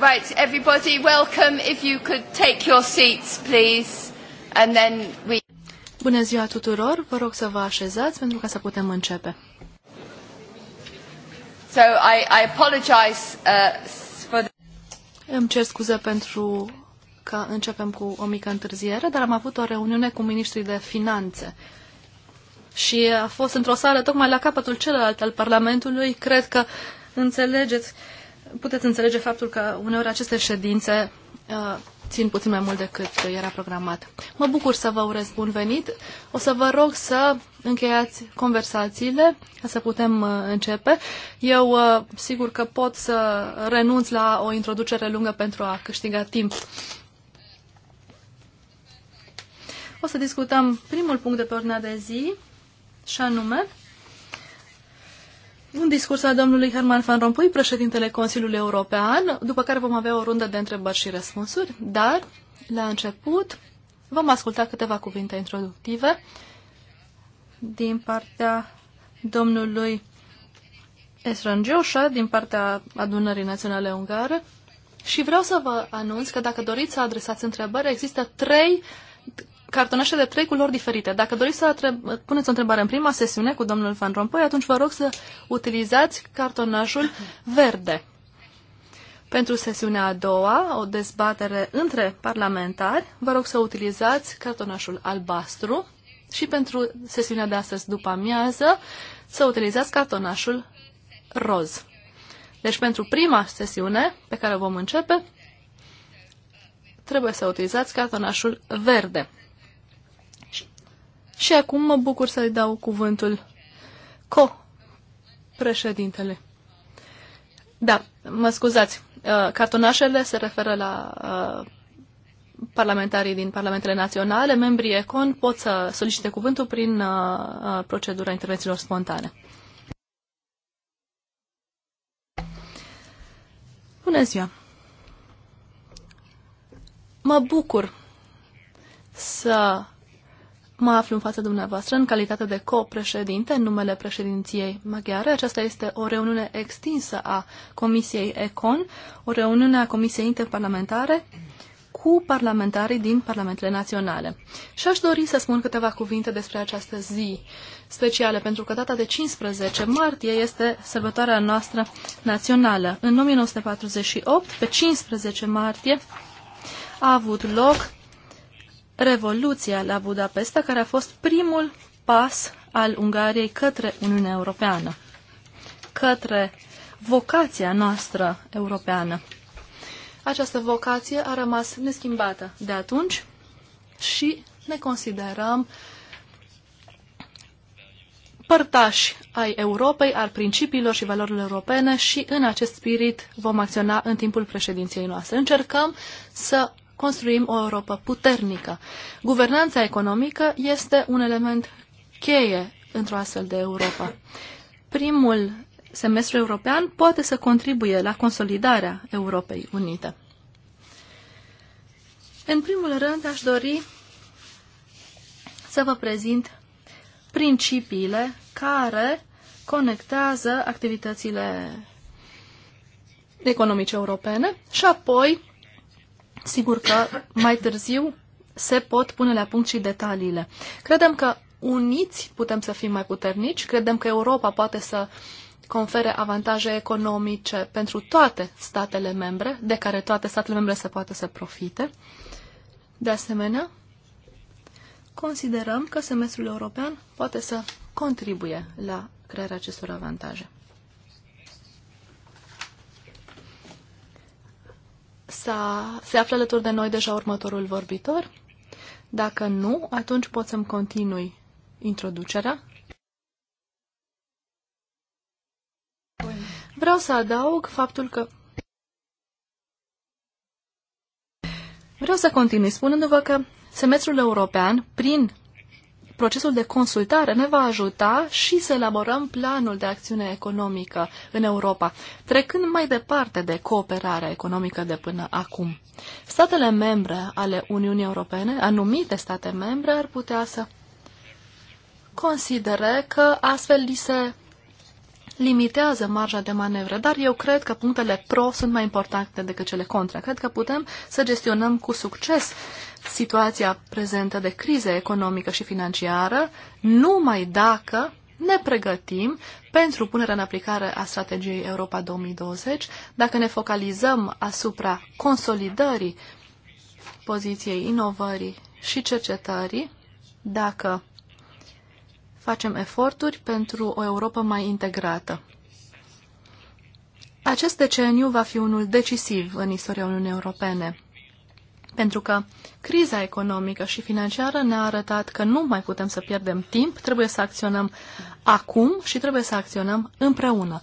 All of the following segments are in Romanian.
Right, everybody, welcome. If you could take your seats, please, and then we. Bună ziua tuturor. Vă rog să vă așezați pentru ca să putem începe. So I, I apologize uh, for the... Îmi cer scuze pentru că începem cu o mică întârziere, dar am avut o reuniune cu ministrii de finanțe. Și a fost într-o sală tocmai la capătul celălalt al Parlamentului. Cred că înțelegeți uh, puteți înțelege faptul că uneori aceste ședințe uh, țin puțin mai mult decât era programat. Mă bucur să vă urez bun venit. O să vă rog să încheiați conversațiile, ca să putem uh, începe. Eu uh, sigur că pot să renunț la o introducere lungă pentru a câștiga timp. O să discutăm primul punct de pe ordinea de zi, și anume un discurs al domnului Herman Van Rompuy, președintele Consiliului European, după care vom avea o rundă de întrebări și răspunsuri, dar, la început, vom asculta câteva cuvinte introductive din partea domnului Esran Gioșa, din partea Adunării Naționale Ungare, și vreau să vă anunț că dacă doriți să adresați întrebări, există trei cartonașe de trei culori diferite. Dacă doriți să puneți o întrebare în prima sesiune cu domnul Van Rompuy, atunci vă rog să utilizați cartonașul verde. Pentru sesiunea a doua, o dezbatere între parlamentari, vă rog să utilizați cartonașul albastru și pentru sesiunea de astăzi după amiază să utilizați cartonașul roz. Deci pentru prima sesiune pe care vom începe, trebuie să utilizați cartonașul verde. Și acum mă bucur să-i dau cuvântul co-președintele. Da, mă scuzați. Uh, cartonașele se referă la uh, parlamentarii din parlamentele naționale. Membrii ECON pot să solicite cuvântul prin uh, procedura intervențiilor spontane. Bună ziua! Mă bucur să mă aflu în fața dumneavoastră în calitate de copreședinte în numele președinției maghiare. Aceasta este o reuniune extinsă a Comisiei ECON, o reuniune a Comisiei Interparlamentare cu parlamentarii din Parlamentele Naționale. Și aș dori să spun câteva cuvinte despre această zi specială, pentru că data de 15 martie este sărbătoarea noastră națională. În 1948, pe 15 martie, a avut loc Revoluția la Budapesta, care a fost primul pas al Ungariei către Uniunea Europeană, către vocația noastră europeană. Această vocație a rămas neschimbată de atunci și ne considerăm părtași ai Europei, al principiilor și valorilor europene și în acest spirit vom acționa în timpul președinției noastre. Încercăm să construim o Europa puternică. Guvernanța economică este un element cheie într-o astfel de Europa. Primul semestru european poate să contribuie la consolidarea Europei Unite. În primul rând, aș dori să vă prezint principiile care conectează activitățile economice europene și apoi Sigur că mai târziu se pot pune la punct și detaliile. Credem că uniți putem să fim mai puternici, credem că Europa poate să confere avantaje economice pentru toate statele membre, de care toate statele membre se poate să profite. De asemenea, considerăm că semestrul european poate să contribuie la crearea acestor avantaje. S-a, se află alături de noi deja următorul vorbitor? Dacă nu, atunci pot să-mi continui introducerea. Vreau să adaug faptul că Vreau să continui spunându-vă că semestrul european, prin procesul de consultare ne va ajuta și să elaborăm planul de acțiune economică în Europa, trecând mai departe de cooperarea economică de până acum. Statele membre ale Uniunii Europene, anumite state membre, ar putea să considere că astfel li se limitează marja de manevră, dar eu cred că punctele pro sunt mai importante decât cele contra. Cred că putem să gestionăm cu succes uh, situația prezentă de criză economică și financiară numai dacă ne pregătim pentru punerea în aplicare a strategiei Europa 2020, dacă ne focalizăm asupra consolidării poziției inovării și cercetării, dacă facem eforturi pentru o Europa mai integrată. Acest deceniu va fi unul decisiv în istoria Uniunii Europene. Pentru că criza economică și financiară ne-a arătat că nu mai putem să pierdem timp, trebuie să acționăm acum și trebuie să acționăm împreună.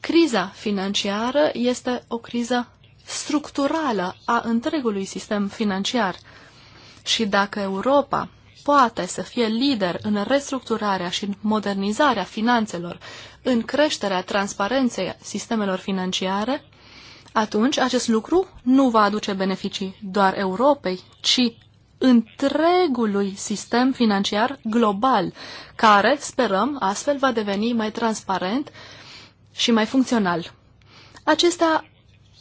Criza financiară este o criză structurală a întregului sistem financiar. Și dacă Europa poate să fie lider în restructurarea și în modernizarea finanțelor, în creșterea transparenței sistemelor financiare, atunci acest lucru nu va aduce beneficii doar Europei, ci întregului sistem financiar global, care, sperăm, astfel va deveni mai transparent și mai funcțional. Acestea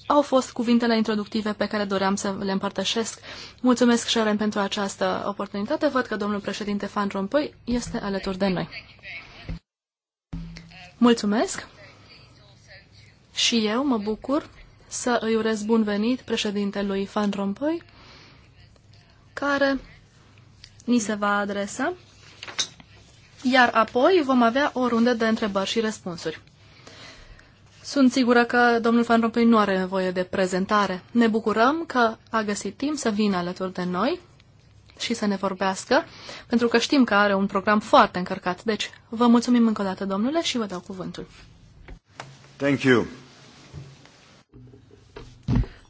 au fost cuvintele introductive pe care doream să le împărtășesc. Mulțumesc, Sharon, pentru această oportunitate. Văd că domnul președinte Van Rompuy este alături de noi. Mulțumesc! Și eu mă bucur să îi urez bun venit președintelui Van Rompuy, care ni se va adresa, iar apoi vom avea o rundă de întrebări și răspunsuri. Sunt sigură că domnul Van Rompuy nu are nevoie de prezentare. Ne bucurăm că a găsit timp să vină alături de noi și să ne vorbească, pentru că știm că are un program foarte încărcat. Deci, vă mulțumim încă o dată, domnule, și vă dau cuvântul. Thank you.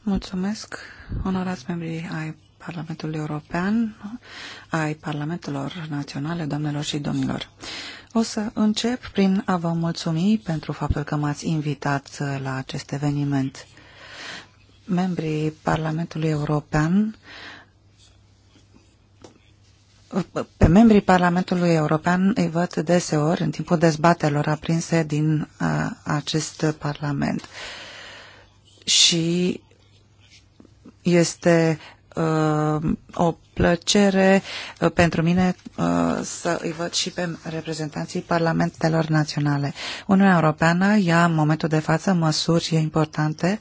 Mulțumesc, onorați membrii ai Parlamentului European, ai Parlamentelor Naționale, doamnelor și domnilor. O să încep prin a vă mulțumi pentru faptul că m-ați invitat la acest eveniment. Membrii Parlamentului European pe membrii Parlamentului European îi văd deseori în timpul dezbatelor aprinse din a, acest Parlament. Și este uh, o plăcere uh, pentru mine uh, să îi văd și pe reprezentanții parlamentelor naționale. Uniunea Europeană ia în momentul de față măsuri importante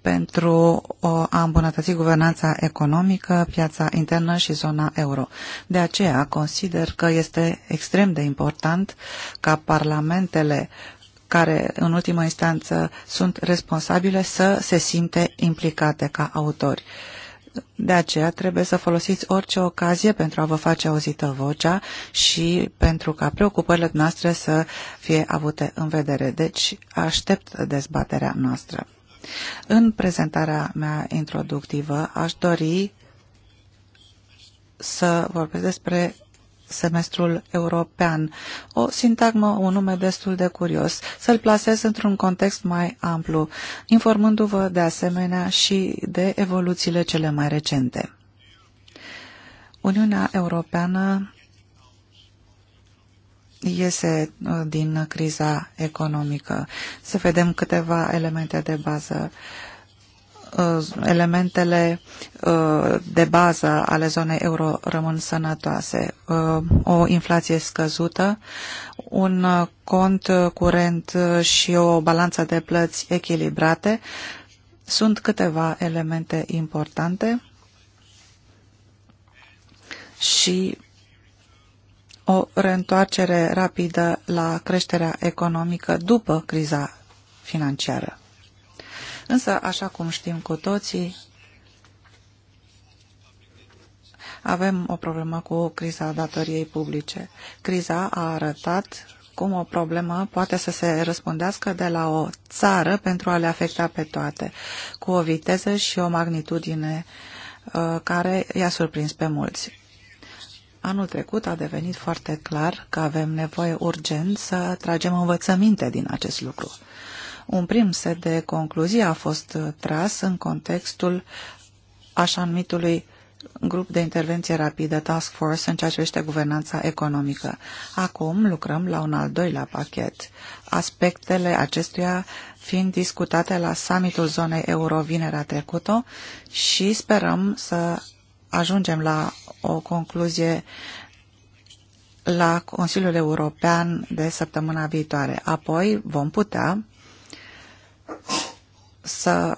pentru a îmbunătăți guvernanța economică, piața internă și zona euro. De aceea consider că este extrem de important ca parlamentele care în ultima instanță sunt responsabile să se simte implicate ca autori. De aceea trebuie să folosiți orice ocazie pentru a vă face auzită vocea și pentru ca preocupările noastre să fie avute în vedere. Deci aștept dezbaterea noastră. În prezentarea mea introductivă aș dori să vorbesc despre semestrul european. O sintagmă, un nume destul de curios. Să-l plasez într-un context mai amplu, informându-vă de asemenea și de evoluțiile cele mai recente. Uniunea Europeană iese uh, din criza economică. Să vedem câteva elemente de bază. Uh, Uh, elementele uh, de bază ale zonei euro rămân sănătoase. Uh, o inflație scăzută, un cont curent și o balanță de plăți echilibrate sunt câteva elemente importante și o reîntoarcere rapidă la creșterea economică după criza financiară. Însă, așa cum știm cu toții, avem o problemă cu criza datoriei publice. Criza a arătat cum o problemă poate să se răspundească de la o țară pentru a le afecta pe toate, cu o viteză și o magnitudine uh, care i-a surprins pe mulți. Anul trecut a devenit foarte clar că avem nevoie urgent să tragem învățăminte din acest lucru. Un prim set de concluzii a fost tras în contextul așa numitului grup de intervenție rapidă, Task Force, în ceea ce privește guvernanța economică. Acum lucrăm la un al doilea pachet, aspectele acestuia fiind discutate la summitul zonei euro vinerea trecută și sperăm să ajungem la o concluzie la Consiliul European de săptămâna viitoare. Apoi vom putea să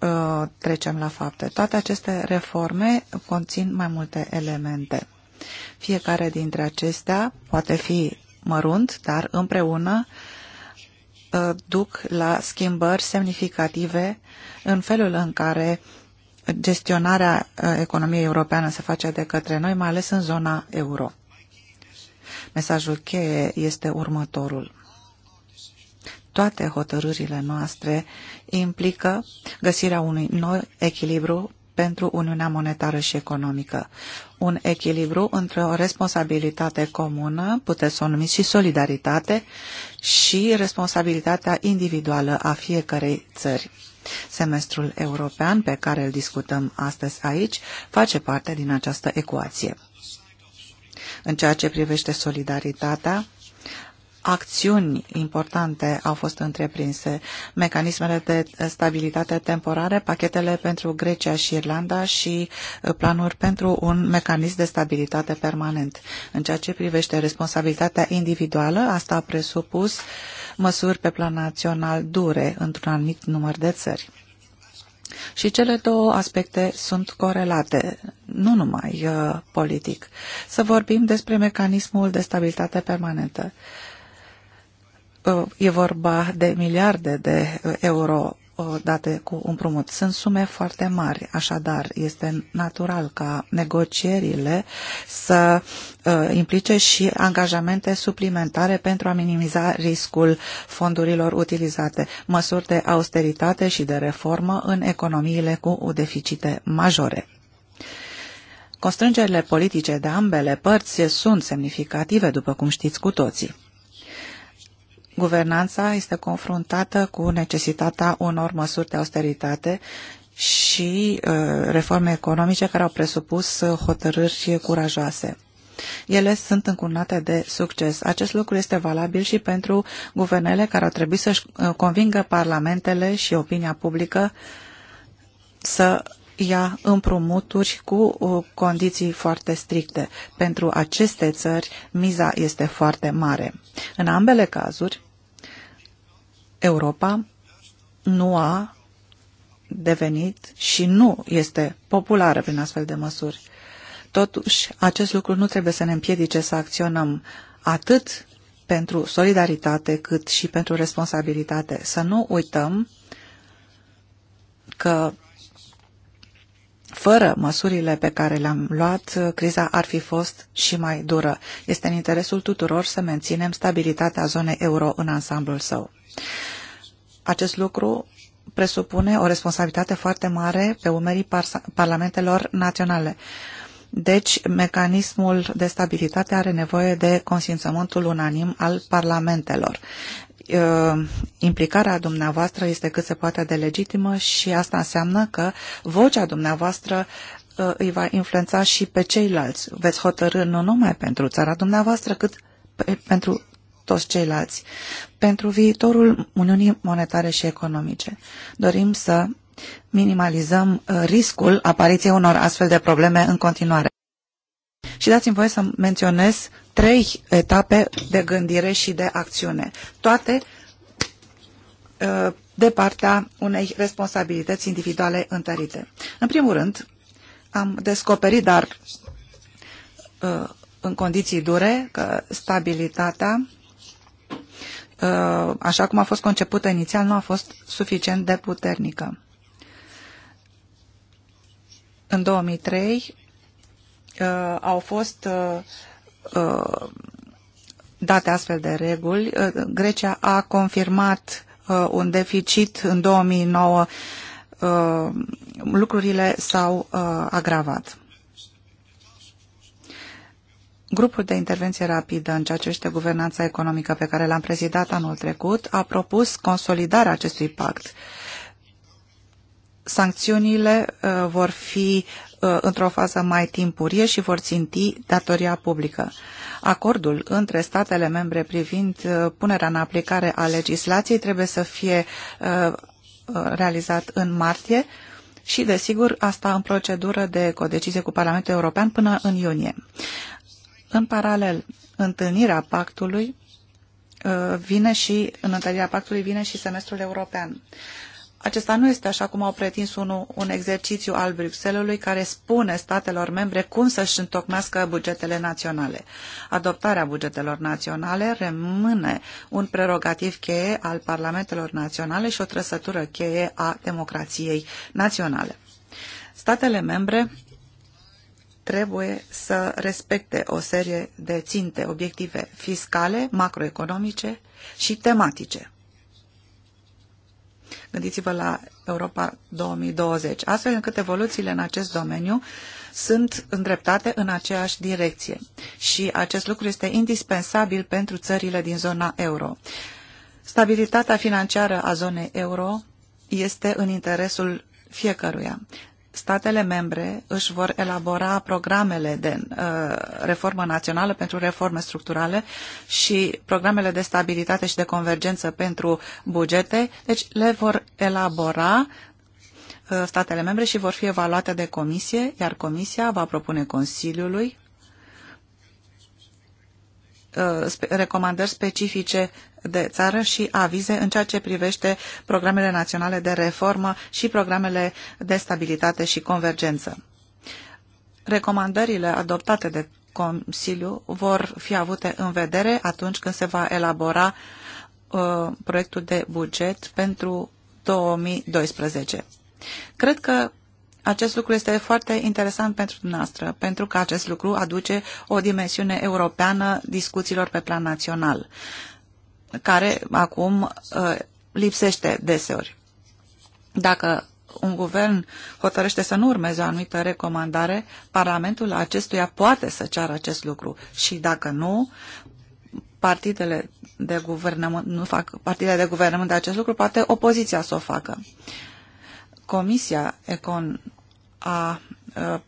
uh, trecem la fapte. Toate aceste reforme conțin mai multe elemente. Fiecare dintre acestea poate fi mărunt, dar împreună uh, duc la schimbări semnificative în felul în care gestionarea uh, economiei europeană se face de către noi, mai ales în zona euro. Mesajul cheie este următorul toate hotărârile noastre implică găsirea unui nou echilibru pentru Uniunea Monetară și Economică. Un echilibru între o responsabilitate comună, puteți să o numiți și solidaritate, și responsabilitatea individuală a fiecărei țări. Semestrul european pe care îl discutăm astăzi aici face parte din această ecuație. În ceea ce privește solidaritatea, acțiuni importante au fost întreprinse. Mecanismele de stabilitate temporare, pachetele pentru Grecia și Irlanda și uh, planuri pentru un mecanism de stabilitate permanent. În ceea ce privește responsabilitatea individuală, asta a presupus măsuri pe plan național dure într-un anumit număr de țări. Și cele două aspecte sunt corelate, nu numai uh, politic. Să vorbim despre mecanismul de stabilitate permanentă. Uh, Uh, e vorba de miliarde de uh, euro uh, date cu împrumut. Sunt sume foarte mari, așadar este natural ca negocierile să implice și angajamente suplimentare pentru a minimiza riscul fondurilor utilizate, măsuri de austeritate și de reformă în economiile cu deficite majore. Constrângerile politice de ambele părți sunt semnificative, după cum știți cu toții. Guvernanța este confruntată cu necesitatea unor măsuri de austeritate și uh, reforme economice care au presupus uh, hotărâri curajoase. Ele sunt încurnate de succes. Acest lucru este valabil și pentru guvernele care au trebuit să-și uh, convingă parlamentele și opinia publică să ia împrumuturi cu condiții foarte stricte. Pentru aceste țări, miza este foarte mare. În ambele cazuri, Europa nu a devenit și nu este populară prin astfel de măsuri. Totuși, acest lucru nu trebuie să ne împiedice să acționăm atât pentru solidaritate cât și pentru responsabilitate. Să nu uităm că fără măsurile pe care le-am luat, criza ar fi fost și mai dură. Este în interesul tuturor să menținem stabilitatea zonei euro în ansamblul său. Acest lucru presupune o responsabilitate foarte mare pe umerii par parlamentelor naționale. Deci, mecanismul de stabilitate are nevoie de consimțământul unanim al parlamentelor uh, implicarea dumneavoastră este cât se poate de legitimă și asta înseamnă că vocea dumneavoastră uh, îi va influența și pe ceilalți. Veți hotărâ nu numai pentru țara dumneavoastră, cât pe, pentru toți ceilalți. Pentru viitorul Uniunii Monetare și Economice dorim să minimalizăm uh, riscul apariției unor astfel de probleme în continuare. Și dați-mi voie să menționez trei etape de gândire și de acțiune. Toate uh, de partea unei responsabilități individuale întărite. În primul rând, am descoperit, dar uh, în condiții dure, că stabilitatea, uh, așa cum a fost concepută inițial, nu a fost suficient de puternică. În 2003 Uh, au fost uh, uh, date astfel de reguli. Grecia a confirmat un deficit în 2009. Lucrurile s-au agravat. Grupul de intervenție rapidă în ceea ce este guvernanța economică pe care l-am prezidat anul trecut a propus consolidarea acestui pact. Sancțiunile uh, vor fi Uh, într-o fază mai timpurie și vor ținti datoria publică. Acordul între statele membre privind uh, punerea în aplicare a legislației trebuie să fie uh, realizat în martie și, desigur, asta în procedură de codecizie cu Parlamentul European până în iunie. În paralel, întâlnirea pactului vine și, în întâlnirea pactului vine și semestrul european acesta nu este, așa cum au pretins unul, un exercițiu al Bruxellesului care spune statelor membre cum să-și întocmească bugetele naționale. Adoptarea bugetelor naționale rămâne un prerogativ cheie al parlamentelor naționale și o trăsătură cheie a democrației naționale. Statele membre trebuie să respecte o serie de ținte, obiective fiscale, macroeconomice și tematice. Gândiți-vă la Europa 2020, astfel încât evoluțiile în acest domeniu sunt îndreptate în aceeași direcție. Și acest lucru este indispensabil pentru țările din zona euro. Stabilitatea financiară a zonei euro este în interesul fiecăruia statele membre își vor elabora programele de uh, reformă națională pentru reforme structurale și programele de stabilitate și de convergență pentru bugete, deci le vor elabora uh, statele membre și vor fi evaluate de comisie, iar comisia va propune Consiliului uh, recomandări specifice de țară și avize în ceea ce privește programele naționale de reformă și programele de stabilitate și convergență. Recomandările adoptate de Consiliu vor fi avute în vedere atunci când se va elabora uh, proiectul de buget pentru 2012. Cred că acest lucru este foarte interesant pentru dumneavoastră, pentru că acest lucru aduce o dimensiune europeană discuțiilor pe plan național care acum uh, lipsește deseori. Dacă un guvern hotărăște să nu urmeze o anumită recomandare, Parlamentul acestuia poate să ceară acest lucru și dacă nu, partidele de guvernământ, nu fac partidele de guvernământ de acest lucru, poate opoziția să o facă. Comisia Econ a, a uh,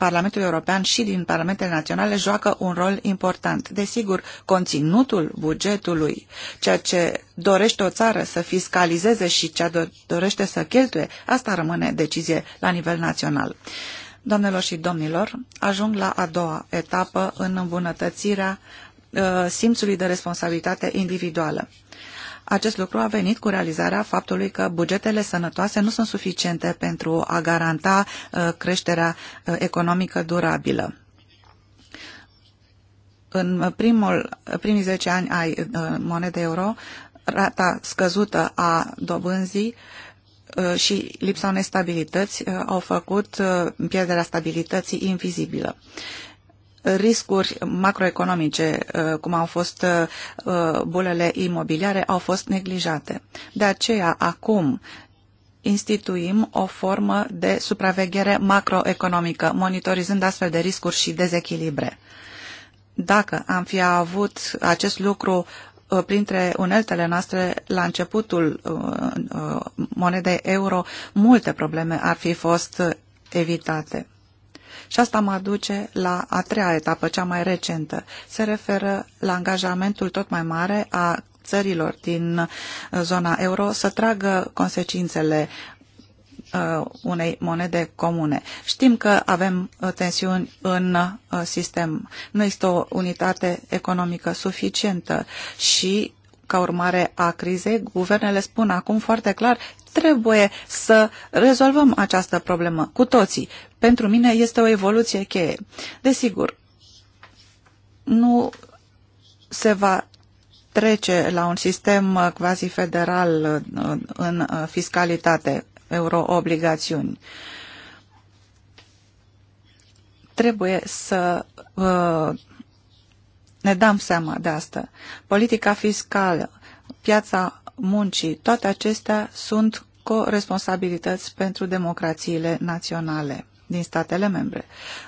Parlamentul European și din Parlamentele Naționale joacă un rol important. Desigur, conținutul bugetului, ceea ce dorește o țară să fiscalizeze și ceea ce dorește să cheltuie, asta rămâne decizie la nivel național. Doamnelor și domnilor, ajung la a doua etapă în îmbunătățirea uh, simțului de responsabilitate individuală. Acest lucru a venit cu realizarea faptului că bugetele sănătoase nu sunt suficiente pentru a garanta uh, creșterea uh, economică durabilă în primul, primii 10 ani ai uh, monedei euro, rata scăzută a dobânzii și lipsa unei stabilități au făcut pierderea stabilității invizibilă riscuri macroeconomice, uh, cum au fost uh, uh, bulele imobiliare, au fost neglijate. De aceea, acum, instituim o formă de supraveghere macroeconomică, monitorizând astfel de riscuri și dezechilibre. Dacă am fi avut acest lucru printre uneltele noastre la începutul monedei euro, multe probleme ar fi fost evitate. Și asta mă aduce la a treia etapă, cea mai recentă. Se referă la angajamentul tot mai mare a țărilor din uh, zona euro să tragă consecințele uh, unei monede comune. Știm că avem uh, tensiuni în sistem. Nu este o unitate economică suficientă și ca urmare a crizei, guvernele spun acum foarte clar, Trebuie să rezolvăm această problemă cu toții. Pentru mine este o evoluție cheie. Desigur, nu se va trece la un sistem uh, quasi-federal uh, în uh, fiscalitate, euroobligațiuni. Trebuie să ne dăm seama de asta. Politica fiscală, piața muncii. Toate acestea sunt co-responsabilități pentru democrațiile naționale din statele membre,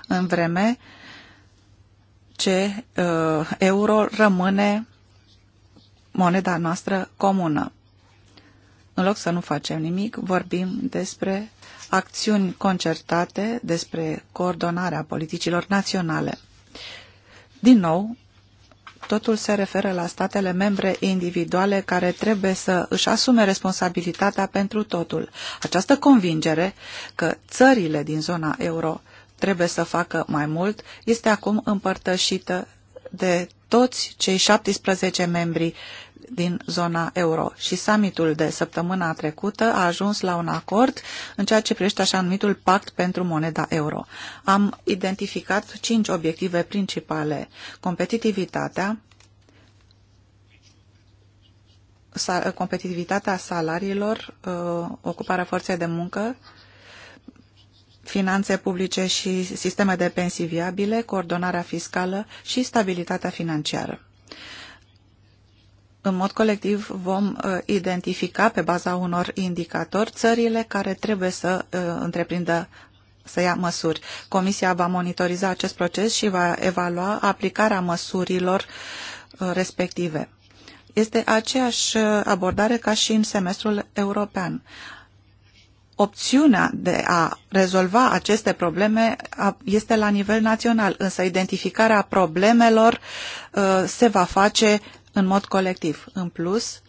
în vreme ce uh, euro rămâne moneda noastră comună. În loc să nu facem nimic, vorbim despre acțiuni concertate, despre coordonarea politicilor naționale. Din nou, totul se referă la statele membre individuale care trebuie să își asume responsabilitatea pentru totul. Această convingere că țările din zona euro trebuie să facă mai mult este acum împărtășită de toți cei 17 membri din zona euro și summitul de săptămâna trecută a ajuns la un acord în ceea ce privește așa numitul pact pentru moneda euro. Am identificat cinci obiective principale. Competitivitatea, competitivitatea salariilor, uh, ocuparea forței de muncă, finanțe publice și sisteme de pensii viabile, coordonarea fiscală și stabilitatea financiară în mod colectiv vom uh, identifica pe baza unor indicatori țările care trebuie să uh, întreprindă să ia măsuri. Comisia va monitoriza acest proces și va evalua aplicarea măsurilor uh, respective. Este aceeași abordare ca și în semestrul european. Opțiunea de a rezolva aceste probleme este la nivel național, însă identificarea problemelor se va face în mod colectiv. În plus,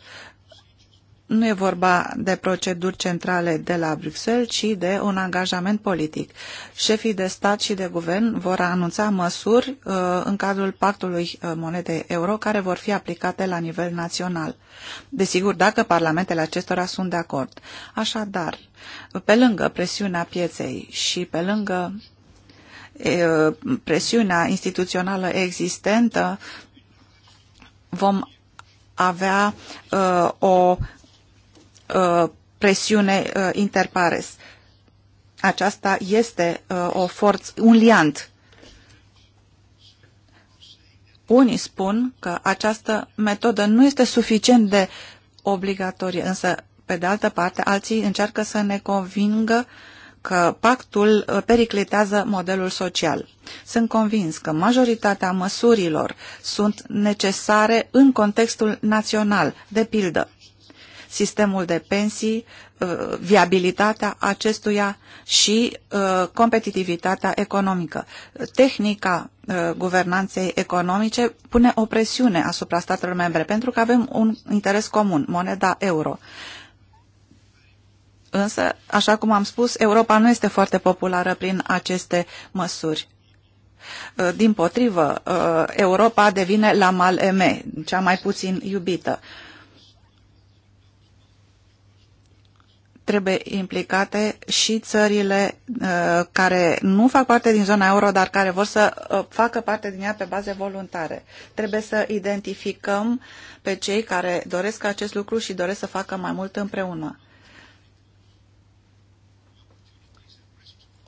nu e vorba de proceduri centrale de la Bruxelles, ci de un angajament politic. Șefii de stat și de guvern vor anunța măsuri uh, în cadrul pactului uh, monedei euro care vor fi aplicate la nivel național. Desigur, dacă parlamentele acestora sunt de acord. Așadar, pe lângă presiunea pieței și pe lângă presiunea instituțională existentă vom avea uh, o uh, presiune uh, interpares. Aceasta este uh, o forță, un liant. Unii spun că această metodă nu este suficient de obligatorie, însă, pe de altă parte, alții încearcă să ne convingă uh, că pactul uh, periclitează modelul social. Sunt convins că majoritatea măsurilor sunt necesare în contextul național, de pildă sistemul de pensii, uh, viabilitatea acestuia și uh, competitivitatea economică. Tehnica guvernanței economice pune o presiune asupra statelor membre pentru că avem un interes comun, moneda euro. Însă, așa cum am spus, Europa nu este foarte populară prin aceste măsuri. Uh, din potrivă, uh, Europa devine la mal eme, cea mai puțin iubită. Trebuie implicate și țările uh, care nu fac parte din zona euro, dar care vor să facă parte din ea pe baze voluntare. Trebuie să identificăm pe cei care doresc acest lucru și doresc să facă mai mult împreună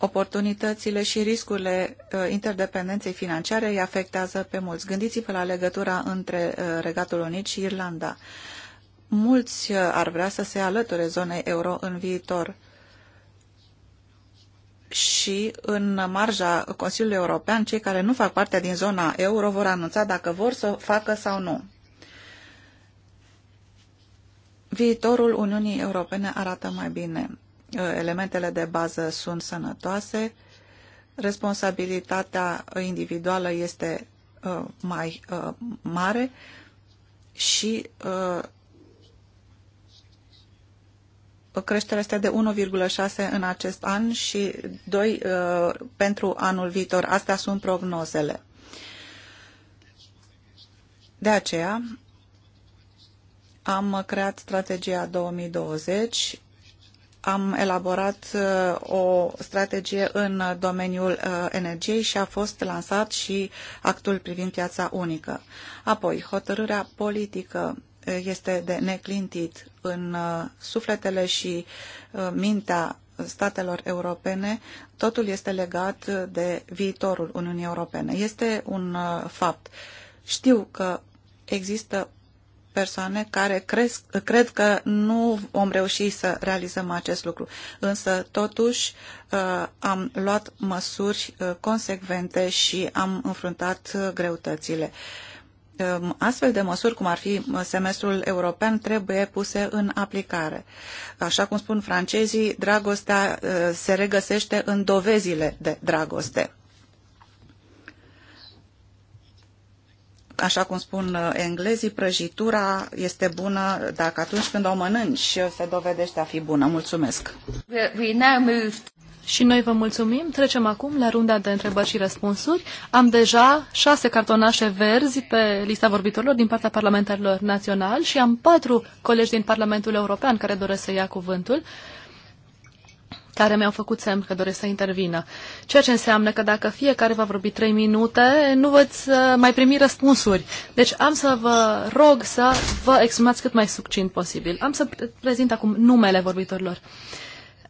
Oportunitățile și riscurile uh, interdependenței financiare îi afectează pe mulți. Gândiți-vă la legătura între uh, Regatul Unit și Irlanda. Mulți uh, ar vrea să se alăture zonei euro în viitor și în marja Consiliului European, cei care nu fac parte din zona euro vor anunța dacă vor să facă sau nu. Viitorul Uniunii Europene arată mai bine elementele de bază sunt sănătoase, responsabilitatea individuală este uh, mai uh, mare și uh, creșterea este de 1,6 în acest an și 2 pentru anul viitor. Astea sunt prognozele. De aceea am creat strategia 2020 am elaborat uh, o strategie în domeniul uh, energiei și a fost lansat și actul privind piața unică. Apoi, hotărârea politică uh, este de neclintit în sufletele și mintea statelor europene, totul este legat de viitorul Uniunii Europene. Este un fapt. Știu că există persoane care cresc, cred că nu vom reuși să realizăm acest lucru. Însă, totuși, uh, am luat măsuri uh, consecvente și am înfruntat uh, greutățile. Um, astfel de măsuri, cum ar fi semestrul european, trebuie puse în aplicare. Așa cum spun francezii, dragostea se regăsește în dovezile de dragoste. așa cum spun uh, englezii, prăjitura este bună dacă atunci când o mănânci se dovedește a fi bună. Mulțumesc! We now moved. Și noi vă mulțumim. Trecem acum la runda de întrebări și răspunsuri. Am deja șase cartonașe verzi pe lista vorbitorilor din partea parlamentarilor național și am patru colegi din Parlamentul European care doresc să ia cuvântul care mi-au făcut semn că doresc să intervină. Ceea ce înseamnă că dacă fiecare va vorbi trei minute, nu veți uh, mai primi răspunsuri. Deci am să vă rog să vă exprimați cât mai succint posibil. Am să prezint acum numele vorbitorilor.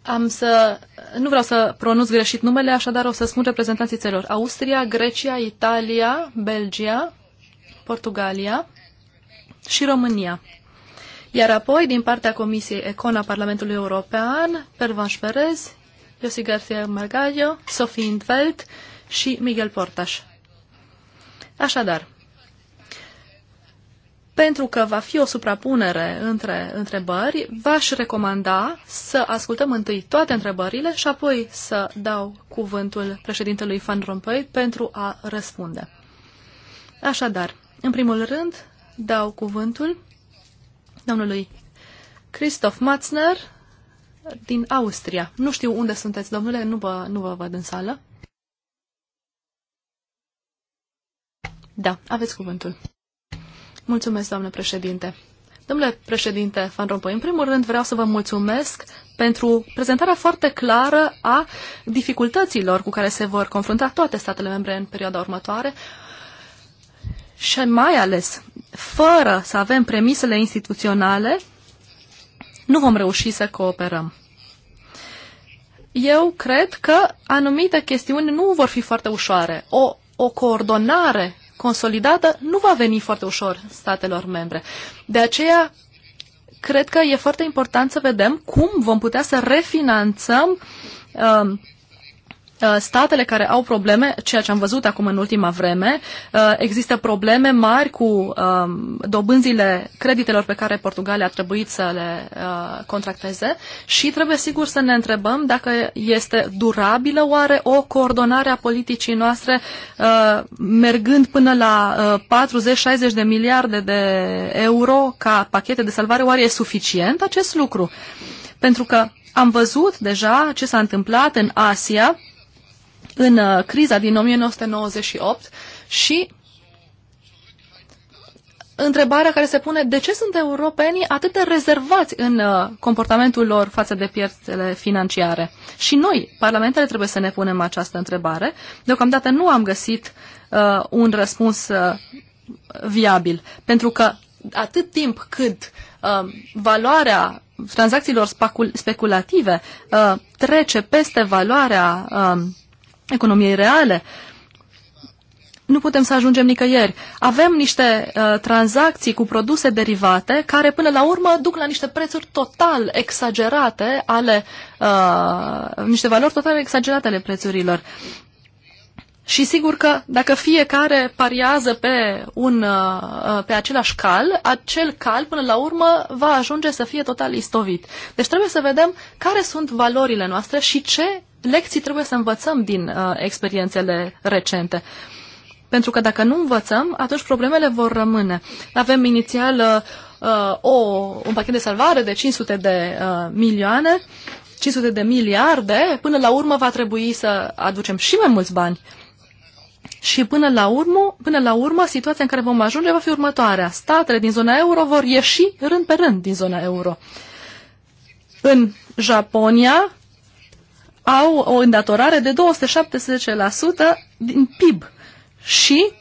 Am să, nu vreau să pronunț greșit numele, așadar o să spun reprezentanții țelor. Austria, Grecia, Italia, Belgia, Portugalia și România. Iar apoi, din partea Comisiei Econ a Parlamentului European, Pervan Șperez, Josi García Margallo, Sofie Indveld și Miguel Portaș. Așadar, pentru că va fi o suprapunere între întrebări, v-aș recomanda să ascultăm întâi toate întrebările și apoi să dau cuvântul președintelui Van Rompuy pentru a răspunde. Așadar, în primul rând, dau cuvântul domnului Christoph Matzner din Austria. Nu știu unde sunteți, domnule, nu vă, nu vă văd în sală. Da, aveți cuvântul. Mulțumesc, doamnă președinte. Domnule președinte Van Rompuy, în primul rând vreau să vă mulțumesc pentru prezentarea foarte clară a dificultăților cu care se vor confrunta toate statele membre în perioada următoare și mai ales fără să avem premisele instituționale, nu vom reuși să cooperăm. Eu cred că anumite chestiuni nu vor fi foarte ușoare. O, o coordonare consolidată nu va veni foarte ușor statelor membre. De aceea, cred că e foarte important să vedem cum vom putea să refinanțăm uh, Uh, statele care au probleme, ceea ce am văzut acum în ultima vreme, uh, există probleme mari cu um, dobânzile creditelor pe care Portugalia a trebuit să le uh, contracteze și trebuie sigur să ne întrebăm dacă este durabilă oare o coordonare a politicii noastre mergând până la 40-60 de miliarde de euro ca pachete de salvare, oare e suficient acest lucru? Pentru că am văzut deja ce s-a întâmplat în Asia, în uh, criza din 1998 și întrebarea care se pune, de ce sunt europenii atât de rezervați în uh, comportamentul lor față de pierdele financiare? Și noi, parlamentele, trebuie să ne punem această întrebare. Deocamdată nu am găsit uh, un răspuns uh, viabil, pentru că atât timp cât uh, valoarea tranzacțiilor speculative uh, trece peste valoarea uh, economiei reale. Nu putem să ajungem nicăieri. Avem niște uh, tranzacții cu produse derivate care până la urmă duc la niște prețuri total exagerate ale uh, niște valori total exagerate ale prețurilor. Și sigur că dacă fiecare pariază pe, un, uh, uh, pe același cal, acel cal până la urmă va ajunge să fie total istovit. Deci trebuie să vedem care sunt valorile noastre și ce lecții trebuie să învățăm din uh, experiențele recente. Pentru că dacă nu învățăm, atunci problemele vor rămâne. Avem inițial uh, o, un pachet de salvare de 500 de uh, milioane, 500 de miliarde, până la urmă va trebui să aducem și mai mulți bani. Și până la, urmă, până la urmă, situația în care vom ajunge va fi următoarea. Statele din zona euro vor ieși rând pe rând din zona euro. În Japonia, au o îndatorare de 217% din PIB și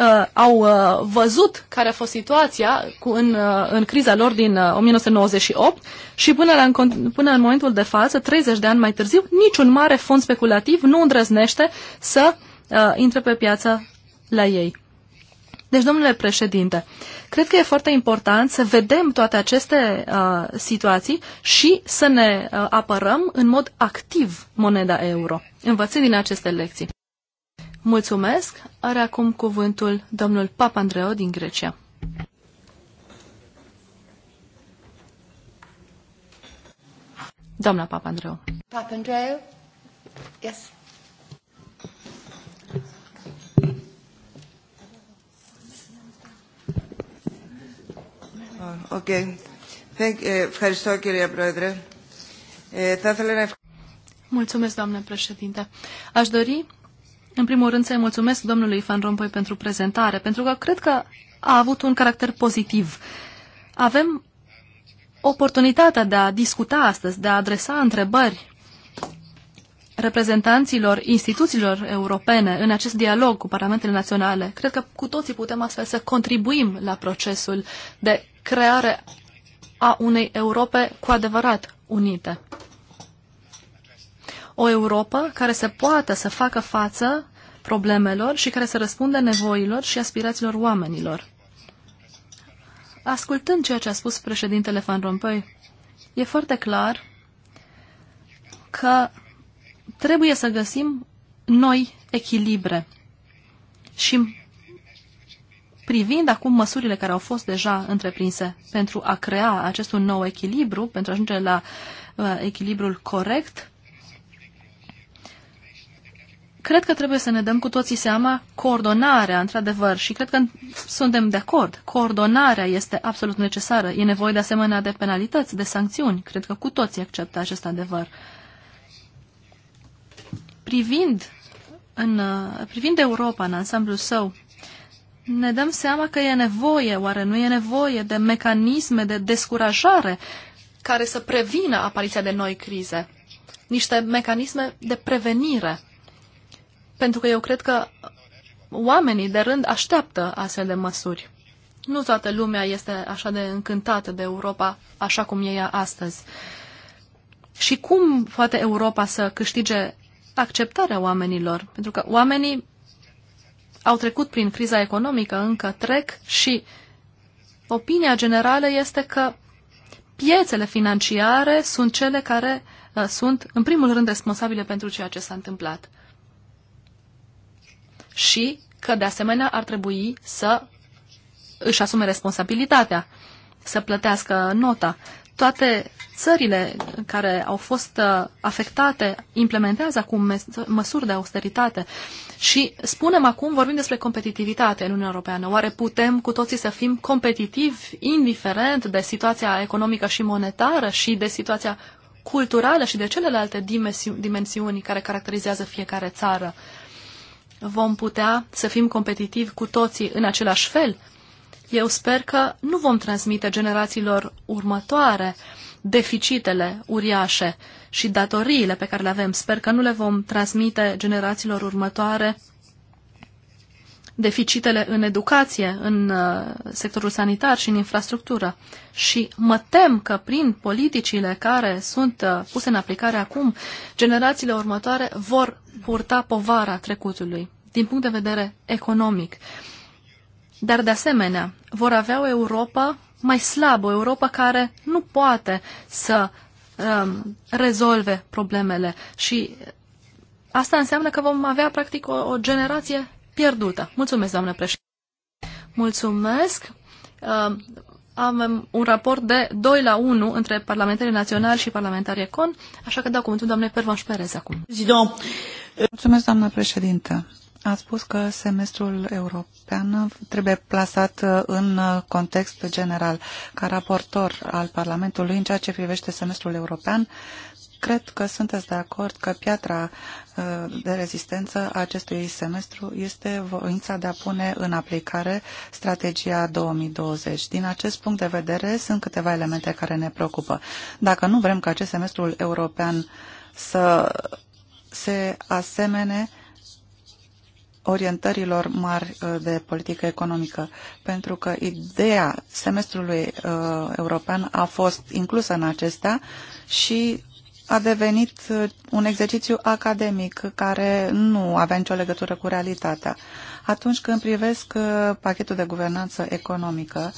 uh, au uh, văzut care a fost situația cu în, uh, în criza lor din uh, 1998 și până, la, până în momentul de față, 30 de ani mai târziu, niciun mare fond speculativ nu îndrăznește să uh, intre pe piață la ei. Deci, domnule președinte, cred că e foarte important să vedem toate aceste uh, situații și să ne uh, apărăm în mod activ moneda euro, învățând din aceste lecții. Mulțumesc. Are acum cuvântul domnul Papandreou din Grecia. Doamna Papandreou. Papandreou? Yes. Ah, okay. Eh, ευχαριστώ Πρόεδρε. Θα ήθελα να Mulțumesc, doamnă președinte. Aș dori, în primul rând, să-i mulțumesc domnului Van Rompuy pentru prezentare, pentru că cred că a avut un caracter pozitiv. Avem oportunitatea de a discuta astăzi, de a adresa întrebări reprezentanților instituțiilor europene în acest dialog cu parlamentele naționale. Cred că cu toții putem astfel să contribuim la procesul de creare a unei Europe cu adevărat unite. O Europa care se poată să facă față problemelor și care să răspundă nevoilor și aspirațiilor oamenilor. Ascultând ceea ce a spus președintele Van Rompuy, e foarte clar că trebuie să găsim noi echilibre și privind acum măsurile care au fost deja întreprinse pentru a crea acest un nou echilibru, pentru a ajunge la uh, echilibrul corect, cred că trebuie să ne dăm cu toții seama coordonarea, într-adevăr, și cred că suntem de acord. Coordonarea este absolut necesară. E nevoie de asemenea de penalități, de sancțiuni. Cred că cu toții acceptă acest adevăr. Privind, în, uh, privind Europa în ansamblul său, ne dăm seama că e nevoie, oare nu e nevoie de mecanisme de descurajare care să prevină apariția de noi crize, niște mecanisme de prevenire. Pentru că eu cred că oamenii de rând așteaptă astfel de măsuri. Nu toată lumea este așa de încântată de Europa așa cum e ea astăzi. Și cum poate Europa să câștige acceptarea oamenilor? Pentru că oamenii au trecut prin criza economică, încă trec și opinia generală este că piețele financiare sunt cele care uh, sunt, în primul rând, responsabile pentru ceea ce s-a întâmplat. Și că, de asemenea, ar trebui să își asume responsabilitatea, să plătească nota. Toate țările care au fost uh, afectate implementează acum măsuri de austeritate. Și spunem acum, vorbim despre competitivitate în Uniunea Europeană. Oare putem cu toții să fim competitivi, indiferent de situația economică și monetară și de situația culturală și de celelalte dimensiuni care caracterizează fiecare țară? Vom putea să fim competitivi cu toții în același fel? Eu sper că nu vom transmite generațiilor următoare uh, deficitele uriașe și datoriile pe care le avem. Sper că nu le vom transmite generațiilor următoare deficitele în educație, în uh, sectorul sanitar și în infrastructură. Și mă tem că prin politicile care sunt uh, puse în aplicare acum, generațiile următoare vor purta povara trecutului, din punct de vedere economic. Dar, de asemenea, vor avea o Europa mai slabă, o Europa care nu poate să um, rezolve problemele și asta înseamnă că vom avea practic o, o generație pierdută. Mulțumesc, doamnă președinte. Mulțumesc. Um, avem un raport de 2 la 1 între parlamentarii naționali și parlamentarii con, așa că dau cuvântul doamnei Pervanș Perez acum. Mulțumesc, doamnă președintă. A spus că semestrul european trebuie plasat în context general. Ca raportor al Parlamentului în ceea ce privește semestrul european, cred că sunteți de acord că piatra uh, de rezistență a acestui semestru este voința de a pune în aplicare strategia 2020. Din acest punct de vedere, sunt câteva elemente care ne preocupă. Dacă nu vrem ca acest semestrul european să se asemene orientărilor mari uh, de politică economică, pentru că ideea semestrului uh, european a fost inclusă în acesta și a devenit uh, un exercițiu academic care nu avea nicio legătură cu realitatea. Atunci când privesc uh, pachetul de guvernanță economică,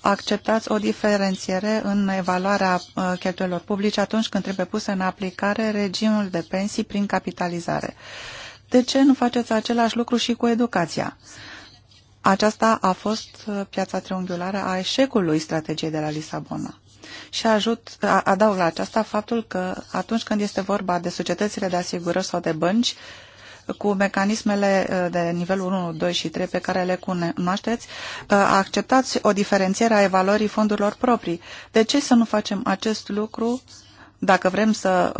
acceptați o diferențiere în evaluarea cheltuielor publice atunci când trebuie pus în aplicare regimul de pensii prin capitalizare de ce nu faceți același lucru și cu educația? Aceasta a fost uh, piața triunghiulară a eșecului strategiei de la Lisabona. Și ajut, adaug la aceasta faptul că atunci când este vorba de societățile de asigurări sau de bănci, cu mecanismele uh, de nivelul 1, 2 și 3 pe care le cunoașteți, uh, acceptați o diferențiere a evaluării fondurilor proprii. De ce să nu facem acest lucru dacă vrem să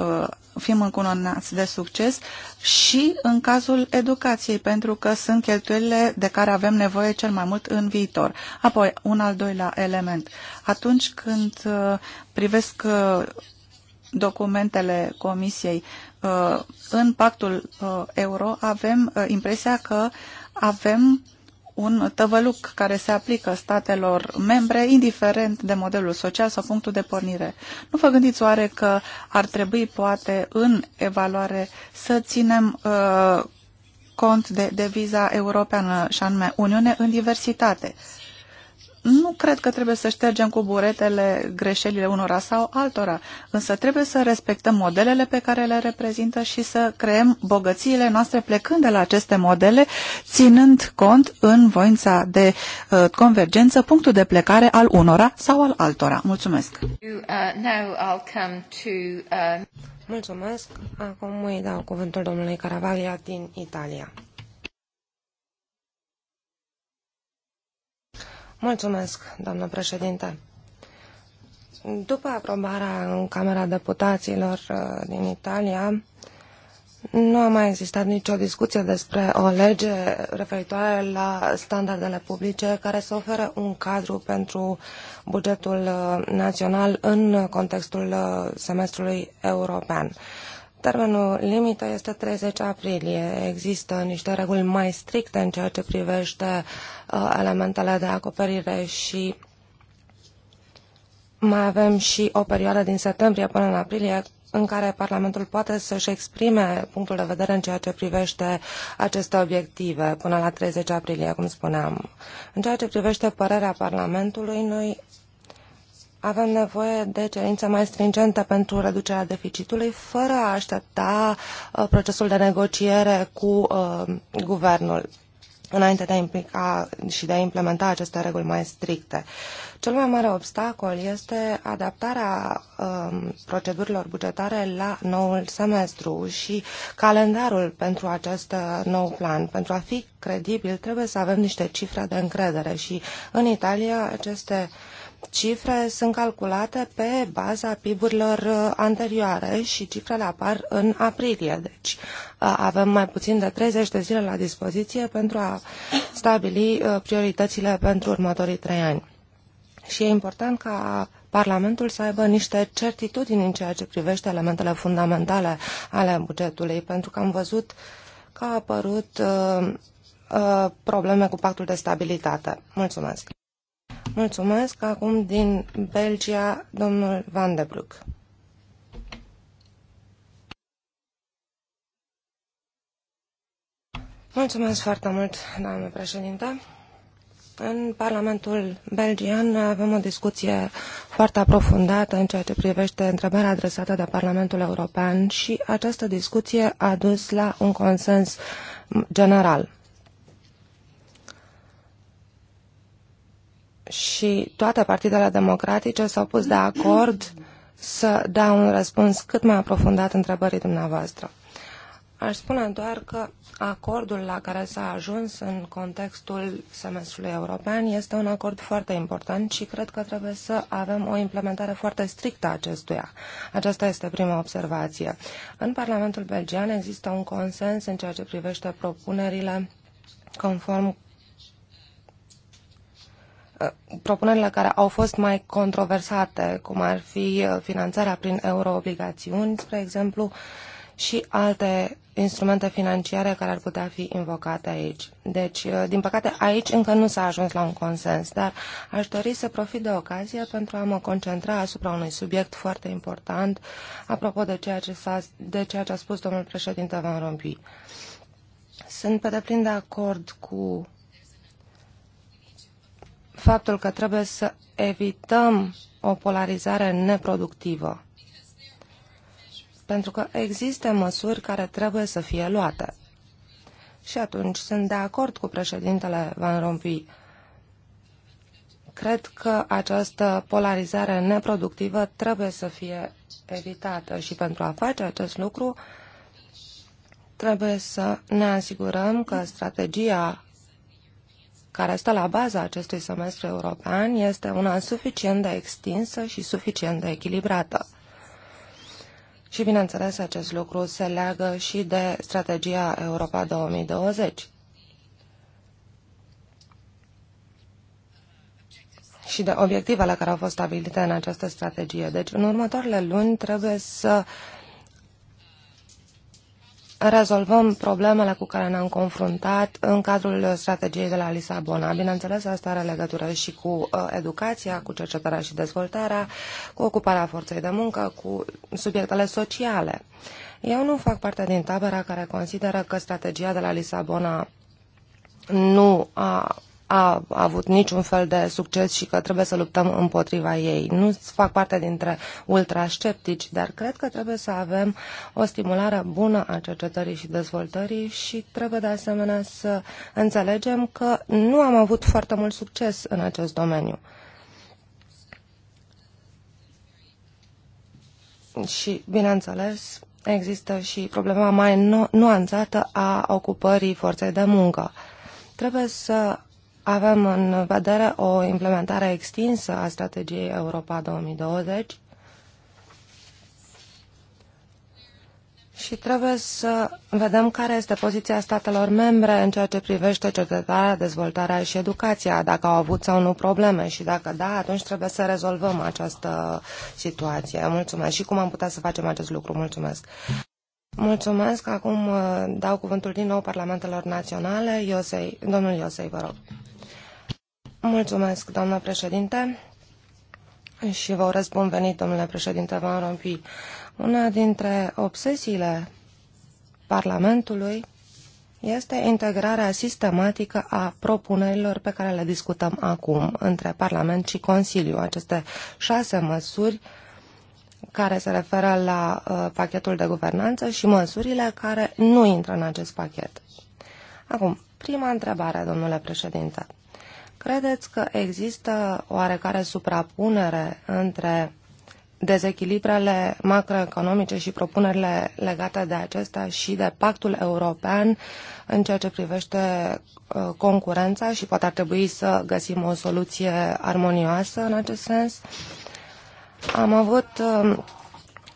uh, fim încunonați de succes și în cazul educației, pentru că sunt cheltuielile de care avem nevoie cel mai mult în viitor. Apoi, un al doilea element. Atunci când uh, privesc uh, documentele Comisiei în pactul euro, avem impresia că avem un tăvăluc care se aplică statelor membre, indiferent de modelul social sau punctul de pornire. Nu vă gândiți oare că ar trebui, poate, în evaluare să ținem uh, cont de deviza europeană și anume Uniune în diversitate? Nu cred că trebuie să ștergem cu buretele greșelile unora sau altora, însă trebuie să respectăm modelele pe care le reprezintă și să creăm bogățiile noastre plecând de la aceste modele, ținând cont în voința de uh, convergență punctul de plecare al unora sau al altora. Mulțumesc! Uh, uh, Mulțumesc! Acum îi dau cuvântul domnului Caravaglia din Italia. Mulțumesc, doamnă președinte. După aprobarea în Camera Deputaților uh, din Italia, nu a mai existat nicio discuție despre o lege referitoare la standardele publice care să ofere un cadru pentru bugetul uh, național în contextul uh, semestrului european. Termenul limită este 30 aprilie. Există niște reguli mai stricte în ceea ce privește uh, elementele de acoperire și mai avem și o perioadă din septembrie până în aprilie în care Parlamentul poate să-și exprime punctul de vedere în ceea ce privește aceste obiective până la 30 aprilie, cum spuneam. În ceea ce privește părerea Parlamentului, noi avem nevoie de cerințe mai stringente pentru reducerea deficitului, fără a aștepta uh, procesul de negociere cu uh, guvernul înainte de a implica și de a implementa aceste reguli mai stricte. Cel mai mare obstacol este adaptarea um, procedurilor bugetare la noul semestru și calendarul pentru acest uh, nou plan. Pentru a fi credibil trebuie să avem niște cifre de încredere și în Italia aceste uh, cifre sunt calculate pe baza PIB-urilor uh, anterioare și cifrele apar în aprilie. Deci uh, avem mai puțin de 30 de zile la dispoziție pentru a stabili uh, prioritățile pentru următorii trei ani. Și e important ca Parlamentul să aibă niște certitudini în ceea ce privește elementele fundamentale ale bugetului, pentru că am văzut că a apărut uh, uh, probleme cu pactul de stabilitate. Mulțumesc! Mulțumesc. Acum din Belgia, domnul Van de Bruc. Mulțumesc foarte mult, doamnă președinte. În Parlamentul belgian avem o discuție foarte aprofundată în ceea ce privește întrebarea adresată de Parlamentul European și această discuție a dus la un consens general și toate partidele democratice s-au pus de acord să dea un răspuns cât mai aprofundat întrebării dumneavoastră. Aș spune doar că acordul la care s-a ajuns în contextul semestrului european este un acord foarte important și cred că trebuie să avem o implementare foarte strictă a acestuia. Aceasta este prima observație. În Parlamentul Belgian există un consens în ceea ce privește propunerile conform Uh, propunerile care au fost mai controversate, cum ar fi uh, finanțarea prin euroobligațiuni, spre exemplu, și alte instrumente financiare care ar putea fi invocate aici. Deci, uh, din păcate, aici încă nu s-a ajuns la un consens, dar aș dori să profit de ocazie pentru a mă concentra asupra unui subiect foarte important, apropo de ceea ce, a de ceea ce a spus domnul președinte Van Rompuy. Sunt pe deplin de acord cu faptul că trebuie să evităm o polarizare neproductivă. Pentru că există măsuri care trebuie să fie luate. Și atunci sunt de acord cu președintele Van Rompuy. Cred că această polarizare neproductivă trebuie să fie evitată și pentru a face acest lucru trebuie să ne asigurăm că strategia care stă la baza acestui semestru european este una suficient de extinsă și suficient de echilibrată. Și, bineînțeles, acest lucru se leagă și de strategia Europa 2020. și de obiectivele care au fost stabilite în această strategie. Deci, în următoarele luni trebuie să uh, rezolvăm problemele cu care ne-am confruntat în cadrul strategiei de la Lisabona. Bineînțeles, asta are legătură și cu uh, educația, cu cercetarea și dezvoltarea, cu ocuparea forței de muncă, cu subiectele sociale. Eu nu fac parte din tabăra care consideră că strategia de la Lisabona nu a a avut niciun fel de succes și că trebuie să luptăm împotriva ei. Nu fac parte dintre ultrasceptici, dar cred că trebuie să avem o stimulare bună a cercetării și dezvoltării și trebuie de asemenea să înțelegem că nu am avut foarte mult succes în acest domeniu. Și, bineînțeles, există și problema mai nu nuanțată a ocupării forței de muncă. Trebuie să avem în vedere o implementare extinsă a strategiei Europa 2020 și trebuie să vedem care este poziția statelor membre în ceea ce privește cercetarea, dezvoltarea și educația, dacă au avut sau nu probleme și dacă da, atunci trebuie să rezolvăm această situație. Mulțumesc și cum am putea să facem acest lucru. Mulțumesc! Mulțumesc. Acum uh, dau cuvântul din nou Parlamentelor Naționale. Iosei, domnul Iosei, vă rog. Mulțumesc, doamnă președinte, și vă urez bun venit, domnule președinte Van Rompuy. Una dintre obsesiile Parlamentului este integrarea sistematică a propunerilor pe care le discutăm acum între Parlament și Consiliu. Aceste șase măsuri care se referă la uh, pachetul de guvernanță și măsurile care nu intră în acest pachet. Acum, prima întrebare, domnule președinte. Credeți că există oarecare suprapunere între dezechilibrele macroeconomice și propunerile legate de acestea și de pactul european în ceea ce privește uh, concurența și poate ar trebui să găsim o soluție armonioasă în acest sens. Am avut um,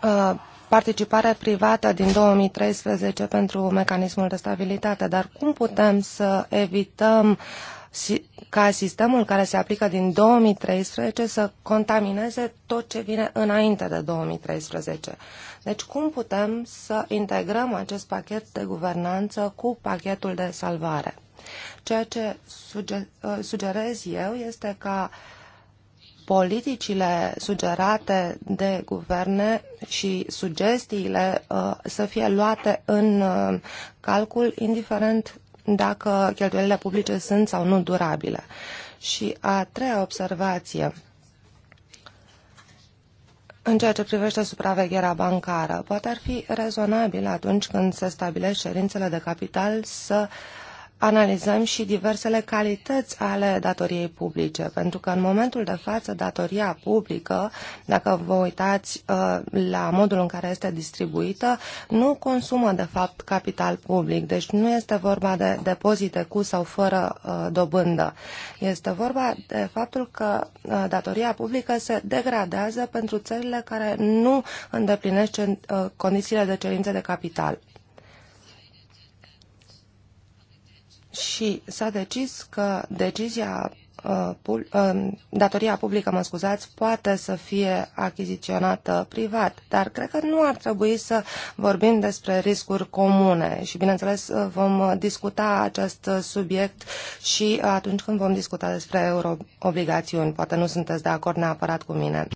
uh, participare privată din 2013 pentru mecanismul de stabilitate, dar cum putem să evităm ca sistemul care se aplică din 2013 să contamineze tot ce vine înainte de 2013. Deci cum putem să integrăm acest pachet de guvernanță cu pachetul de salvare? Ceea ce uh, sugerez eu este ca politicile sugerate de guverne și sugestiile uh, să fie luate în uh, calcul, indiferent dacă cheltuielile publice sunt sau nu durabile. Și a treia observație, în ceea ce privește supravegherea bancară, poate ar fi rezonabil atunci când se stabilește cerințele de capital să uh, analizăm și diversele calități ale datoriei publice, pentru că în momentul de față datoria publică, dacă vă uitați uh, la modul în care este distribuită, nu consumă de fapt capital public, deci nu este vorba de depozite cu sau fără uh, dobândă. Este vorba de faptul că uh, datoria publică se degradează pentru țările care nu uh, condițiile de cerință de capital. și s-a decis că decizia uh, uh, datoria publică, mă scuzați, poate să fie achiziționată privat, dar cred că nu ar trebui să vorbim despre riscuri comune și, bineînțeles, uh, vom discuta acest subiect și atunci când vom discuta despre euroobligațiuni. Poate nu sunteți de acord neapărat cu mine.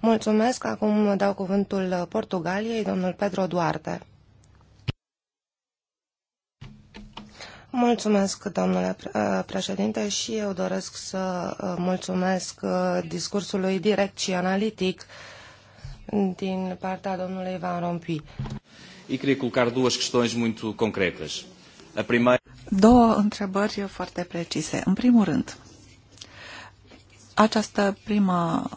Mulțumesc. Acum dau cuvântul Portugaliei, domnul Pedro Duarte. Mulțumesc, domnule președinte, și eu doresc să mulțumesc discursului direct și analitic din partea domnului Van Rompuy. E queria colocar duas questões muito concretas. A primeira... Două întrebări foarte precise. În primul rând, această prima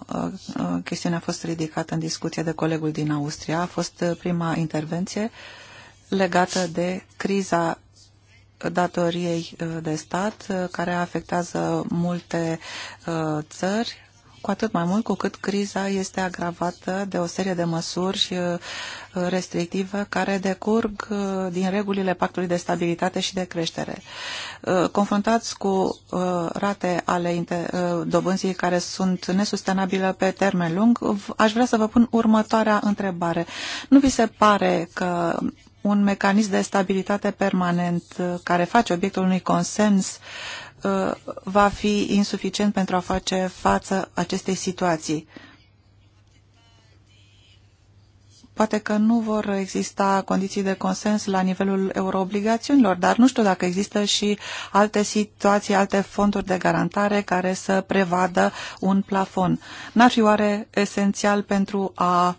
chestiune a fost ridicată în discuție de colegul din Austria. A fost prima intervenție legată de criza datoriei uh, de stat uh, care afectează multe uh, țări, cu atât mai mult cu cât criza este agravată de o serie de măsuri restrictive care decurg din regulile Pactului de Stabilitate și de Creștere. Confruntați cu rate ale dobânzii care sunt nesustenabile pe termen lung, aș vrea să vă pun următoarea întrebare. Nu vi se pare că un mecanism de stabilitate permanent uh, care face obiectul unui consens uh, va fi insuficient pentru a face față acestei situații. Poate că nu vor exista condiții de consens la nivelul euroobligațiunilor, dar nu știu dacă există și alte situații, alte fonduri de garantare care să prevadă un plafon. N-ar fi oare esențial pentru a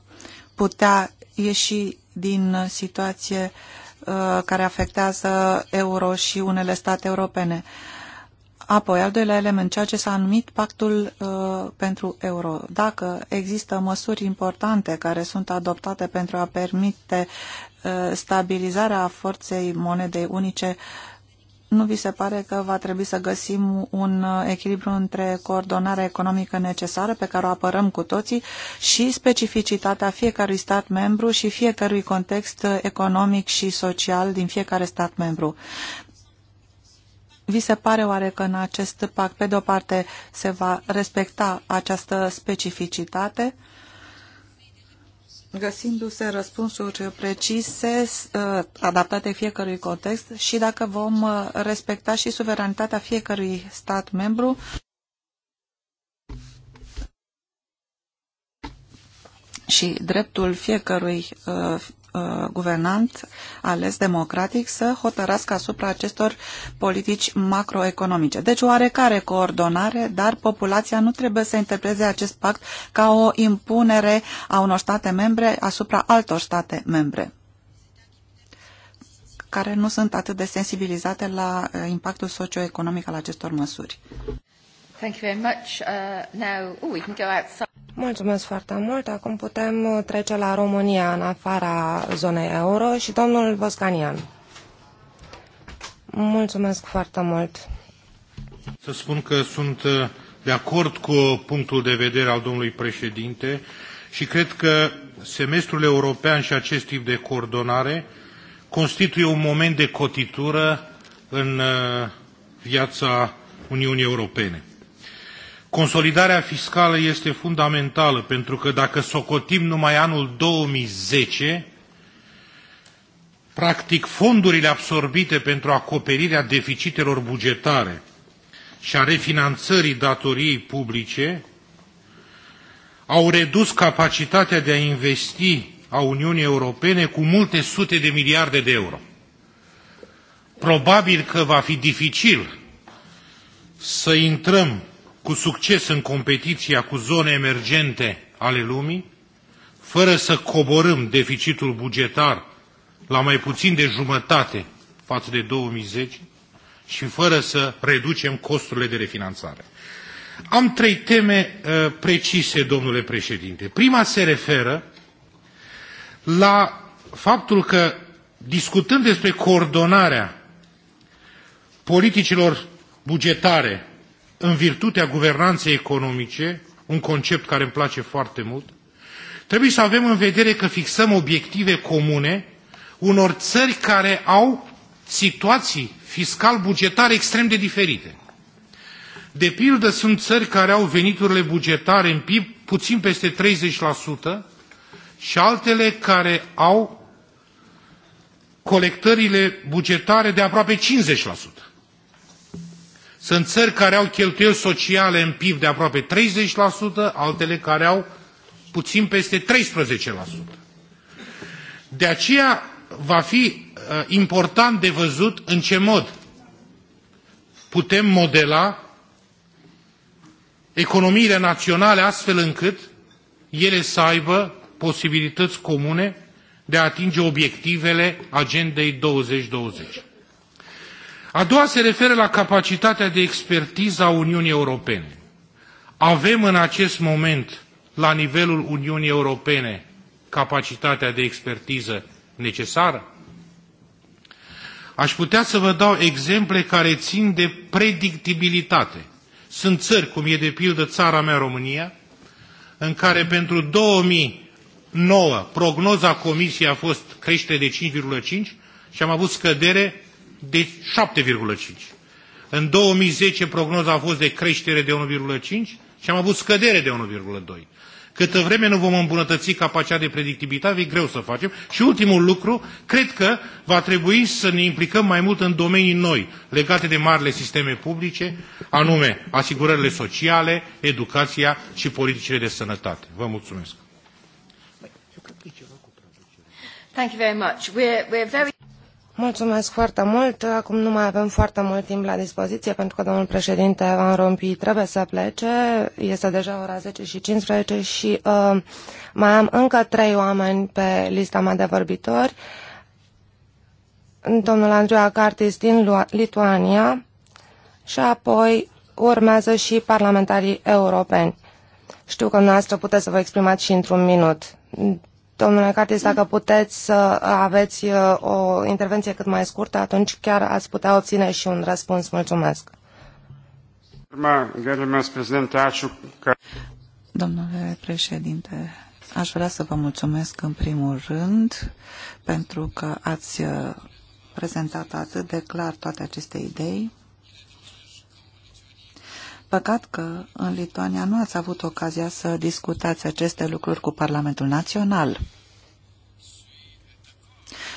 putea ieși din situație uh, care afectează euro și unele state europene. Apoi, al doilea element, ceea ce s-a numit pactul uh, pentru euro. Dacă există măsuri importante care sunt adoptate pentru a permite uh, stabilizarea forței monedei unice, uh, nu vi se pare că va trebui să găsim un uh, echilibru între coordonarea economică necesară pe care o apărăm cu toții și specificitatea fiecărui stat membru și fiecărui context uh, economic și social din fiecare stat membru? Vi se pare oare că în acest pact, pe de o parte, se va respecta această specificitate? găsindu-se răspunsuri precise, uh, adaptate fiecărui context și dacă vom uh, respecta și suveranitatea fiecărui stat membru. și dreptul fiecărui uh, Uh, guvernant ales democratic să hotărască asupra acestor politici macroeconomice. Deci oarecare coordonare, dar populația nu trebuie să interpreze acest pact ca o impunere a unor state membre asupra altor state membre care nu sunt atât de sensibilizate la uh, impactul socioeconomic al acestor măsuri. Thank you very much. Uh, now, oh, we can go Mulțumesc foarte mult. Acum putem uh, trece la România, în afara zonei euro, și domnul Boscanian. Mulțumesc foarte mult. Să spun că sunt uh, de acord cu punctul de vedere al domnului președinte și cred că semestrul european și acest tip de coordonare constituie un moment de cotitură în uh, viața Uniunii Europene. Consolidarea fiscală este fundamentală pentru că dacă socotim numai anul 2010, practic fondurile absorbite pentru acoperirea deficitelor bugetare și a refinanțării datoriei publice au redus capacitatea de a investi a Uniunii Europene cu multe sute de miliarde de euro. Probabil că va fi dificil să intrăm cu succes în competiția cu zone emergente ale lumii, fără să coborâm deficitul bugetar la mai puțin de jumătate față de 2010 și fără să reducem costurile de refinanțare. Am trei teme uh, precise, domnule președinte. Prima se referă la faptul că, discutând despre coordonarea politicilor bugetare în virtutea guvernanței economice, un concept care îmi place foarte mult, trebuie să avem în vedere că fixăm obiective comune unor țări care au situații fiscal-bugetare extrem de diferite. De pildă, sunt țări care au veniturile bugetare în PIB puțin peste 30% și altele care au colectările bugetare de aproape 50%. Sunt țări care au cheltuieli sociale în PIB de aproape 30%, altele care au puțin peste 13%. De aceea va fi uh, important de văzut în ce mod putem modela economiile naționale astfel încât ele să aibă posibilități comune de a atinge obiectivele agendei 2020. A doua se referă la capacitatea de expertiză a Uniunii Europene. Avem în acest moment, la nivelul Uniunii Europene, capacitatea de expertiză necesară? Aș putea să vă dau exemple care țin de predictibilitate. Sunt țări, cum e de pildă țara mea România, în care pentru 2009 prognoza Comisiei a fost creștere de 5,5 și am avut scădere de 7,5. În 2010 prognoza a fost de creștere de 1,5 și am avut scădere de 1,2. Câtă vreme nu vom îmbunătăți capacitatea de predictibilitate, e greu să facem. Și ultimul lucru, cred că va trebui să ne implicăm mai mult în domenii noi legate de marile sisteme publice, anume asigurările sociale, educația și politicile de sănătate. Vă mulțumesc! Thank you very much. We're, we're very... Mulțumesc foarte mult. Acum nu mai avem foarte mult timp la dispoziție pentru că domnul președinte Van Rompuy trebuie să plece. Este deja ora 10 și 15 și uh, mai am încă trei oameni pe lista mea de vorbitori. Domnul Andreea Cartis din Lituania și apoi urmează și parlamentarii europeni. Știu că noastră puteți să vă exprimați și într-un minut. Domnule Cartis, dacă puteți să aveți uh, o intervenție cât mai scurtă, atunci chiar ați putea obține și un răspuns. Mulțumesc. Domnule președinte, aș vrea să vă mulțumesc în primul rând pentru că ați uh, prezentat atât de clar toate aceste idei. Păcat că în Lituania nu ați avut ocazia să discutați aceste lucruri cu Parlamentul Național.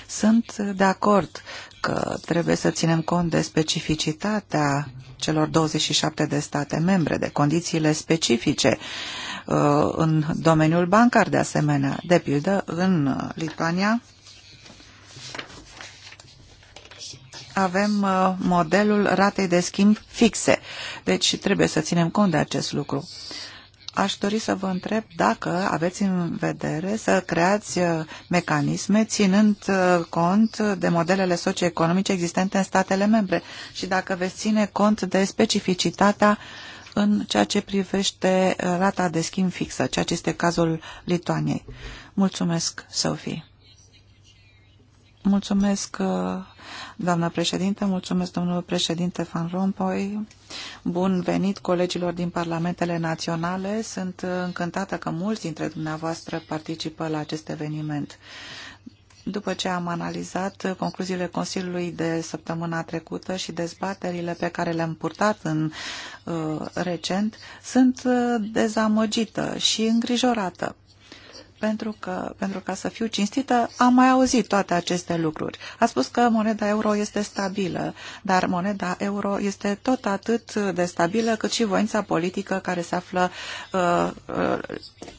Sunt de acord că trebuie să ținem cont de specificitatea celor 27 de state membre, de condițiile specifice uh, în domeniul bancar de asemenea. De pildă, în Lituania avem uh, modelul ratei de schimb fixe. Deci trebuie să ținem cont de acest lucru. Aș dori să vă întreb dacă aveți în vedere să creați uh, mecanisme ținând uh, cont de modelele socioeconomice existente în statele membre și dacă veți ține cont de specificitatea în ceea ce privește rata de schimb fixă, ceea ce este cazul Lituaniei. Mulțumesc, Sophie. Mulțumesc, uh, doamna președinte, mulțumesc domnul președinte Van Rompuy. Bun venit colegilor din parlamentele naționale. Sunt uh, încântată că mulți dintre dumneavoastră participă la acest eveniment. După ce am analizat concluziile Consiliului de săptămâna trecută și dezbaterile pe care le-am purtat în uh, recent, sunt uh, dezamăgită și îngrijorată pentru că, pentru ca să fiu cinstită, am mai auzit toate aceste lucruri. A spus că moneda euro este stabilă, dar moneda euro este tot atât de stabilă cât și voința politică care se află, uh, uh,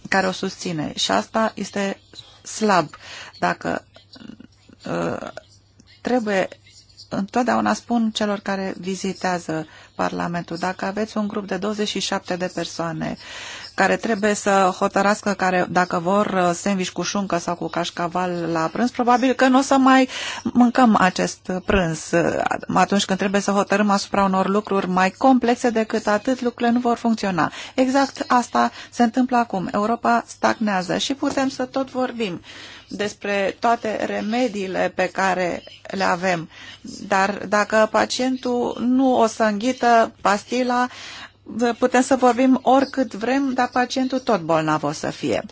care o susține. Și asta este slab. Dacă uh, trebuie întotdeauna spun celor care vizitează Parlamentul, dacă aveți un grup de 27 de persoane care trebuie să hotărască care, dacă vor uh, sandwich cu șuncă sau cu cașcaval la prânz, probabil că nu o să mai mâncăm acest prânz uh, atunci când trebuie să hotărâm asupra unor lucruri mai complexe decât atât, lucrurile nu vor funcționa. Exact asta se întâmplă acum. Europa stagnează și putem să tot vorbim despre toate remediile pe care le avem. Dar dacă pacientul nu o să înghită pastila, putem să vorbim oricât vrem, dar pacientul tot bolnav o să fie.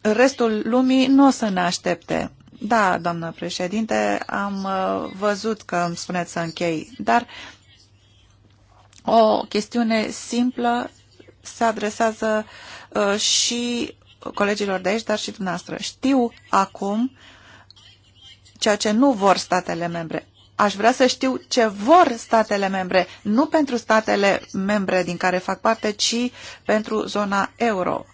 Restul lumii nu o să ne aștepte. Da, doamnă președinte, am uh, văzut că îmi spuneți să închei, dar o chestiune simplă se adresează uh, și colegilor de aici, dar și dumneavoastră. Știu acum ceea ce nu vor statele membre. Aș vrea să știu ce vor statele membre, nu pentru statele membre din care fac parte, ci pentru zona euro.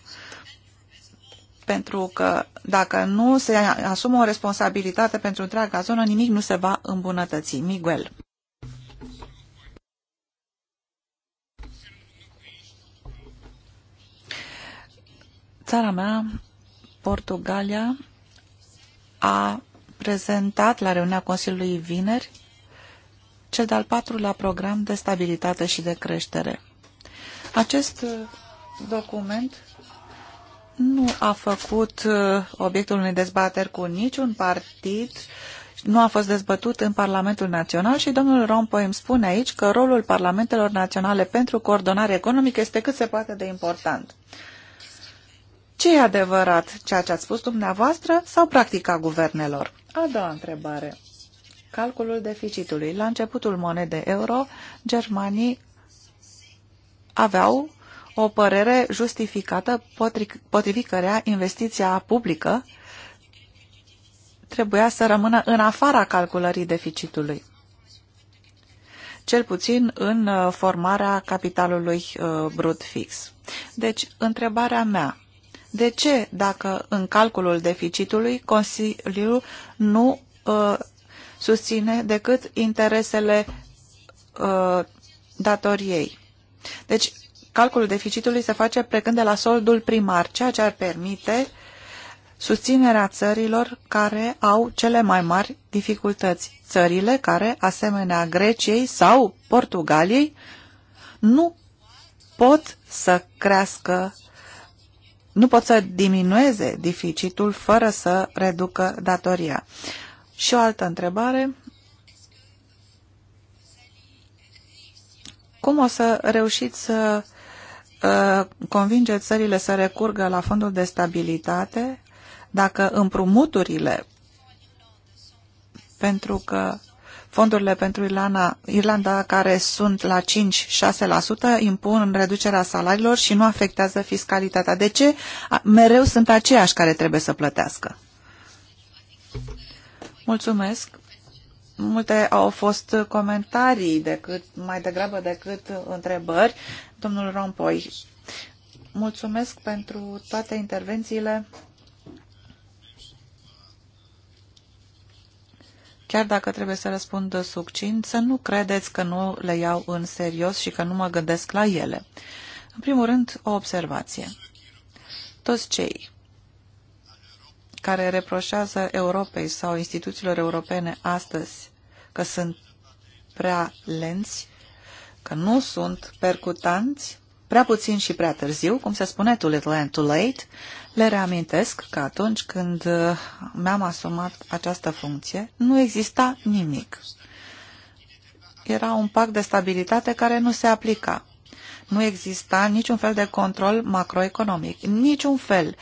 Pentru că dacă nu se asumă o responsabilitate pentru întreaga zonă, nimic nu se va îmbunătăți. Miguel. Țara mea, Portugalia, a prezentat la reuniunea Consiliului vineri cel de-al patrulea program de stabilitate și de creștere. Acest uh, document nu a făcut uh, obiectul unei dezbateri cu niciun partid, nu a fost dezbătut în Parlamentul Național și domnul Rompoy îmi spune aici că rolul Parlamentelor Naționale pentru coordonare economică este cât se poate de important ce e adevărat, ceea ce ați spus dumneavoastră sau practica guvernelor? A doua întrebare. Calculul deficitului. La începutul monedei euro, germanii aveau o părere justificată potrivit cărea investiția publică trebuia să rămână în afara calculării deficitului, cel puțin în uh, formarea capitalului uh, brut fix. Deci, întrebarea mea, de ce, dacă în calculul deficitului, Consiliul nu uh, susține decât interesele uh, datoriei? Deci, calculul deficitului se face plecând de la soldul primar, ceea ce ar permite susținerea țărilor care au cele mai mari dificultăți. Țările care, asemenea Greciei sau Portugaliei, nu pot să crească nu pot să diminueze deficitul fără să reducă datoria. Și o altă întrebare. Cum o să reușiți să uh, convingeți țările să recurgă la fondul de stabilitate dacă împrumuturile pentru că Fondurile pentru Irlanda, Irlanda care sunt la 5-6% impun reducerea salariilor și nu afectează fiscalitatea. De ce mereu sunt aceiași care trebuie să plătească? Mulțumesc. Multe au fost comentarii decât, mai degrabă decât întrebări. Domnul Rompoi, mulțumesc pentru toate intervențiile chiar dacă trebuie să răspund succint, să nu credeți că nu le iau în serios și că nu mă gândesc la ele. În primul rând, o observație. Toți cei care reproșează Europei sau instituțiilor europene astăzi că sunt prea lenți, că nu sunt percutanți, prea puțin și prea târziu, cum se spune, too little and too late, le reamintesc că atunci când uh, mi-am asumat această funcție, nu exista nimic. Era un pact de stabilitate care nu se aplica. Nu exista niciun fel de control macroeconomic, niciun fel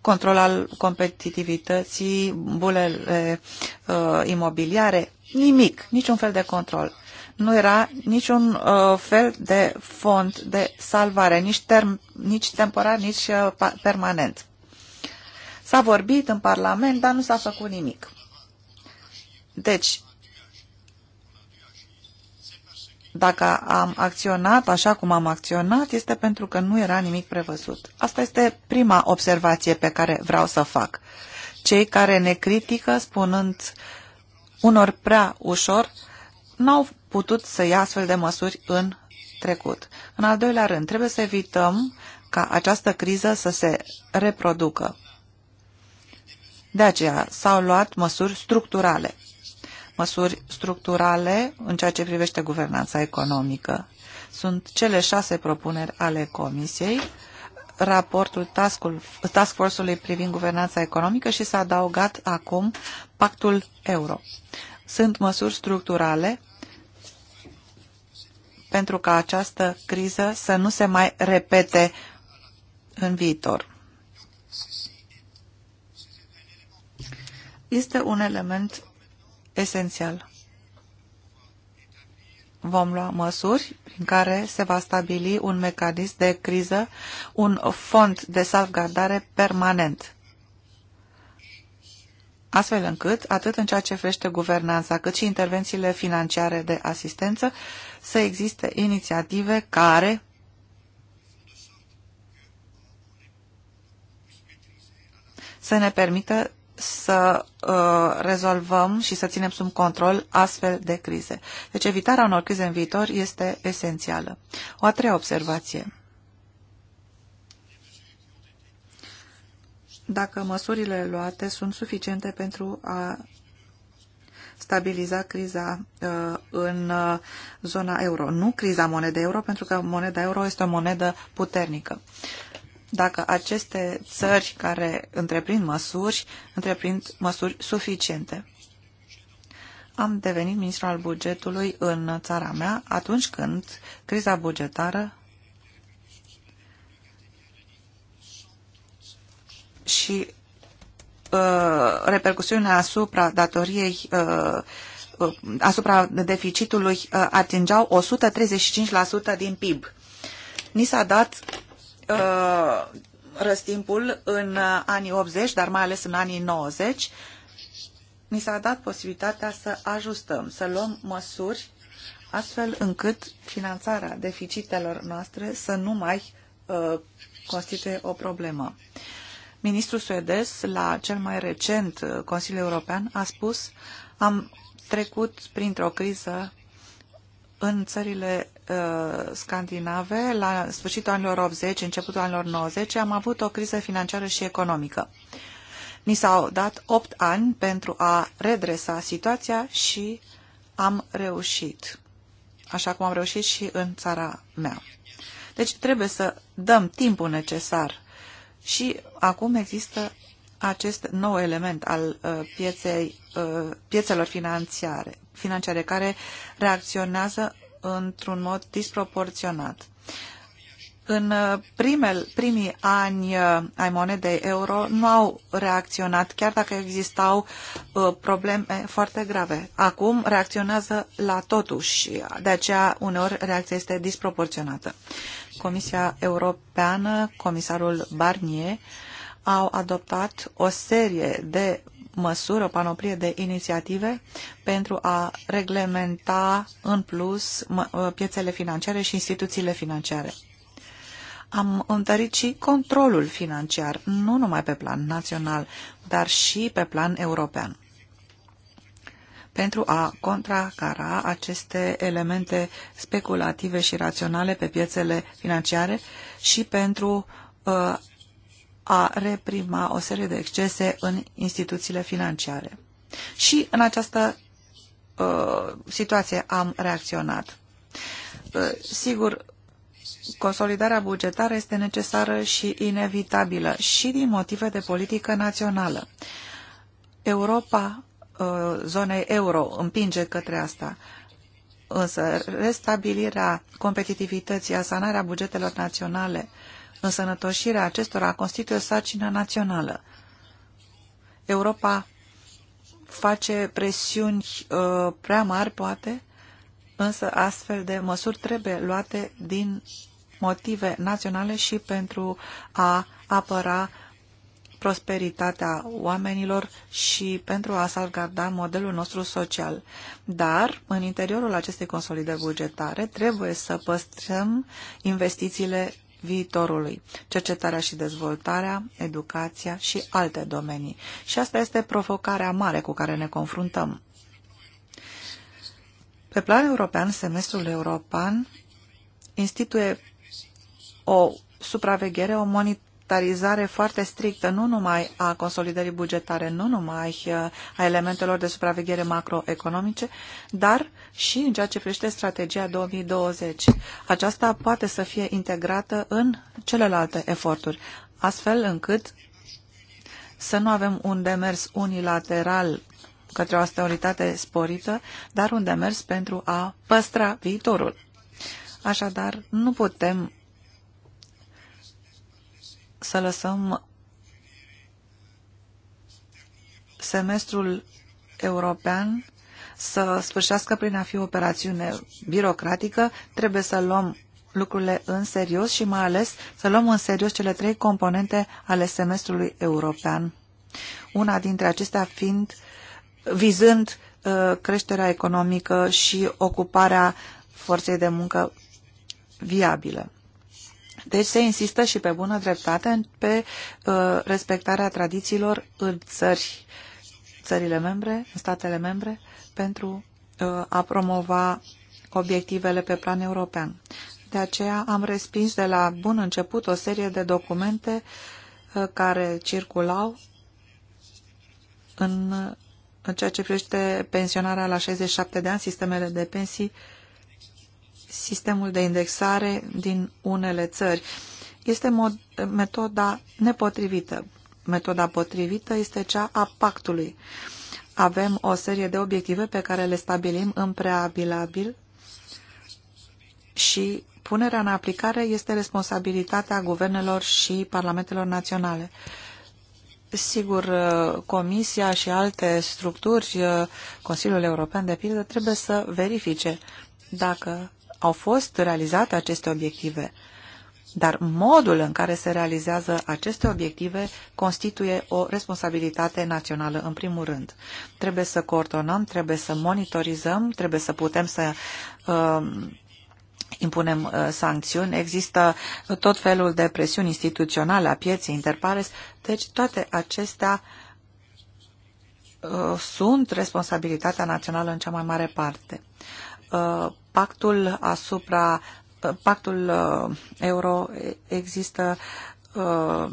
control al competitivității, bulele uh, imobiliare, nimic, niciun fel de control. Nu era niciun uh, fel de fond de salvare, nici, term, nici temporar, nici uh, permanent. S-a vorbit în Parlament, dar nu s-a făcut nimic. Deci, dacă am acționat așa cum am acționat, este pentru că nu era nimic prevăzut. Asta este prima observație pe care vreau să fac. Cei care ne critică spunând unor prea ușor, n-au putut să ia astfel de măsuri în trecut. În al doilea rând, trebuie să evităm ca această criză să se reproducă. De aceea s-au luat măsuri structurale. Măsuri structurale în ceea ce privește guvernanța economică. Sunt cele șase propuneri ale Comisiei, raportul task-ul, task force ului privind guvernanța economică și s-a adăugat acum pactul euro. Sunt măsuri structurale pentru ca această criză să nu se mai repete în viitor. este un element esențial. Vom lua măsuri prin care se va stabili un mecanism de criză, un fond de salvgardare permanent astfel încât, atât în ceea ce frește guvernanța, cât și intervențiile financiare de asistență, să existe inițiative care să ne permită să uh, rezolvăm și să ținem sub control astfel de crize. Deci evitarea unor crize în viitor este esențială. O a treia observație. Dacă măsurile luate sunt suficiente pentru a stabiliza criza uh, în uh, zona euro. Nu criza monedei euro, pentru că moneda euro este o monedă puternică. Uh, dacă aceste țări care întreprind măsuri, întreprind măsuri suficiente. Am devenit ministru al bugetului în țara mea atunci când criza bugetară și uh, repercusiunea asupra datoriei uh, uh asupra deficitului uh, atingeau 135% din PIB. Ni s-a dat Uh, răstimpul în anii 80, dar mai ales în anii 90, ni s-a dat posibilitatea să ajustăm, să luăm măsuri astfel încât finanțarea deficitelor noastre să nu mai uh, constituie o problemă. Ministrul suedez, la cel mai recent uh, Consiliu European, a spus am trecut printr-o criză în țările uh, scandinave, la sfârșitul anilor 80, începutul anilor 90, am avut o criză financiară și economică. Ni s-au dat 8 ani pentru a redresa situația și am reușit, așa cum am reușit și în țara mea. Deci trebuie să dăm timpul necesar și acum există acest nou element al uh, pieței, uh, piețelor financiare, financiare care reacționează într-un mod disproporționat. În uh, primel, primii ani uh, ai monedei euro nu au reacționat, chiar dacă existau uh, probleme foarte grave. Acum reacționează la totuși, de aceea uneori reacția este disproporționată. Comisia Europeană, comisarul Barnier, au adoptat o serie de măsuri o panoplie de inițiative pentru a reglementa în plus ă, piețele financiare și instituțiile financiare. Am întărit și controlul financiar, nu numai pe plan național, dar și pe plan european pentru a contracara aceste elemente speculative și raționale pe piețele financiare și pentru ă, a reprima o serie de excese în instituțiile financiare. Și în această uh, situație am reacționat. Uh, sigur, consolidarea bugetară este necesară și inevitabilă și din motive de politică națională. Europa, uh, zonei euro, împinge către asta. Însă restabilirea competitivității, asanarea bugetelor naționale uh, însănătoșirea acestora constituie o sarcină națională. Europa face presiuni uh, prea mari, poate, însă astfel de măsuri trebuie luate din motive naționale și pentru a apăra prosperitatea oamenilor și pentru a salvgarda modelul nostru social. Dar, în interiorul acestei consolidări bugetare, trebuie să păstrăm investițiile viitorului, cercetarea și dezvoltarea, educația și alte domenii. Și asta este provocarea mare cu care ne confruntăm. Pe plan european, semestrul european instituie o supraveghere, o monitorizare monitorizare foarte strictă, nu numai a consolidării bugetare, nu numai uh, a elementelor de supraveghere macroeconomice, dar și în ceea ce privește strategia 2020. Aceasta poate să fie integrată în celelalte eforturi, astfel încât să nu avem un demers unilateral către o austeritate sporită, dar un demers pentru a păstra viitorul. Așadar, nu putem să lăsăm semestrul european să sfârșească prin a fi o operațiune birocratică, trebuie să luăm lucrurile în serios și mai ales să luăm în serios cele trei componente ale semestrului european. Una dintre acestea fiind vizând uh, creșterea economică și ocuparea forței de muncă viabilă. Deci se insistă și pe bună dreptate pe uh, respectarea tradițiilor în țări, țările membre, în statele membre, pentru uh, a promova obiectivele pe plan european. De aceea am respins de la bun început o serie de documente uh, care circulau în, în ceea ce privește pensionarea la 67 de ani, sistemele de pensii uh, sistemul de indexare din unele țări. Este mod, metoda nepotrivită. Metoda potrivită este cea a pactului. Avem o serie de obiective pe care le stabilim în preabilabil și punerea în aplicare este responsabilitatea guvernelor și parlamentelor naționale. Sigur, Comisia și alte structuri, Consiliul European de pildă, trebuie să verifice dacă au fost realizate aceste obiective, dar modul în care se realizează aceste obiective constituie o responsabilitate națională în primul rând. Trebuie să coordonăm, trebuie să monitorizăm, trebuie să putem să uh, impunem uh, sancțiuni, există tot felul de presiuni instituționale a pieței interpares, deci toate acestea uh, sunt responsabilitatea națională în cea mai mare parte. Uh, pactul asupra uh, pactul uh, euro există uh,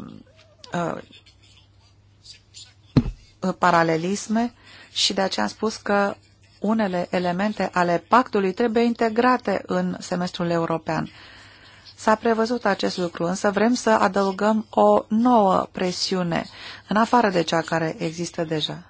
paralelisme și de aceea am spus că unele elemente ale pactului trebuie integrate în semestrul european. S-a prevăzut acest lucru, însă vrem să adăugăm o nouă presiune, în afară de cea care există deja.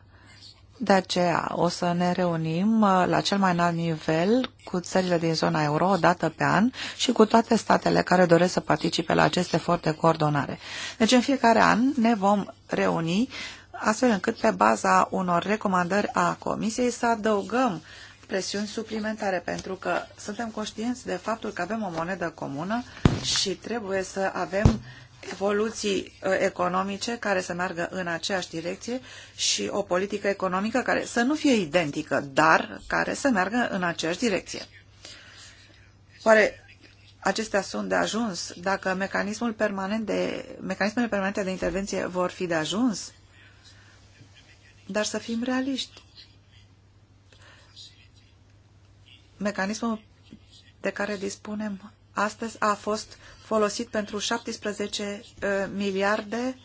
De aceea o să ne reunim uh, la cel mai înalt nivel cu țările din zona euro o dată pe an și cu toate statele care doresc să participe la acest efort de coordonare. Deci în fiecare an ne vom reuni astfel încât pe baza unor recomandări a Comisiei să adăugăm presiuni suplimentare, pentru că suntem conștienți de faptul că avem o monedă comună și trebuie să avem evoluții uh, economice care să meargă în aceeași direcție și o politică economică care să nu fie identică, dar care să meargă în aceeași direcție. Oare acestea sunt de ajuns? Dacă mecanismul permanent de, mecanismele permanente de intervenție vor fi de ajuns? Dar să fim realiști. Mecanismul de care dispunem astăzi a fost folosit pentru 17 uh, miliarde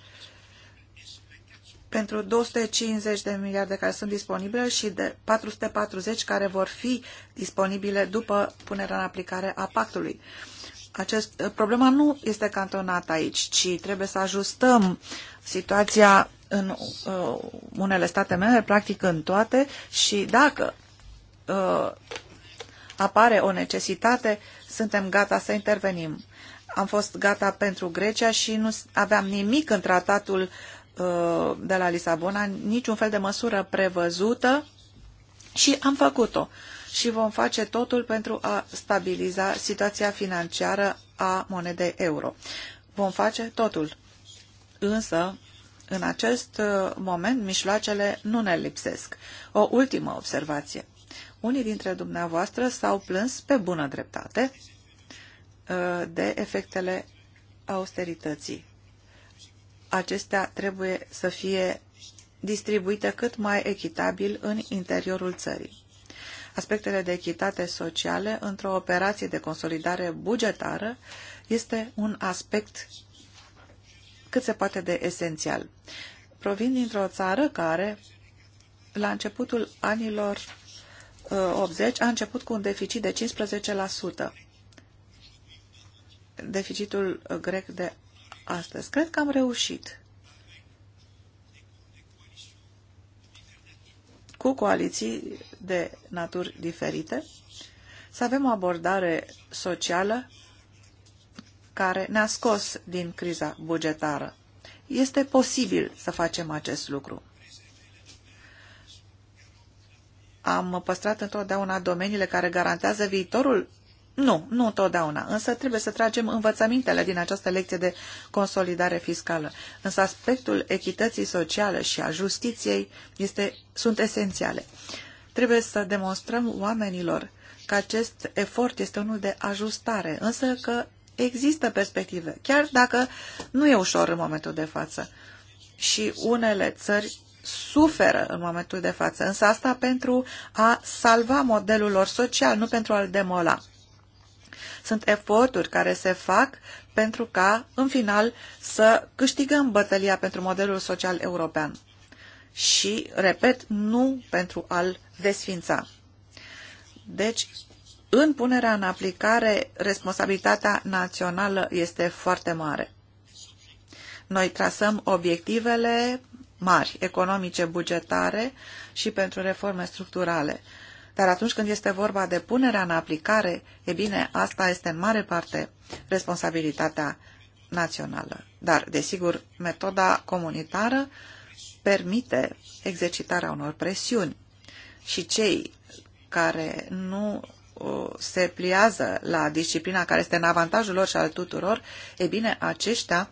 pentru 250 de miliarde care sunt disponibile și de 440 care vor fi disponibile după punerea în aplicare a pactului. Acest, uh, problema nu este cantonată aici, ci trebuie să ajustăm situația în uh, unele state membre, practic în toate, și dacă uh, apare o necesitate, suntem gata să intervenim am fost gata pentru Grecia și nu aveam nimic în tratatul uh, de la Lisabona, niciun fel de măsură prevăzută și am făcut-o. Și vom face totul pentru a stabiliza situația financiară a monedei euro. Vom face totul. Însă, în acest uh, moment, mișloacele nu ne lipsesc. O ultimă observație. Unii dintre dumneavoastră s-au plâns pe bună dreptate Uh, de efectele austerității. Acestea trebuie să fie distribuite cât mai echitabil în interiorul țării. Aspectele de echitate sociale într-o operație de consolidare bugetară este un aspect cât se poate de esențial. Provin dintr-o țară care, la începutul anilor 80, uh, a început cu un deficit de 15% deficitul uh, grec de astăzi. Cred că am reușit cu coaliții de naturi diferite să avem o abordare socială care ne-a scos din criza bugetară. Este posibil să facem acest lucru. Am păstrat întotdeauna domeniile care garantează viitorul nu, nu întotdeauna, însă trebuie să tragem învățămintele din această lecție de consolidare fiscală. Însă aspectul echității sociale și a justiției este, sunt esențiale. Trebuie să demonstrăm oamenilor că acest efort este unul de ajustare, însă că există perspective, chiar dacă nu e ușor în momentul de față. Și unele țări suferă în momentul de față, însă asta pentru a salva modelul lor social, nu pentru a-l demola. Sunt eforturi care se fac pentru ca, în final, să câștigăm bătălia pentru modelul social european. Și, repet, nu pentru a-l desfința. Deci, în punerea în aplicare, responsabilitatea națională este foarte mare. Noi trasăm obiectivele mari, economice, bugetare și pentru reforme structurale. Dar atunci când este vorba de punerea în aplicare, e bine, asta este în mare parte responsabilitatea națională. Dar, desigur, metoda comunitară permite exercitarea unor presiuni și cei care nu uh, se pliază la disciplina care este în avantajul lor și al tuturor, e bine, aceștia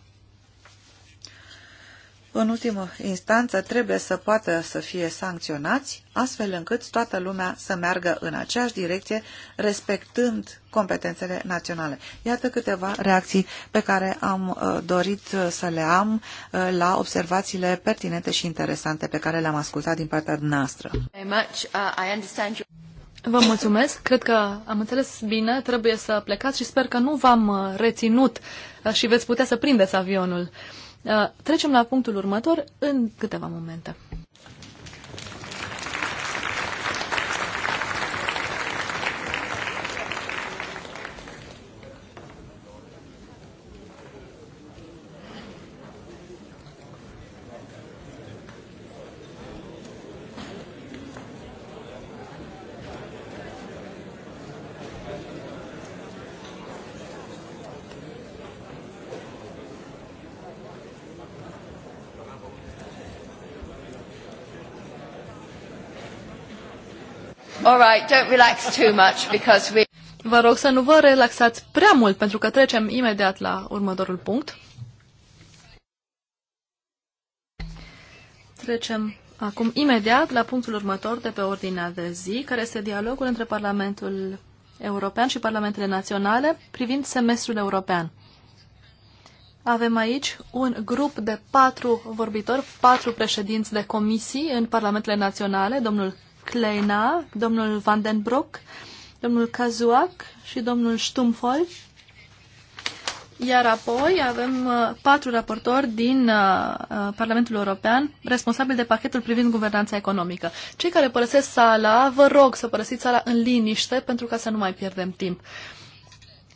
în ultimă instanță, trebuie să poată să fie sancționați, astfel încât toată lumea să meargă în aceeași direcție, respectând competențele naționale. Iată câteva reacții pe care am uh, dorit să le am uh, la observațiile pertinente și interesante pe care le-am ascultat din partea noastră. Uh, Vă mulțumesc, cred că am înțeles bine, trebuie să plecați și sper că nu v-am reținut și veți putea să prindeți avionul. Uh, trecem la punctul următor în câteva momente. All right, don't relax too much because we... Vă rog să nu vă relaxați prea mult pentru că trecem imediat la următorul punct. Trecem acum imediat la punctul următor de pe ordinea de zi, care este dialogul între Parlamentul European și Parlamentele Naționale privind semestrul european. Avem aici un grup de patru vorbitori, patru președinți de comisii în Parlamentele Naționale, domnul Kleina, domnul Van den Broek, domnul Kazuak și domnul Stumfol. Iar apoi avem uh, patru raportori din uh, uh Parlamentul European responsabili de pachetul privind guvernanța economică. Cei care părăsesc sala, vă rog să părăsiți sala în liniște pentru ca să nu mai pierdem timp.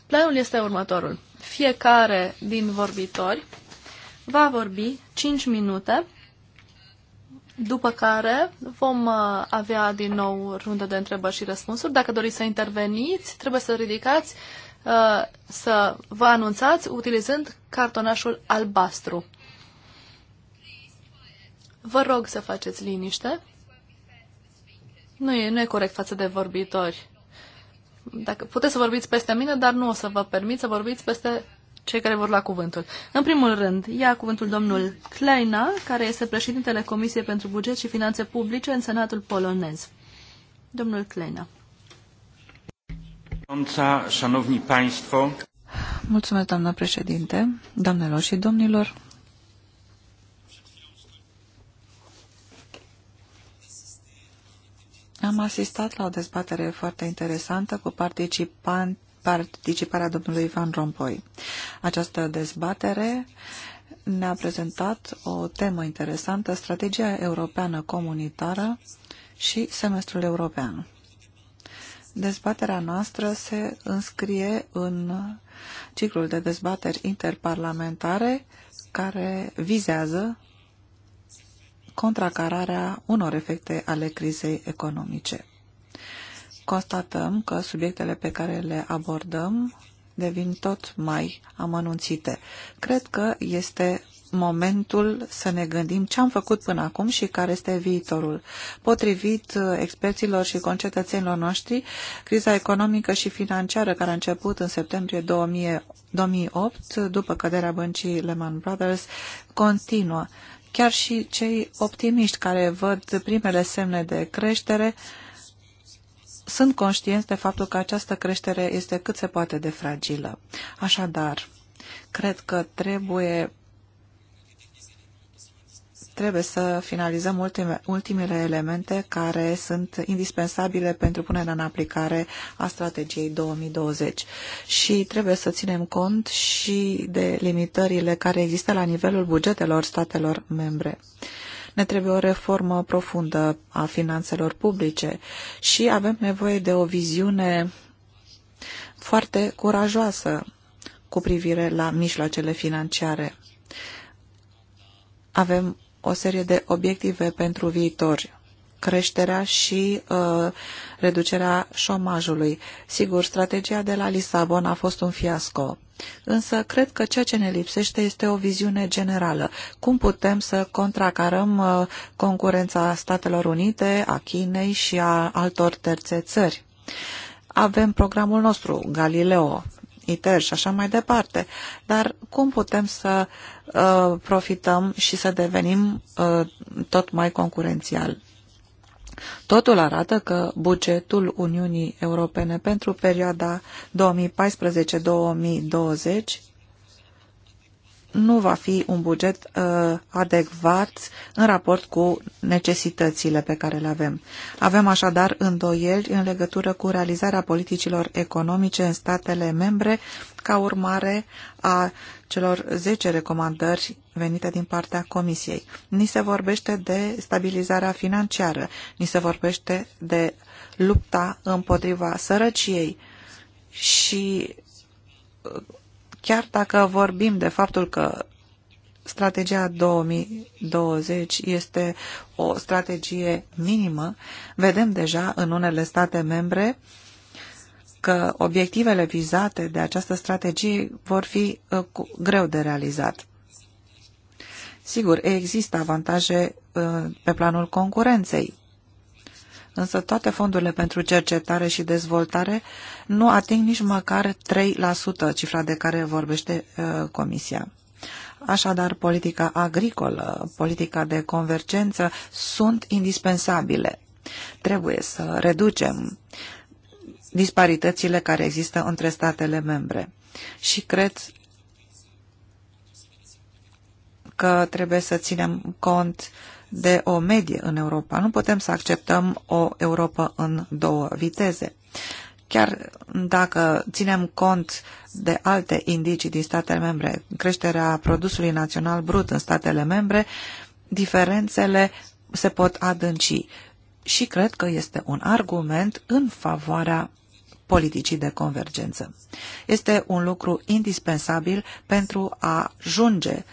Planul este următorul. Fiecare din vorbitori va vorbi 5 minute după care vom uh, avea din nou rundă de întrebări și răspunsuri. Dacă doriți să interveniți, trebuie să ridicați, uh, să vă anunțați utilizând cartonașul albastru. Vă rog să faceți liniște. Nu e, nu e corect față de vorbitori. Dacă puteți să vorbiți peste mine, dar nu o să vă permit să vorbiți peste cei care vor lua cuvântul. În primul rând, ia cuvântul domnul Kleina, care este președintele Comisiei pentru Buget și Finanțe Publice în Senatul polonez. Domnul Kleina. Mulțumesc, doamnă președinte, doamnelor și domnilor. Am asistat la o dezbatere foarte interesantă cu participanți participarea domnului Van Rompoi. Această dezbatere ne-a prezentat o temă interesantă, strategia europeană comunitară și semestrul european. Dezbaterea noastră se înscrie în ciclul de dezbateri interparlamentare care vizează contracararea unor efecte ale crizei economice constatăm că subiectele pe care le abordăm devin tot mai amănunțite. Cred că este momentul să ne gândim ce am făcut până acum și care este viitorul. Potrivit uh, experților și concetățenilor noștri, criza economică și financiară care a început în septembrie 2008, după căderea băncii Lehman Brothers, continuă. Chiar și cei optimiști care văd primele semne de creștere sunt conștienți de faptul că această creștere este cât se poate de fragilă. Așadar, cred că trebuie trebuie să finalizăm ultime, ultimele elemente care sunt indispensabile pentru punerea în aplicare a strategiei 2020 și trebuie să ținem cont și de limitările care există la nivelul bugetelor statelor membre. Uh, ne trebuie o reformă profundă a finanțelor publice și avem nevoie de o viziune foarte curajoasă cu privire la mijloacele financiare. Avem o serie de obiective pentru viitor creșterea și uh, reducerea șomajului. Sigur, strategia de la Lisabona a fost un fiasco. Însă cred că ceea ce ne lipsește este o viziune generală. Cum putem să contracarăm uh, concurența Statelor Unite, a Chinei și a altor terțe țări? Avem programul nostru, Galileo, ITER și așa mai departe. Dar cum putem să uh, profităm și să devenim uh, tot mai concurențial? Totul arată că bugetul Uniunii Europene pentru perioada 2014-2020 nu va fi un buget uh, adecvat în raport cu necesitățile pe care le avem. Avem așadar îndoieli în legătură cu realizarea politicilor economice în statele membre ca urmare a celor 10 recomandări venite din partea Comisiei. Ni se vorbește de stabilizarea financiară, ni se vorbește de lupta împotriva sărăciei și uh, Chiar dacă vorbim de faptul că strategia 2020 este o strategie minimă, vedem deja în unele state membre că obiectivele vizate de această strategie vor fi uh, greu de realizat. Sigur, există avantaje uh, pe planul concurenței, însă toate fondurile pentru cercetare și dezvoltare nu ating nici măcar 3%, cifra de care vorbește uh, Comisia. Așadar, politica agricolă, politica de convergență sunt indispensabile. Trebuie să reducem disparitățile care există între statele membre. Și cred că trebuie să ținem cont de o medie în Europa. Nu putem să acceptăm o Europa în două viteze. Chiar dacă ținem cont de alte indicii din statele membre, creșterea produsului național brut în statele membre, diferențele se pot adânci și cred că este un argument în favoarea politicii de convergență. Este un lucru indispensabil pentru a ajunge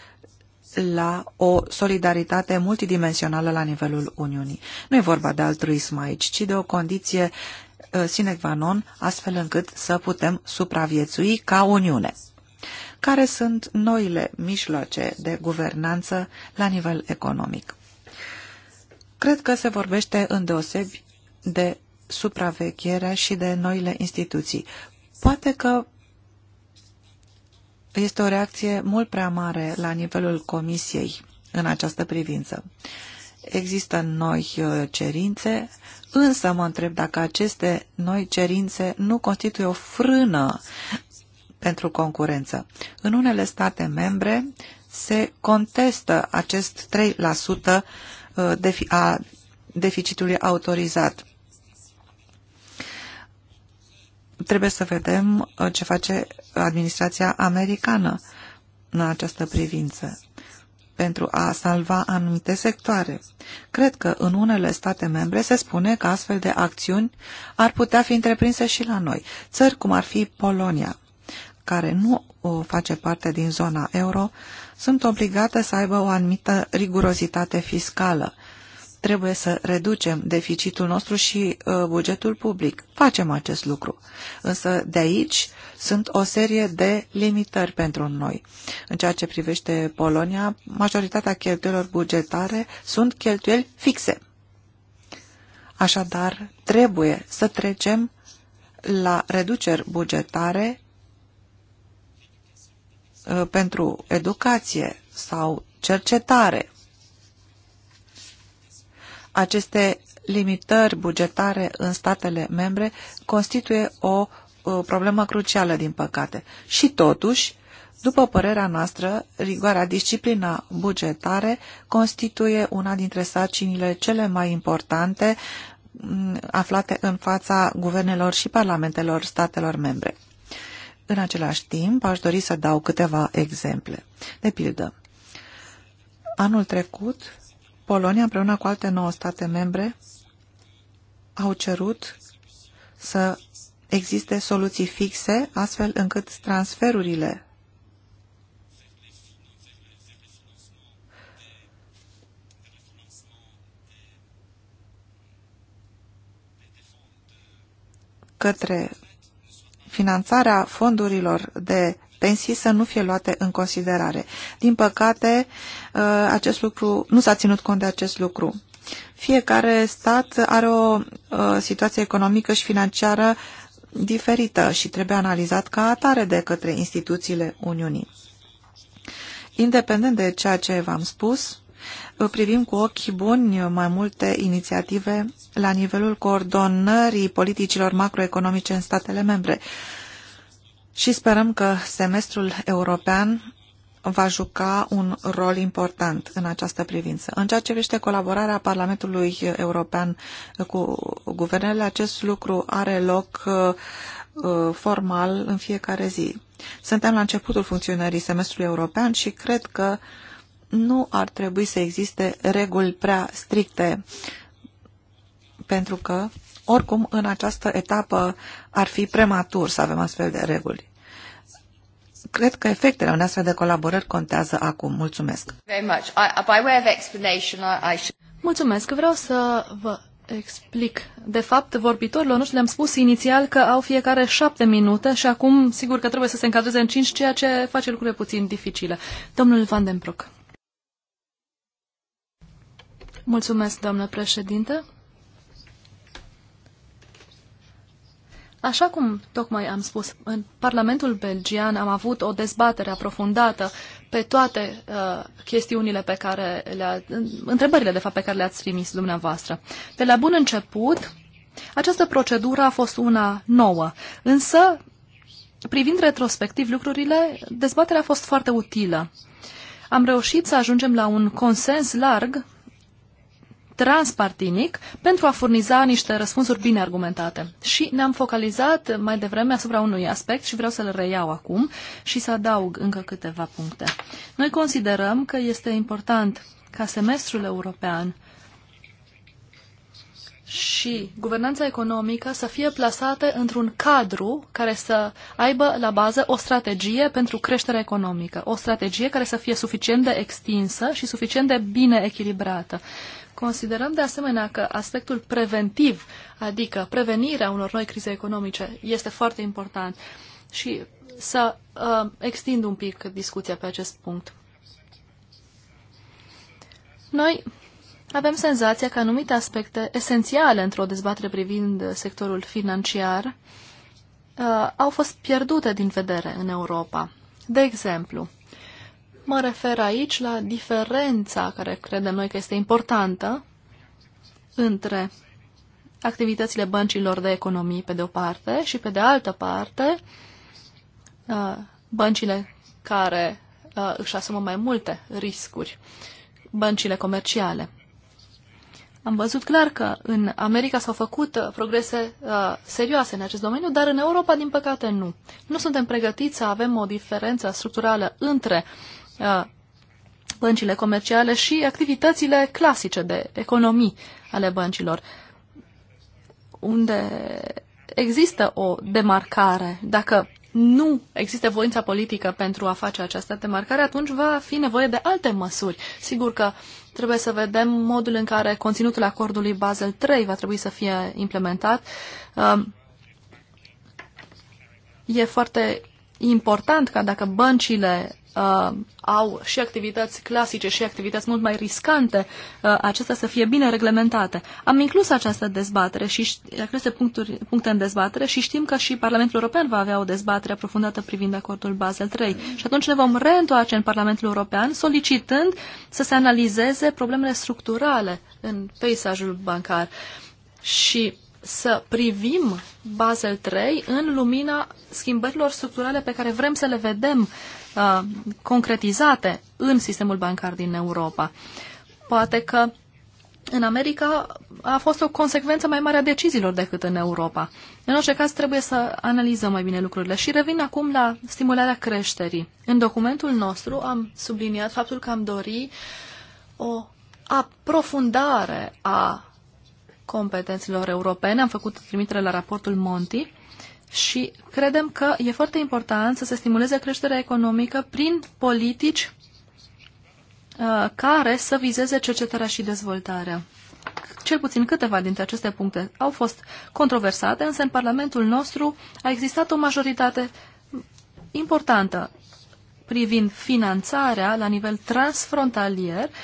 la o solidaritate multidimensională la nivelul Uniunii. Nu e vorba de altruism aici, ci de o condiție uh, sine qua non, astfel încât să putem supraviețui ca Uniune. Care sunt noile mijloace de guvernanță la nivel economic? Cred că se vorbește îndeosebi de supravegherea și de noile instituții. Poate că este o reacție mult prea mare la nivelul Comisiei în această privință. Există noi uh, cerințe, însă mă întreb dacă aceste noi cerințe nu constituie o frână pentru concurență. În unele state membre se contestă acest 3% uh, a deficitului autorizat. trebuie să vedem uh, ce face administrația americană în această privință pentru a salva anumite sectoare. Cred că în unele state membre se spune că astfel de acțiuni ar putea fi întreprinse și la noi. Țări cum ar fi Polonia, care nu uh, face parte din zona euro, sunt obligate să aibă o anumită rigurozitate fiscală trebuie să reducem deficitul nostru și uh, bugetul public. Facem acest lucru. Însă de aici sunt o serie de limitări pentru noi. În ceea ce privește Polonia, majoritatea cheltuielor bugetare sunt cheltuieli fixe. Așadar, trebuie să trecem la reduceri bugetare uh, pentru educație sau cercetare aceste limitări bugetare în statele membre constituie o problemă crucială, din păcate. Și totuși, după părerea noastră, rigoarea disciplina bugetare constituie una dintre sarcinile cele mai importante aflate în fața guvernelor și parlamentelor statelor membre. În același timp, aș dori să dau câteva exemple. De pildă, anul trecut, Polonia, împreună cu alte nouă state membre, au cerut să existe soluții fixe, astfel încât transferurile către finanțarea fondurilor de pensii să nu fie luate în considerare. Din păcate, uh, acest lucru, nu s-a ținut cont de acest lucru. Fiecare stat are o uh, situație economică și financiară diferită și trebuie analizat ca atare de către instituțiile Uniunii. Independent de ceea ce v-am spus, uh, privim cu ochi buni mai multe inițiative la nivelul coordonării politicilor macroeconomice în statele membre și sperăm că semestrul european va juca un rol important în această privință. În ceea ce privește colaborarea Parlamentului European cu guvernele, acest lucru are loc uh, formal în fiecare zi. Suntem la începutul funcționării semestrului european și cred că nu ar trebui să existe reguli prea stricte pentru că oricum, în această etapă ar fi prematur să avem astfel de reguli. Cred că efectele unei astfel de colaborări contează acum. Mulțumesc! Mulțumesc! Vreau să vă explic. De fapt, vorbitorilor noștri le-am spus inițial că au fiecare șapte minute și acum sigur că trebuie să se încadreze în cinci, ceea ce face lucrurile puțin dificile. Domnul Van den Broek. Mulțumesc, doamnă președinte. Așa cum tocmai am spus, în Parlamentul Belgian am avut o dezbatere aprofundată pe toate uh, chestiunile pe care le întrebările de fapt pe care le-ați trimis dumneavoastră. De la bun început, această procedură a fost una nouă, însă privind retrospectiv lucrurile, dezbaterea a fost foarte utilă. Am reușit să ajungem la un consens larg transpartinic pentru a furniza niște răspunsuri bine argumentate. Și ne-am focalizat mai devreme asupra unui aspect și vreau să-l reiau acum și să adaug încă câteva puncte. Noi considerăm că este important ca semestrul european și guvernanța economică să fie plasate într-un cadru care să aibă la bază o strategie pentru creșterea economică, o strategie care să fie suficient de extinsă și suficient de bine echilibrată. Considerăm de asemenea că aspectul preventiv, adică prevenirea unor noi crize economice, este foarte important și să uh, extind un pic discuția pe acest punct. Noi avem senzația că anumite aspecte esențiale într-o dezbatere privind sectorul financiar uh, au fost pierdute din vedere în Europa. De exemplu, Mă refer aici la diferența care credem noi că este importantă între activitățile băncilor de economii pe de o parte și pe de altă parte uh, băncile care uh, își asumă mai multe riscuri, băncile comerciale. Am văzut clar că în America s-au făcut uh, progrese uh, serioase în acest domeniu, dar în Europa, din păcate, nu. Nu suntem pregătiți să avem o diferență structurală între uh, Uh, băncile comerciale și activitățile clasice de economii ale băncilor, unde există o demarcare. Dacă nu există voința politică pentru a face această demarcare, atunci va fi nevoie de alte măsuri. Sigur că trebuie să vedem modul în care conținutul acordului Basel III va trebui să fie implementat. Um, e foarte important ca dacă băncile uh, au și activități clasice și activități mult mai riscante, uh, acestea să fie bine reglementate. Am inclus această dezbatere și aceste puncturi, puncte în dezbatere și știm că și Parlamentul European va avea o dezbatere aprofundată privind acordul Basel III. Și atunci ne vom reîntoarce în Parlamentul European solicitând să se analizeze problemele structurale în peisajul bancar. Și să privim Basel 3 în lumina schimbărilor structurale pe care vrem să le vedem uh, concretizate în sistemul bancar din Europa. Poate că în America a fost o consecvență mai mare a deciziilor decât în Europa. În orice caz, trebuie să analizăm mai bine lucrurile. Și revin acum la stimularea creșterii. În documentul nostru am subliniat faptul că am dori o aprofundare a competențelor europene. Am făcut trimitere la raportul Monti și credem că e foarte important să se stimuleze creșterea economică prin politici uh, care să vizeze cercetarea și dezvoltarea. Cel puțin câteva dintre aceste puncte au fost controversate, însă în Parlamentul nostru a existat o majoritate importantă privind finanțarea la nivel transfrontalier uh,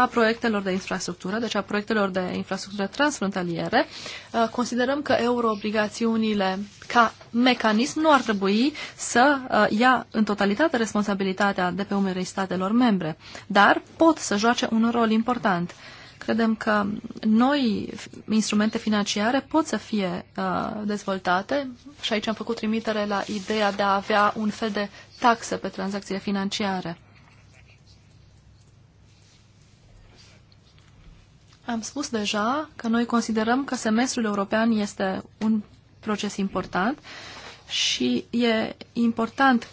a proiectelor de infrastructură, deci a proiectelor de infrastructură transfrontaliere, uh, considerăm că euroobligațiunile ca mecanism nu ar trebui să uh, ia în totalitate responsabilitatea de pe umerii statelor membre, dar pot să joace un rol important credem că noi instrumente financiare pot să fie uh, dezvoltate și aici am făcut trimitere la ideea de a avea un fel de taxă pe tranzacțiile financiare. Am spus deja că noi considerăm că semestrul european este un proces important și e important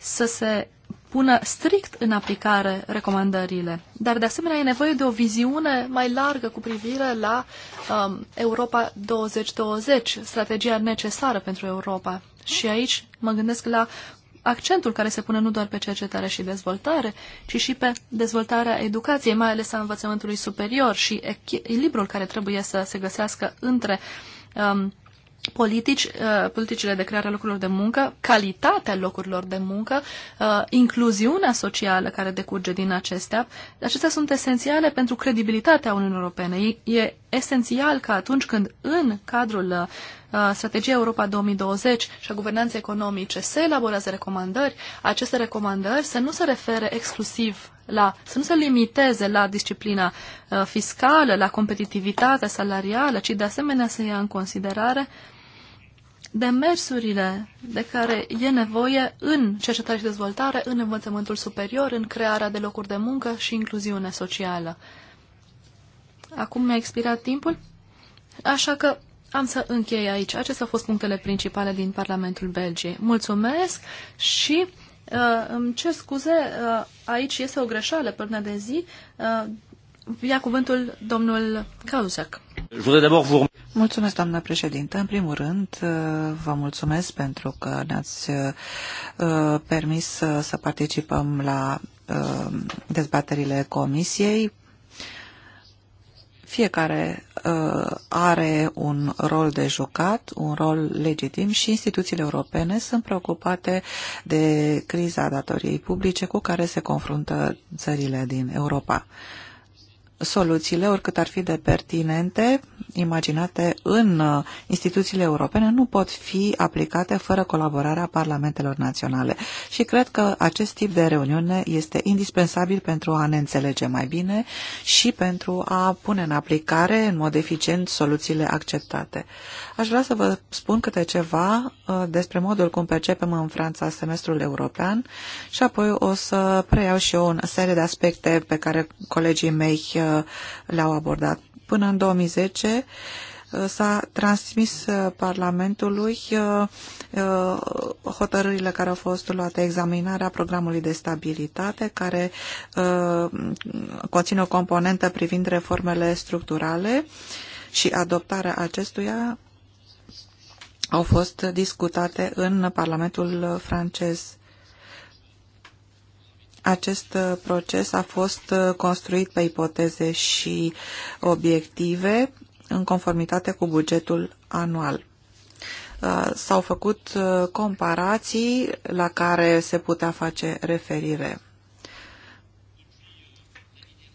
să se pună strict în aplicare recomandările. Dar, de asemenea, e nevoie de o viziune mai largă cu privire la um, Europa 2020, strategia necesară pentru Europa. Și aici mă gândesc la accentul care se pune nu doar pe cercetare și dezvoltare, ci și pe dezvoltarea educației, mai ales a învățământului superior și echilibrul care trebuie să se găsească între um, politici, uh, politicile de creare a locurilor de muncă, calitatea locurilor de muncă, uh, incluziunea socială care decurge din acestea. Acestea sunt esențiale pentru credibilitatea Uniunii Europene. E esențial că atunci când în cadrul uh, strategiei Europa 2020 și a guvernanței economice se elaborează recomandări, aceste recomandări să nu se refere exclusiv la, să nu se limiteze la disciplina fiscală, la competitivitatea salarială, ci de asemenea să ia în considerare demersurile de care e nevoie în cercetare și dezvoltare, în învățământul superior, în crearea de locuri de muncă și incluziune socială. Acum mi-a expirat timpul, așa că am să închei aici. Acestea au fost punctele principale din Parlamentul Belgiei. Mulțumesc și uh, îmi cer scuze, uh, aici este o greșeală până de zi. Uh, ia cuvântul domnul Cauzac. Mulțumesc, doamnă președintă. În primul rând, uh, vă mulțumesc pentru că ne-ați uh, uh, permis să participăm la dezbaterile comisiei. Fiecare are un rol de jucat, un rol legitim și instituțiile europene sunt preocupate de criza datoriei publice cu care se confruntă țările din Europa soluțiile, oricât ar fi de pertinente, imaginate în uh, instituțiile europene, nu pot fi aplicate fără colaborarea parlamentelor naționale. Și cred că acest tip de reuniune este indispensabil pentru a ne înțelege mai bine și pentru a pune în aplicare în mod eficient soluțiile acceptate. Aș vrea să vă spun câte ceva uh, despre modul cum percepem în Franța semestrul european și apoi o să preiau și eu o serie de aspecte pe care colegii mei uh, Uh, le-au abordat. Până în 2010 uh, s-a transmis uh, Parlamentului hotărârile care au fost luate, examinarea programului de stabilitate, care conține o componentă privind reformele structurale și adoptarea acestuia au fost discutate în Parlamentul francez. Acest uh, proces a fost uh, construit pe ipoteze și obiective în conformitate cu bugetul anual. Uh, s-au făcut comparații la care se putea face referire.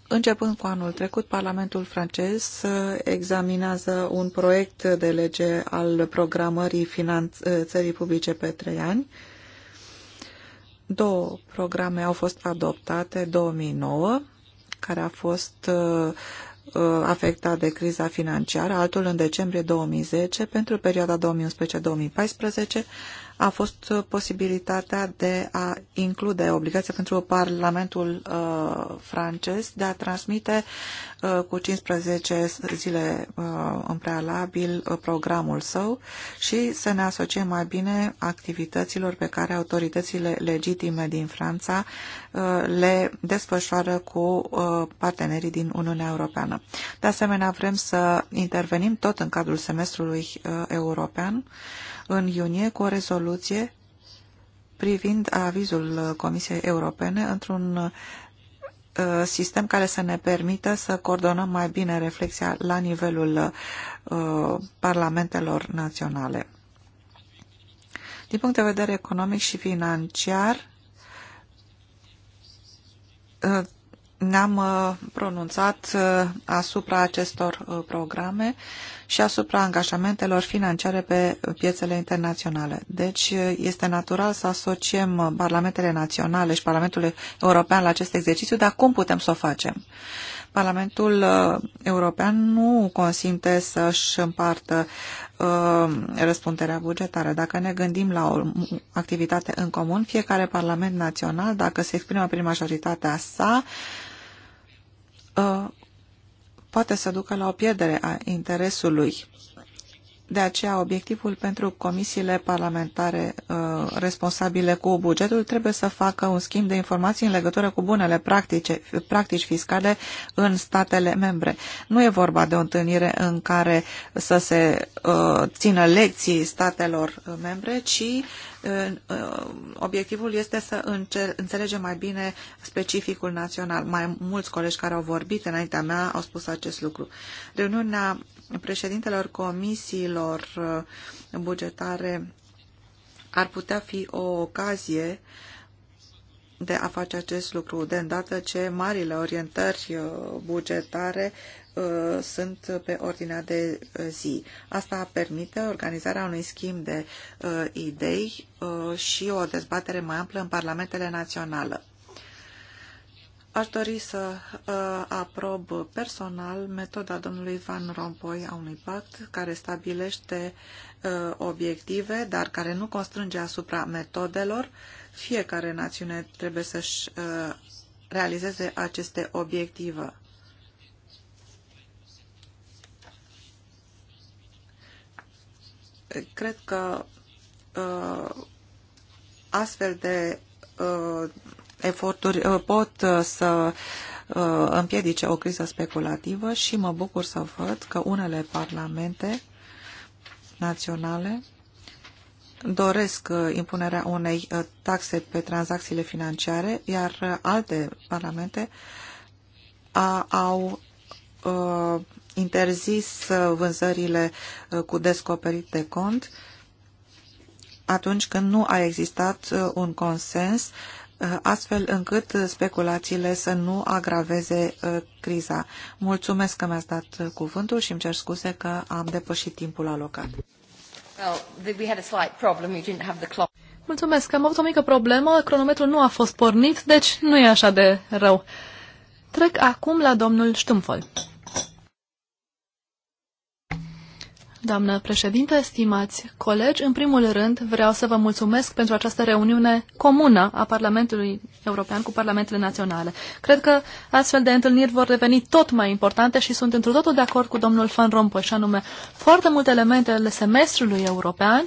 Începând cu anul trecut, Parlamentul francez examinează un proiect de lege al programării finanțării publice pe trei ani, Două programe au fost adoptate, 2009, care a fost uh, uh, afectat de criza financiară, altul în decembrie 2010 pentru perioada 2011-2014 a fost uh, posibilitatea de a include obligația pentru Parlamentul uh, francez de a transmite uh, cu 15 zile uh, în prealabil uh, programul său și să ne asociem mai bine activităților pe care autoritățile legitime din Franța uh, le desfășoară cu uh, partenerii din Uniunea Europeană. De asemenea, vrem să intervenim tot în cadrul semestrului uh, european uh, în iunie cu o rezoluție privind avizul Comisiei Europene într-un uh, sistem care să ne permită să coordonăm mai bine reflexia la nivelul uh, parlamentelor naționale. Din punct de vedere economic și financiar, uh, ne-am uh, pronunțat uh, asupra acestor uh, programe și asupra angajamentelor financiare pe piețele internaționale. Deci este natural să asociem parlamentele naționale și Parlamentul European la acest exercițiu, dar cum putem să o facem? Parlamentul European nu consimte să-și împartă uh, răspunderea bugetară. Dacă ne gândim la o activitate în comun, fiecare Parlament național, dacă se exprimă prin majoritatea sa, uh, Uh, poate să ducă la o pierdere a interesului de aceea, obiectivul pentru comisiile parlamentare uh, responsabile cu bugetul trebuie să facă un schimb de informații în legătură cu bunele practice, practici fiscale în statele membre. Nu e vorba de o întâlnire în care să se uh, țină lecții statelor uh, membre, ci uh, uh, obiectivul este să înțelegem mai bine specificul național. Mai mulți colegi care au vorbit înaintea mea au spus acest lucru. Reuniunea președintelor comisiilor uh, bugetare ar putea fi o ocazie de a face acest lucru, de îndată ce marile orientări uh, bugetare uh, sunt pe ordinea de zi. Asta permite organizarea unui schimb de idei și o dezbatere mai amplă în parlamentele naționale. Aș dori să uh, aprob personal metoda domnului Van Rompuy a unui pact care stabilește uh, obiective, dar care nu constrânge asupra metodelor. Fiecare națiune trebuie să-și uh, realizeze aceste obiective. Cred că uh, astfel de uh, eforturi uh, pot uh, să uh, împiedice o criză speculativă și mă bucur să văd că unele parlamente naționale doresc impunerea unei taxe pe tranzacțiile financiare, iar alte parlamente au interzis vânzările cu descoperit de cont atunci când nu a existat un consens astfel încât speculațiile să nu agraveze uh, criza. Mulțumesc că mi-ați dat uh, cuvântul și îmi cer scuze că am depășit timpul alocat. Mulțumesc, că am avut o mică problemă, cronometrul nu a fost pornit, deci nu e așa de rău. Trec acum la domnul Ștumfol. doamnă președinte, stimați colegi. În primul rând, vreau să vă mulțumesc pentru această reuniune comună a Parlamentului European cu Parlamentele Naționale. Cred că astfel de întâlniri vor deveni tot mai importante și sunt într totul de acord cu domnul Van Rompuy, și anume foarte multe elemente ale semestrului european,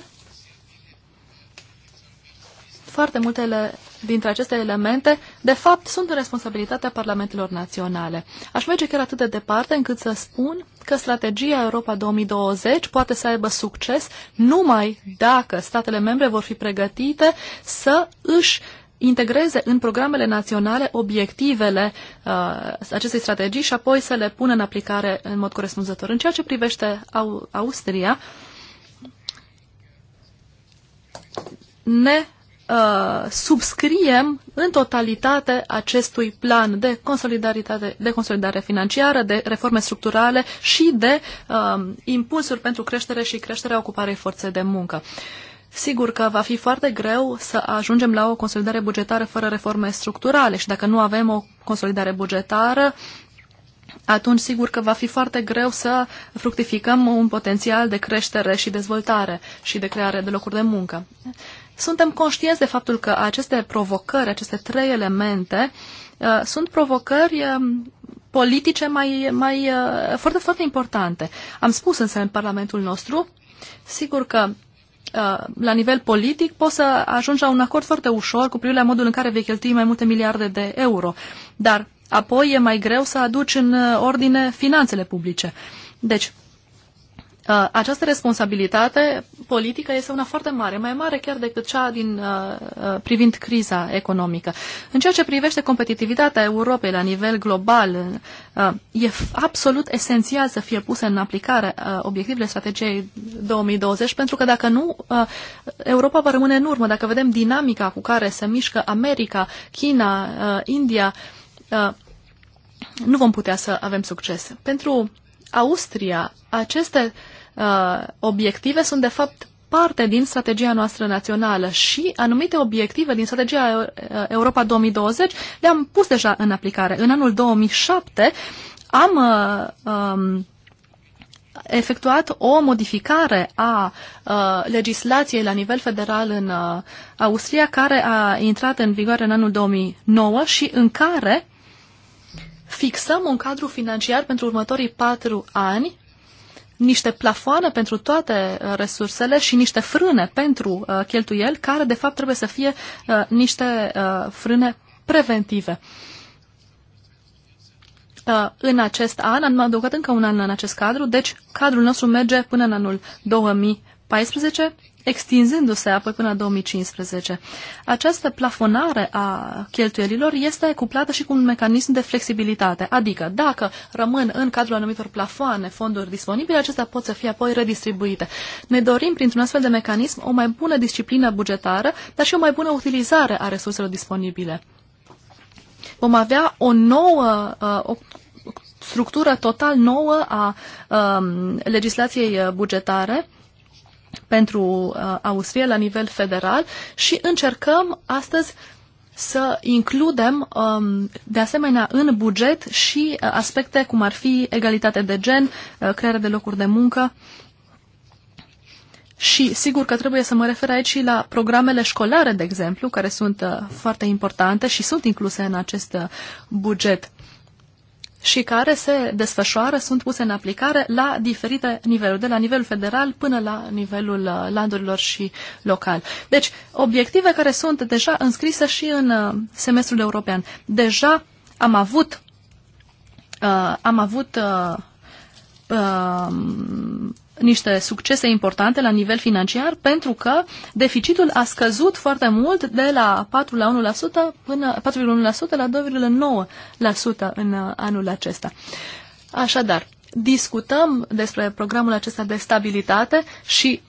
foarte multe ele, dintre aceste elemente, de fapt, sunt în responsabilitatea parlamentelor naționale. Aș merge chiar atât de departe încât să spun că strategia Europa 2020 poate să aibă succes numai dacă statele membre vor fi pregătite să își integreze în programele naționale obiectivele uh, acestei strategii și apoi să le pună în aplicare în mod corespunzător. În ceea ce privește Au- Austria, ne uh, subscriem în totalitate acestui plan de, consolidaritate, de consolidare financiară, de reforme structurale și de uh, impulsuri pentru creștere și creșterea ocuparei forței de muncă. Sigur că va fi foarte greu să ajungem la o consolidare bugetară fără reforme structurale și dacă nu avem o consolidare bugetară, atunci sigur că va fi foarte greu să fructificăm un potențial de creștere și dezvoltare și de creare de locuri de muncă suntem conștienți de faptul că aceste provocări, aceste trei elemente, uh, sunt provocări um, politice mai, mai uh, foarte, foarte importante. Am spus însă în Parlamentul nostru, sigur că uh, la nivel politic poți să ajungi la un acord foarte ușor cu privire la modul în care vei cheltui mai multe miliarde de euro. Dar apoi e mai greu să aduci în ordine finanțele publice. Deci, Uh, această responsabilitate politică este una foarte mare, mai mare chiar decât cea din, uh, uh, privind criza economică. În ceea ce privește competitivitatea Europei la nivel global, e absolut esențial să fie puse în aplicare obiectivele strategiei 2020, pentru că dacă nu, Europa va rămâne în urmă. Dacă vedem dinamica cu care se mișcă America, China, India, nu vom putea să avem succes. Pentru Austria, aceste uh, uh, obiective sunt de fapt parte din strategia noastră națională și anumite obiective din strategia uh, Europa 2020 le-am pus deja în aplicare. În anul 2007 am uh, um, efectuat o modificare a uh, legislației la nivel federal în uh, Austria, care a intrat în vigoare în anul 2009 și în care fixăm un cadru financiar pentru următorii patru ani niște plafoane pentru toate uh, resursele și niște frâne pentru uh, cheltuieli, care de fapt trebuie să fie uh, niște uh, frâne preventive. Uh, în acest an, am adăugat încă un an în acest cadru, deci cadrul nostru merge până în anul 2014 extinzându-se apoi până la 2015. Această plafonare a cheltuielilor este cuplată și cu un mecanism de flexibilitate, adică dacă rămân în cadrul anumitor plafoane fonduri disponibile, acestea pot să fie apoi redistribuite. Ne dorim, printr-un astfel de mecanism, o mai bună disciplină bugetară, dar și o mai bună utilizare a resurselor disponibile. Vom avea o nouă, uh, o structură total nouă a um, legislației uh, bugetare pentru uh, Austria la nivel federal și încercăm astăzi să includem um, de asemenea în buget și uh, aspecte cum ar fi egalitate de gen, uh, crearea de locuri de muncă. Și sigur că trebuie să mă refer aici și la programele școlare, de exemplu, care sunt foarte importante și sunt incluse în acest buget și care se desfășoară, sunt puse în aplicare la diferite niveluri, de la nivelul federal până la nivelul uh, landurilor și local. Deci, obiective care sunt deja înscrise și în uh, semestrul european. Deja am avut, uh, am avut uh, uh, niște succese importante la nivel financiar pentru că deficitul a scăzut foarte mult de la 4 la 1% până 4,1% la 2,9% în uh, anul acesta. Așadar, discutăm despre programul acesta de stabilitate și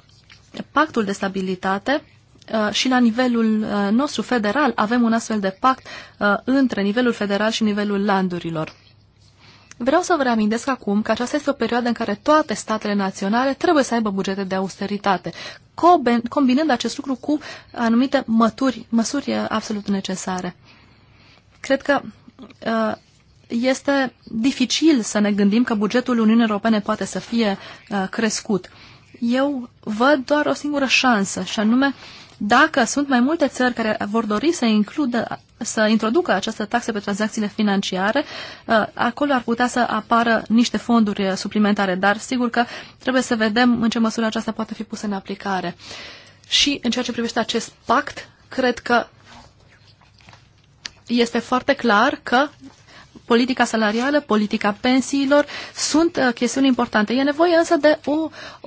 pactul de stabilitate uh, și la nivelul uh, nostru federal avem un astfel de pact între nivelul federal și nivelul landurilor. Vreau să vă reamintesc acum că aceasta este o perioadă în care toate statele naționale trebuie să aibă bugete de austeritate, combinând acest lucru cu anumite mături, măsuri uh, absolut necesare. Cred că uh, este dificil să ne gândim că bugetul Uniunii Europene poate să fie uh, crescut. Eu văd doar o singură șansă, și anume dacă sunt mai multe țări care vor dori să includă, să introducă această taxă pe tranzacțiile financiare, uh, acolo ar putea să apară niște fonduri uh, suplimentare, dar sigur că trebuie să vedem în ce măsură aceasta poate fi pusă în aplicare. Și în ceea ce privește acest pact, cred că este foarte clar că politica salarială, politica pensiilor sunt uh, chestiuni importante. E nevoie însă de o,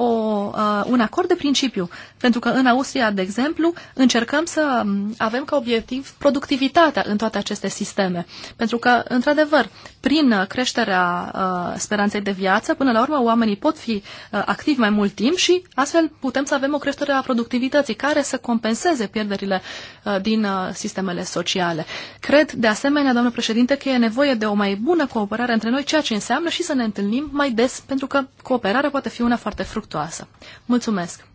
o, uh, un acord de principiu, pentru că în Austria, de exemplu, încercăm să um, avem ca obiectiv productivitatea în toate aceste sisteme. Pentru că, într-adevăr, prin creșterea uh, speranței de viață, până la urmă, oamenii pot fi uh, activi mai mult timp și astfel putem să avem o creștere a productivității care să compenseze pierderile uh, din uh, sistemele sociale. Cred, de asemenea, doamnă președinte, că e nevoie de o mai bună cooperare între noi, ceea ce înseamnă și să ne întâlnim mai des, pentru că cooperarea poate fi una foarte fructoasă. Mulțumesc!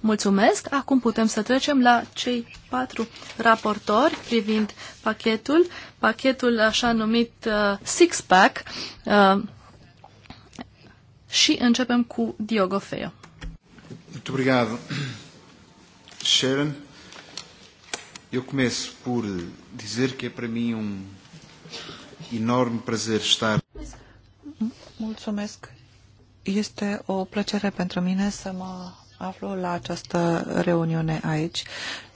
Mulțumesc! Acum putem să trecem la cei patru raportori privind pachetul, pachetul așa numit uh, six-pack uh, și începem cu Diogo Feo. Muito obrigado, Sharon. Eu começo por dizer que é para mim um enorm plăcere estar. Mulțumesc. Este o plăcere pentru mine să mă aflu la această reuniune aici.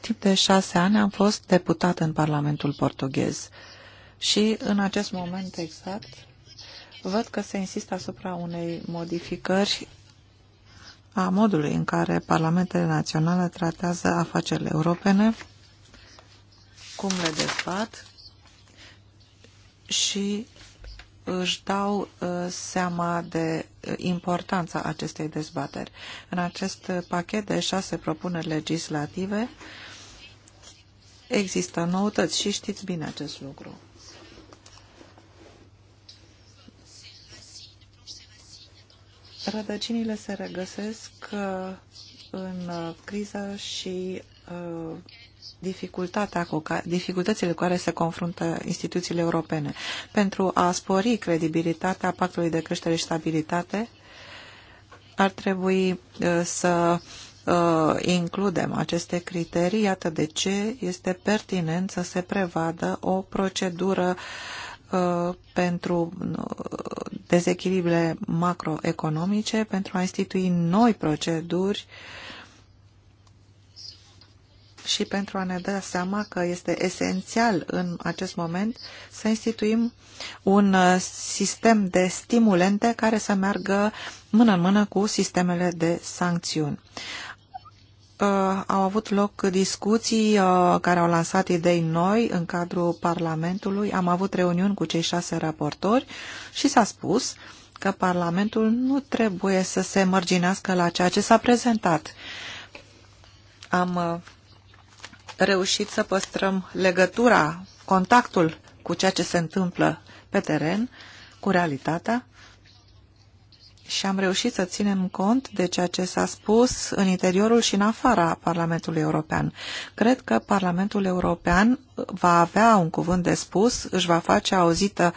Timp de șase ani am fost deputat în Parlamentul portughez și în acest moment exact văd că se insistă asupra unei modificări a modului în care parlamentele naționale tratează afacerile europene, cum le dezbat și își dau uh, seama de uh, importanța acestei dezbateri. În acest uh, pachet de șase propuneri legislative există noutăți și știți bine acest lucru. Rădăcinile se regăsesc în criză și dificultatea cu care, dificultățile cu care se confruntă instituțiile europene. Pentru a spori credibilitatea pactului de creștere și stabilitate, ar trebui uh, să uh, includem aceste criterii, iată de ce este pertinent să se prevadă o procedură uh, pentru dezechilibre macroeconomice, pentru a institui noi proceduri uh, și pentru a ne da seama că este esențial în acest moment să instituim un uh, sistem de stimulente care să meargă mână în mână cu sistemele de sancțiuni. Uh, au avut loc discuții uh, care au lansat idei noi în cadrul Parlamentului, am avut reuniuni cu cei șase raportori și s-a spus că Parlamentul nu trebuie să se mărginească la ceea ce s-a prezentat. Am reușit să păstrăm legătura, contactul cu ceea ce se întâmplă pe teren, cu realitatea și am reușit să ținem cont de ceea ce s-a spus în interiorul și în afara Parlamentului European. Cred că Parlamentul European va avea un cuvânt de spus, își va face auzită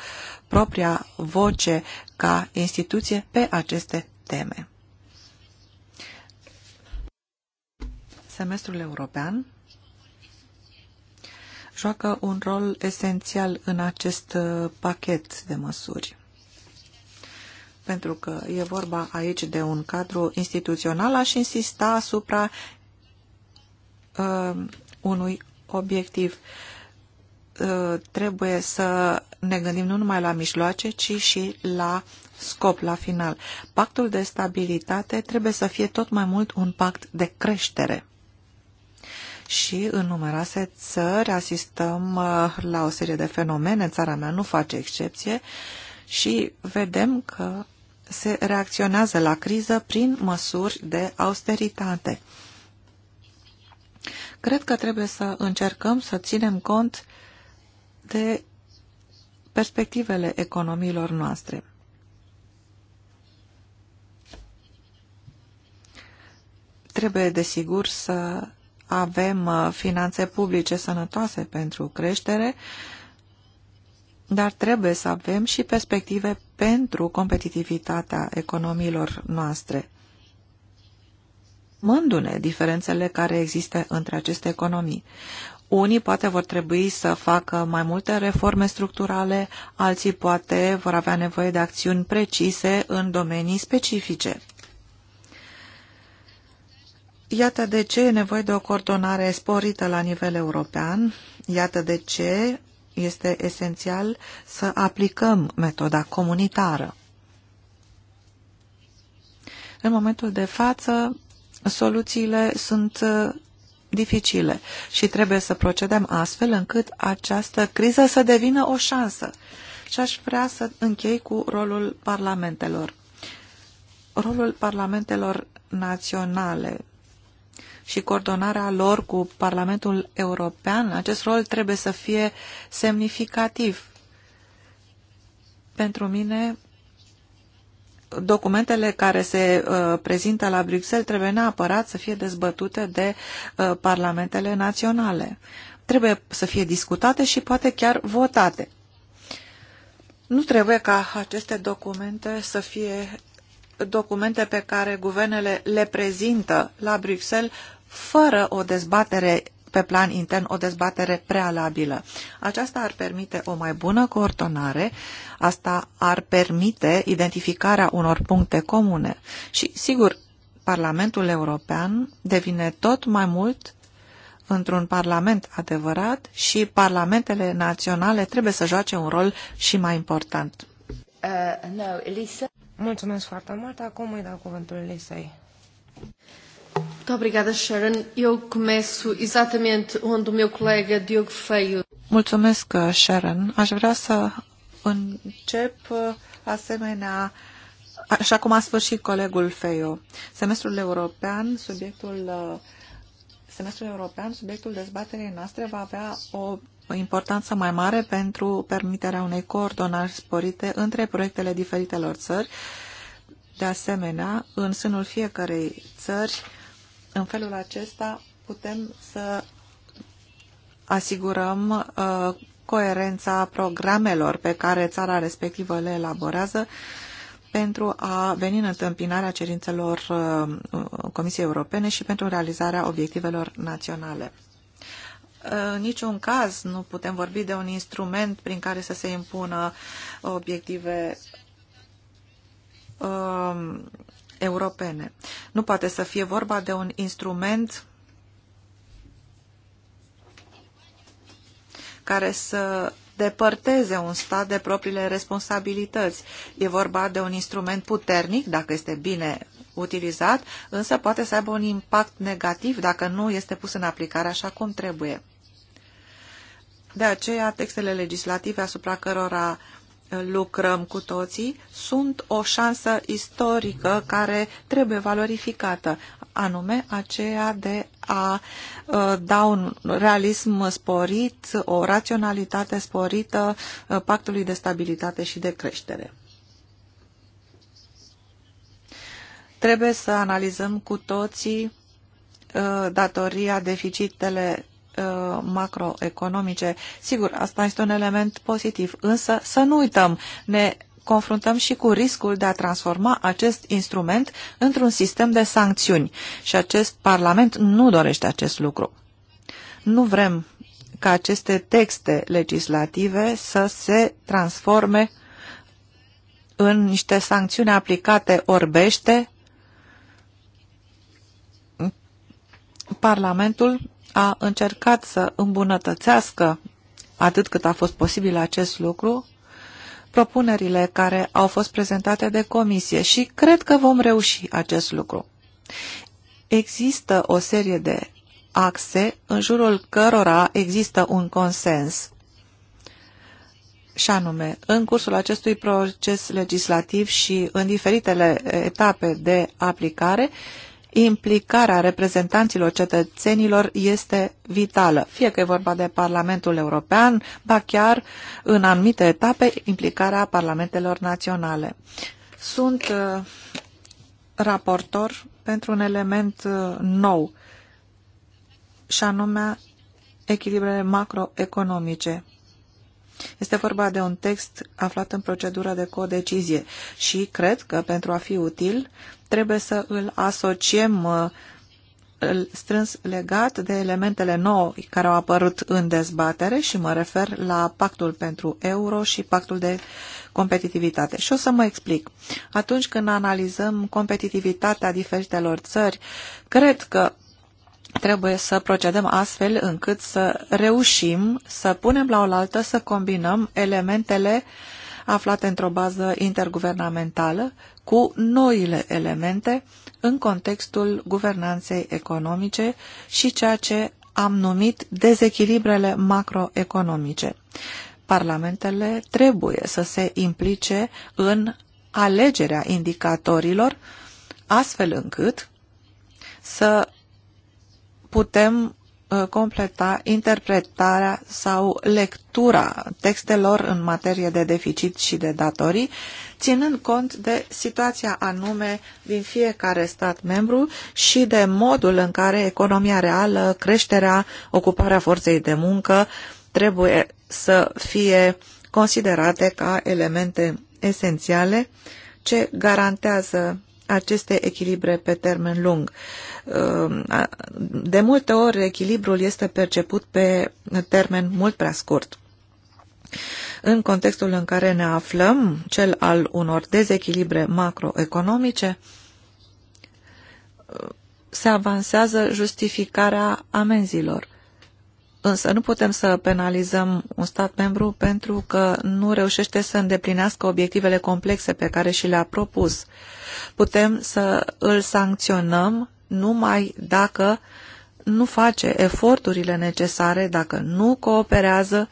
propria voce ca instituție pe aceste teme. Semestrul european joacă un rol esențial în acest uh, pachet de măsuri. Pentru că e vorba aici de un cadru instituțional, aș insista asupra uh, unui obiectiv. Uh, trebuie să ne gândim nu numai la mijloace, ci și la scop, la final. Pactul de stabilitate trebuie să fie tot mai mult un pact de creștere și în numeroase țări asistăm uh, la o serie de fenomene, țara mea nu face excepție și vedem că se reacționează la criză prin măsuri de austeritate. Cred că trebuie să încercăm să ținem cont de perspectivele economiilor noastre. Trebuie, desigur, să avem uh, finanțe publice sănătoase pentru creștere, dar trebuie să avem și perspective pentru competitivitatea economiilor noastre. Mândune diferențele care există între aceste economii. Unii poate vor trebui să facă mai multe reforme structurale, alții poate vor avea nevoie de acțiuni precise în domenii specifice. Iată de ce e nevoie de o coordonare sporită la nivel european, iată de ce este esențial să aplicăm metoda comunitară. În momentul de față, soluțiile sunt uh, dificile și trebuie să procedăm astfel încât această criză să devină o șansă. Și aș vrea să închei cu rolul parlamentelor. Rolul parlamentelor naționale și coordonarea lor cu Parlamentul European, acest rol trebuie să fie semnificativ. Pentru mine, documentele care se uh, prezintă la Bruxelles trebuie neapărat să fie dezbătute de uh, parlamentele naționale. Trebuie să fie discutate și poate chiar votate. Nu trebuie ca aceste documente să fie documente pe care guvernele le prezintă la Bruxelles fără o dezbatere pe plan intern, o dezbatere prealabilă. Aceasta ar permite o mai bună coordonare, asta ar permite identificarea unor puncte comune și, sigur, Parlamentul European devine tot mai mult într-un parlament adevărat și parlamentele naționale trebuie să joace un rol și mai important. Uh, no, Elisa. Mulțumesc foarte mult. Acum îi dau cuvântul Elisei. Muito obrigada, Sharon. Eu começo exatamente onde o meu colega Diogo Feio. Mulțumesc, Sharon. Aș vrea să încep uh, asemenea așa cum a sfârșit colegul Feio. Semestrul european, subiectul uh, semestrul european, subiectul dezbaterii noastre va avea o importanță mai mare pentru permiterea unei coordonări sporite între proiectele diferitelor țări. De asemenea, în sânul fiecarei țări în felul acesta putem să asigurăm uh, coerența programelor pe care țara respectivă le elaborează pentru a veni în întâmpinarea cerințelor uh, Comisiei Europene și pentru realizarea obiectivelor naționale. În niciun caz nu putem vorbi de un instrument prin care să se impună obiective uh, europene. Nu poate să fie vorba de un instrument care să depărteze un stat de propriile responsabilități. E vorba de un instrument puternic, dacă este bine utilizat, însă poate să aibă un impact negativ dacă nu este pus în aplicare așa cum trebuie. De aceea, textele legislative asupra cărora lucrăm cu toții, sunt o șansă istorică care trebuie valorificată, anume aceea de a uh, da un realism sporit, o raționalitate sporită uh, pactului de stabilitate și de creștere. Trebuie să analizăm cu toții uh, datoria, deficitele Uh, macroeconomice. Sigur, asta este un element pozitiv, însă să nu uităm, ne confruntăm și cu riscul de a transforma acest instrument într-un sistem de sancțiuni și acest Parlament nu dorește acest lucru. Nu vrem ca aceste texte legislative să se transforme în niște sancțiuni aplicate orbește Parlamentul a încercat să îmbunătățească atât cât a fost posibil acest lucru, propunerile care au fost prezentate de comisie și cred că vom reuși acest lucru. Există o serie de axe în jurul cărora există un consens. Și anume, în cursul acestui proces legislativ și în diferitele etape de aplicare, implicarea reprezentanților cetățenilor este vitală, fie că e vorba de Parlamentul European, ba chiar în anumite etape implicarea parlamentelor naționale. Sunt uh, raportor pentru un element uh, nou și anume echilibrele macroeconomice. Este vorba de un text aflat în procedură de codecizie și cred că pentru a fi util trebuie să îl asociem uh, strâns legat de elementele noi care au apărut în dezbatere și mă refer la pactul pentru euro și pactul de competitivitate. Și o să mă explic. Atunci când analizăm competitivitatea diferitelor țări, cred că trebuie să procedăm astfel încât să reușim să punem la oaltă, să combinăm elementele aflate într-o bază interguvernamentală cu noile elemente în contextul guvernanței economice și ceea ce am numit dezechilibrele macroeconomice. Parlamentele trebuie să se implice în alegerea indicatorilor, astfel încât să putem uh, completa interpretarea sau lectura textelor în materie de deficit și de datorii ținând cont de situația anume din fiecare stat membru și de modul în care economia reală, creșterea, ocuparea forței de muncă trebuie să fie considerate ca elemente esențiale ce garantează aceste echilibre pe termen lung. Ehm, de multe ori echilibrul este perceput pe termen mult prea scurt. În contextul în care ne aflăm, cel al unor dezechilibre macroeconomice, se avansează justificarea amenzilor. Însă nu putem să penalizăm un stat membru pentru că nu reușește să îndeplinească obiectivele complexe pe care și le-a propus. Putem să îl sancționăm numai dacă nu face eforturile necesare, dacă nu cooperează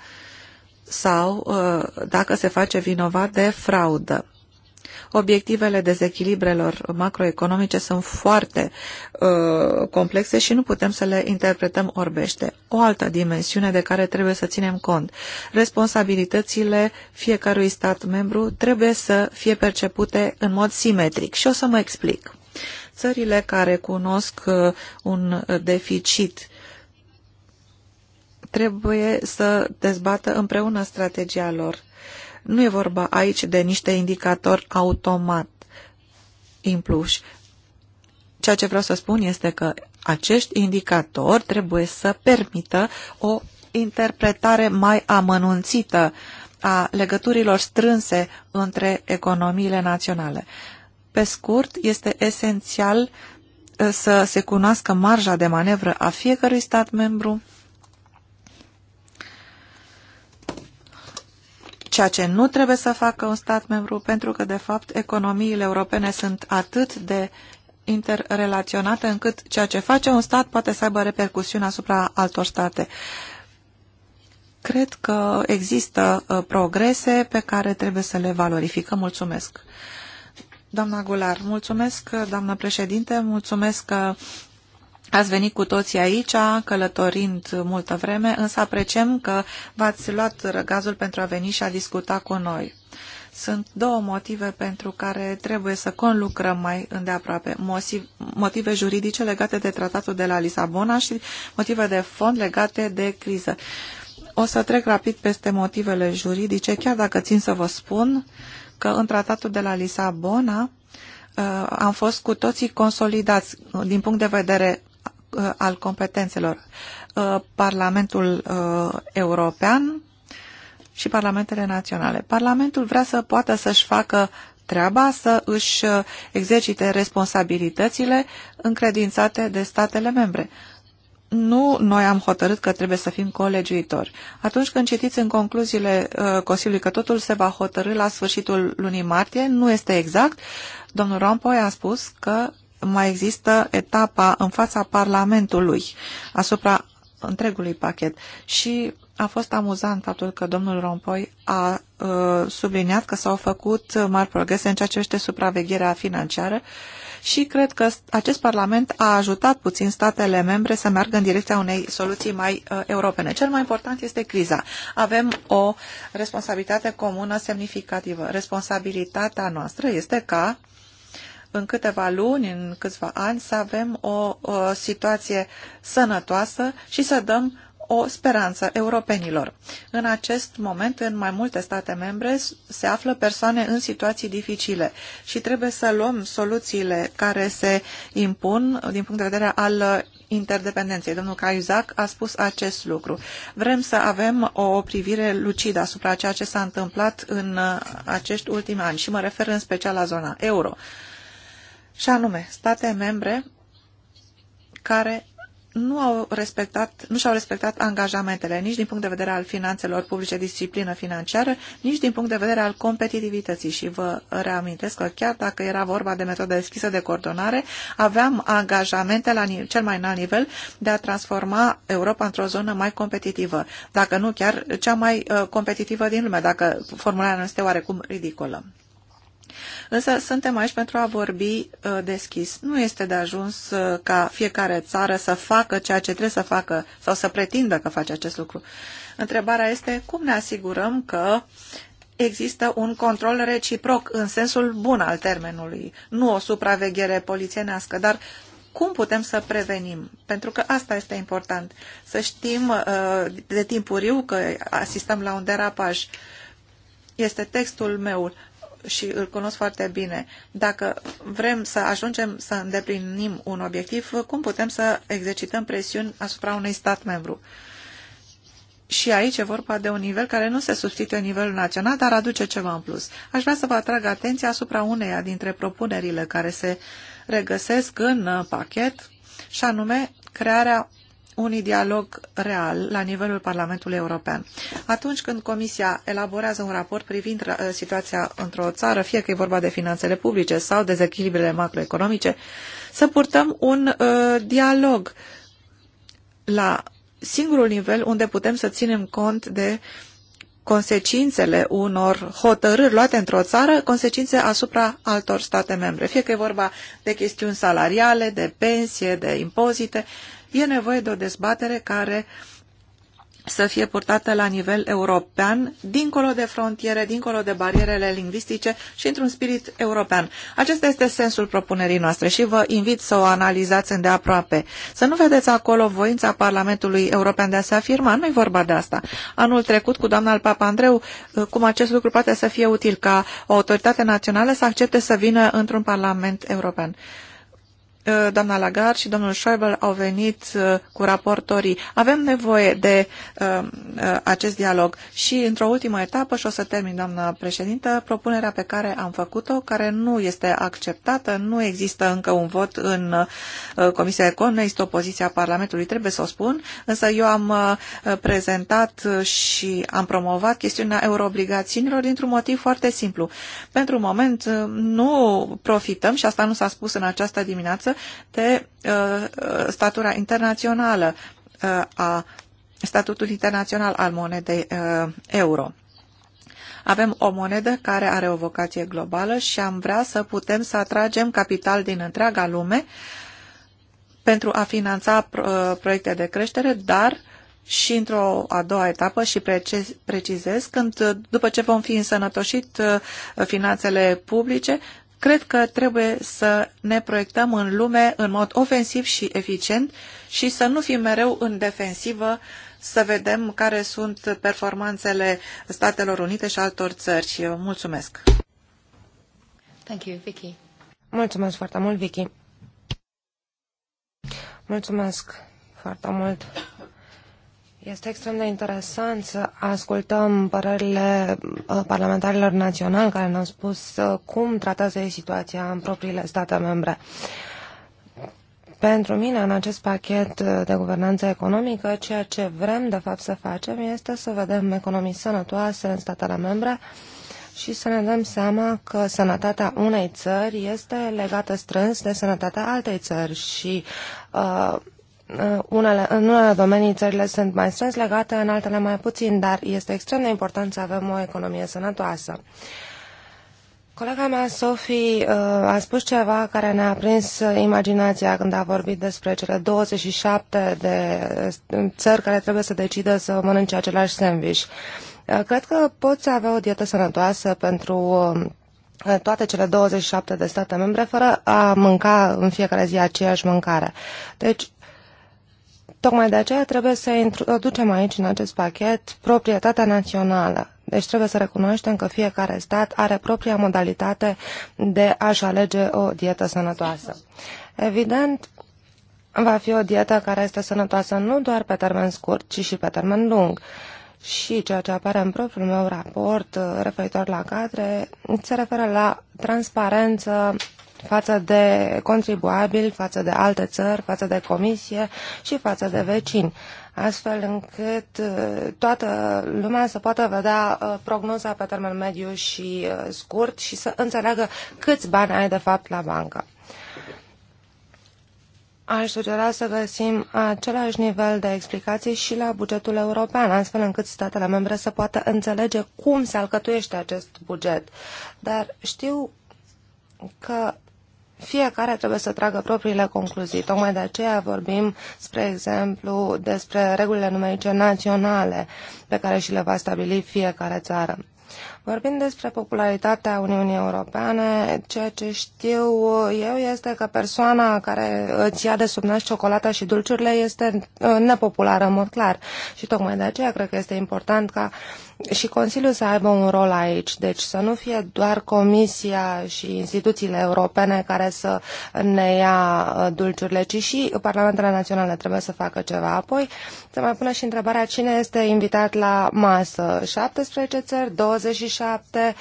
sau uh, dacă se face vinovat de fraudă. Obiectivele dezechilibrelor macroeconomice sunt foarte uh, complexe și nu putem să le interpretăm orbește. O altă dimensiune de care trebuie să ținem cont. Responsabilitățile fiecărui stat membru trebuie să fie percepute în mod simetric și o să mă explic. Țările care cunosc uh, un deficit trebuie să dezbată împreună strategia lor. Nu e vorba aici de niște indicatori automat impluși. Ceea ce vreau să spun este că acești indicatori trebuie să permită o interpretare mai amănunțită a legăturilor strânse între economiile naționale. Pe scurt, este esențial uh, să se cunoască marja de manevră a fiecărui stat membru ceea ce nu trebuie să facă un stat membru, pentru că, de fapt, economiile europene sunt atât de interrelaționate încât ceea ce face un stat poate să aibă repercusiuni asupra altor state. Cred că există uh, progrese pe care trebuie să le valorificăm. Mulțumesc! Doamna Gular, mulțumesc, doamnă președinte, mulțumesc uh, Ați venit cu toții aici, călătorind multă vreme, însă apreciem că v-ați luat răgazul pentru a veni și a discuta cu noi. Sunt două motive pentru care trebuie să conlucrăm mai îndeaproape. Motive juridice legate de tratatul de la Lisabona și motive de fond legate de criză. O să trec rapid peste motivele juridice, chiar dacă țin să vă spun că în tratatul de la Lisabona uh, am fost cu toții consolidați din punct de vedere Uh, al competențelor. Uh, Parlamentul uh, European și Parlamentele Naționale. Parlamentul vrea să poată să-și facă treaba, să își exercite responsabilitățile încredințate de statele membre. Nu noi am hotărât că trebuie să fim colegiuitori. Atunci când citiți în concluziile Consiliului că totul se va hotărâ la sfârșitul lunii martie, nu este exact. Domnul Rompoi a spus că mai există etapa în fața Parlamentului asupra întregului pachet și a fost amuzant faptul că domnul Rompoi a uh, subliniat că s-au făcut mari progrese în ceea ce este supravegherea financiară și cred că acest Parlament a ajutat puțin statele membre să meargă în direcția unei soluții mai uh, europene. Cel mai important este criza. Avem o responsabilitate comună semnificativă. Responsabilitatea noastră este ca în câteva luni, în câțiva ani, să avem o, o situație sănătoasă și să dăm o speranță europenilor. În acest moment, în mai multe state membre, se află persoane în situații dificile și trebuie să luăm soluțiile care se impun din punct de vedere al interdependenței. Domnul Caiuzac a spus acest lucru. Vrem să avem o privire lucidă asupra ceea ce s-a întâmplat în uh, acești ultimi ani și mă refer în special la zona euro și anume state membre care nu au respectat, nu și-au respectat angajamentele, nici din punct de vedere al finanțelor publice, disciplină financiară, nici din punct de vedere al competitivității. Și vă reamintesc că chiar dacă era vorba de metodă deschisă de coordonare, aveam angajamente la cel mai înalt nivel de a transforma Europa într-o zonă mai competitivă, dacă nu chiar cea mai uh, competitivă din lume, dacă formularea nu este oarecum ridicolă. Însă suntem aici pentru a vorbi uh, deschis. Nu este de ajuns uh, ca fiecare țară să facă ceea ce trebuie să facă sau să pretindă că face acest lucru. Întrebarea este cum ne asigurăm că există un control reciproc în sensul bun al termenului, nu o supraveghere polițienească, dar cum putem să prevenim? Pentru că asta este important. Să știm uh, de timpuriu că asistăm la un derapaj. Este textul meu și îl cunosc foarte bine. Dacă vrem să ajungem să îndeplinim un obiectiv, cum putem să exercităm presiuni asupra unui stat membru? Și aici e vorba de un nivel care nu se substituie nivelul național, dar aduce ceva în plus. Aș vrea să vă atrag atenția asupra uneia dintre propunerile care se regăsesc în uh, pachet, și anume crearea unui dialog real la nivelul Parlamentului European. Atunci când Comisia elaborează un raport privind uh, situația într-o țară, fie că e vorba de finanțele publice sau dezechilibrele macroeconomice, să purtăm un uh, dialog la singurul nivel unde putem să ținem cont de consecințele unor hotărâri luate într-o țară, consecințe asupra altor state membre. Fie că e vorba de chestiuni salariale, de pensie, de impozite, E nevoie de o dezbatere care să fie purtată la nivel european, dincolo de frontiere, dincolo de barierele lingvistice și într-un spirit european. Acesta este sensul propunerii noastre și vă invit să o analizați îndeaproape. Să nu vedeți acolo voința Parlamentului European de a se afirma, nu-i vorba de asta. Anul trecut cu doamna Papa Andreu, cum acest lucru poate să fie util ca o autoritate națională să accepte să vină într-un Parlament European. Eh, doamna Lagarde și domnul Schäuble au venit eh, cu raportorii. Avem nevoie de eh, acest dialog și într-o ultimă etapă, și o să termin, doamnă președintă, propunerea pe care am făcut-o, care nu este acceptată, nu există încă un vot în Comisia Econ, este o poziție a Parlamentului, trebuie să o spun, însă eu am prezentat și am promovat chestiunea euroobligațiunilor dintr-un motiv foarte simplu. Pentru moment nu profităm, și asta nu s-a spus în această dimineață, de de uh, uh, statura internațională uh, a statutul internațional al monedei euro. Avem o monedă care are o vocație globală și am vrea să putem să atragem capital din întreaga lume pentru a finanța proiecte de creștere, dar și într-o a doua etapă și precizez când, după ce vom fi însănătoșit finanțele publice, Cred că trebuie să ne proiectăm în lume în mod ofensiv și eficient și să nu fim mereu în defensivă să vedem care sunt performanțele Statelor Unite și altor țări. Mulțumesc! Thank you, Vicky. Mulțumesc foarte mult, Vicky. Mulțumesc foarte mult este extrem de interesant să ascultăm părerile uh, parlamentarilor naționali care ne-au spus uh, cum tratează ei situația în propriile state membre. Pentru mine, în acest pachet uh, de guvernanță economică, ceea ce vrem de fapt să facem este să vedem economii sănătoase în statele membre și să ne dăm seama că sănătatea unei țări este legată strâns de sănătatea altei țări și uh, unele, în unele domenii țările sunt mai strâns legate, în altele mai puțin, dar este extrem de important să avem o economie sănătoasă. Colega mea, Sophie, uh, a spus ceva care ne-a prins imaginația când a vorbit despre cele 27 de uh, țări care trebuie să decidă să mănânce același sandwich. Uh, cred că poți avea o dietă sănătoasă pentru toate cele 27 de state membre fără a mânca în fiecare zi aceeași mâncare. Deci Tocmai de aceea trebuie să introducem aici, în acest pachet, proprietatea națională. Deci trebuie să recunoaștem că fiecare stat are propria modalitate de a-și alege o dietă sănătoasă. Evident, va fi o dietă care este sănătoasă nu doar pe termen scurt, ci și pe termen lung și ceea ce apare în propriul meu raport uh, referitor la cadre se referă la transparență față de contribuabil, față de alte țări, față de comisie și față de vecini, astfel încât uh, toată lumea să poată vedea uh, prognoza pe termen mediu și scurt și să înțeleagă câți bani ai de fapt la bancă aș sugera să găsim același nivel de explicații și la bugetul european, astfel încât statele membre să poată înțelege cum se alcătuiește acest buget. Dar știu că fiecare trebuie să tragă propriile concluzii. Tocmai de aceea vorbim, spre exemplu, despre regulile numerice naționale pe care și le va stabili fiecare țară. Vorbind despre popularitatea Uniunii Europene, ceea ce știu eu este că persoana care îți ia de sub nas ciocolata și dulciurile este ă, nepopulară, în mod clar. Și tocmai de aceea cred că este important ca și Consiliul să aibă un rol aici, deci să nu fie doar Comisia și instituțiile europene care să ne ia ă, dulciurile, ci și Parlamentele Naționale trebuie să facă ceva. Apoi se mai pune și întrebarea cine este invitat la masă, 17 țări, 27 27,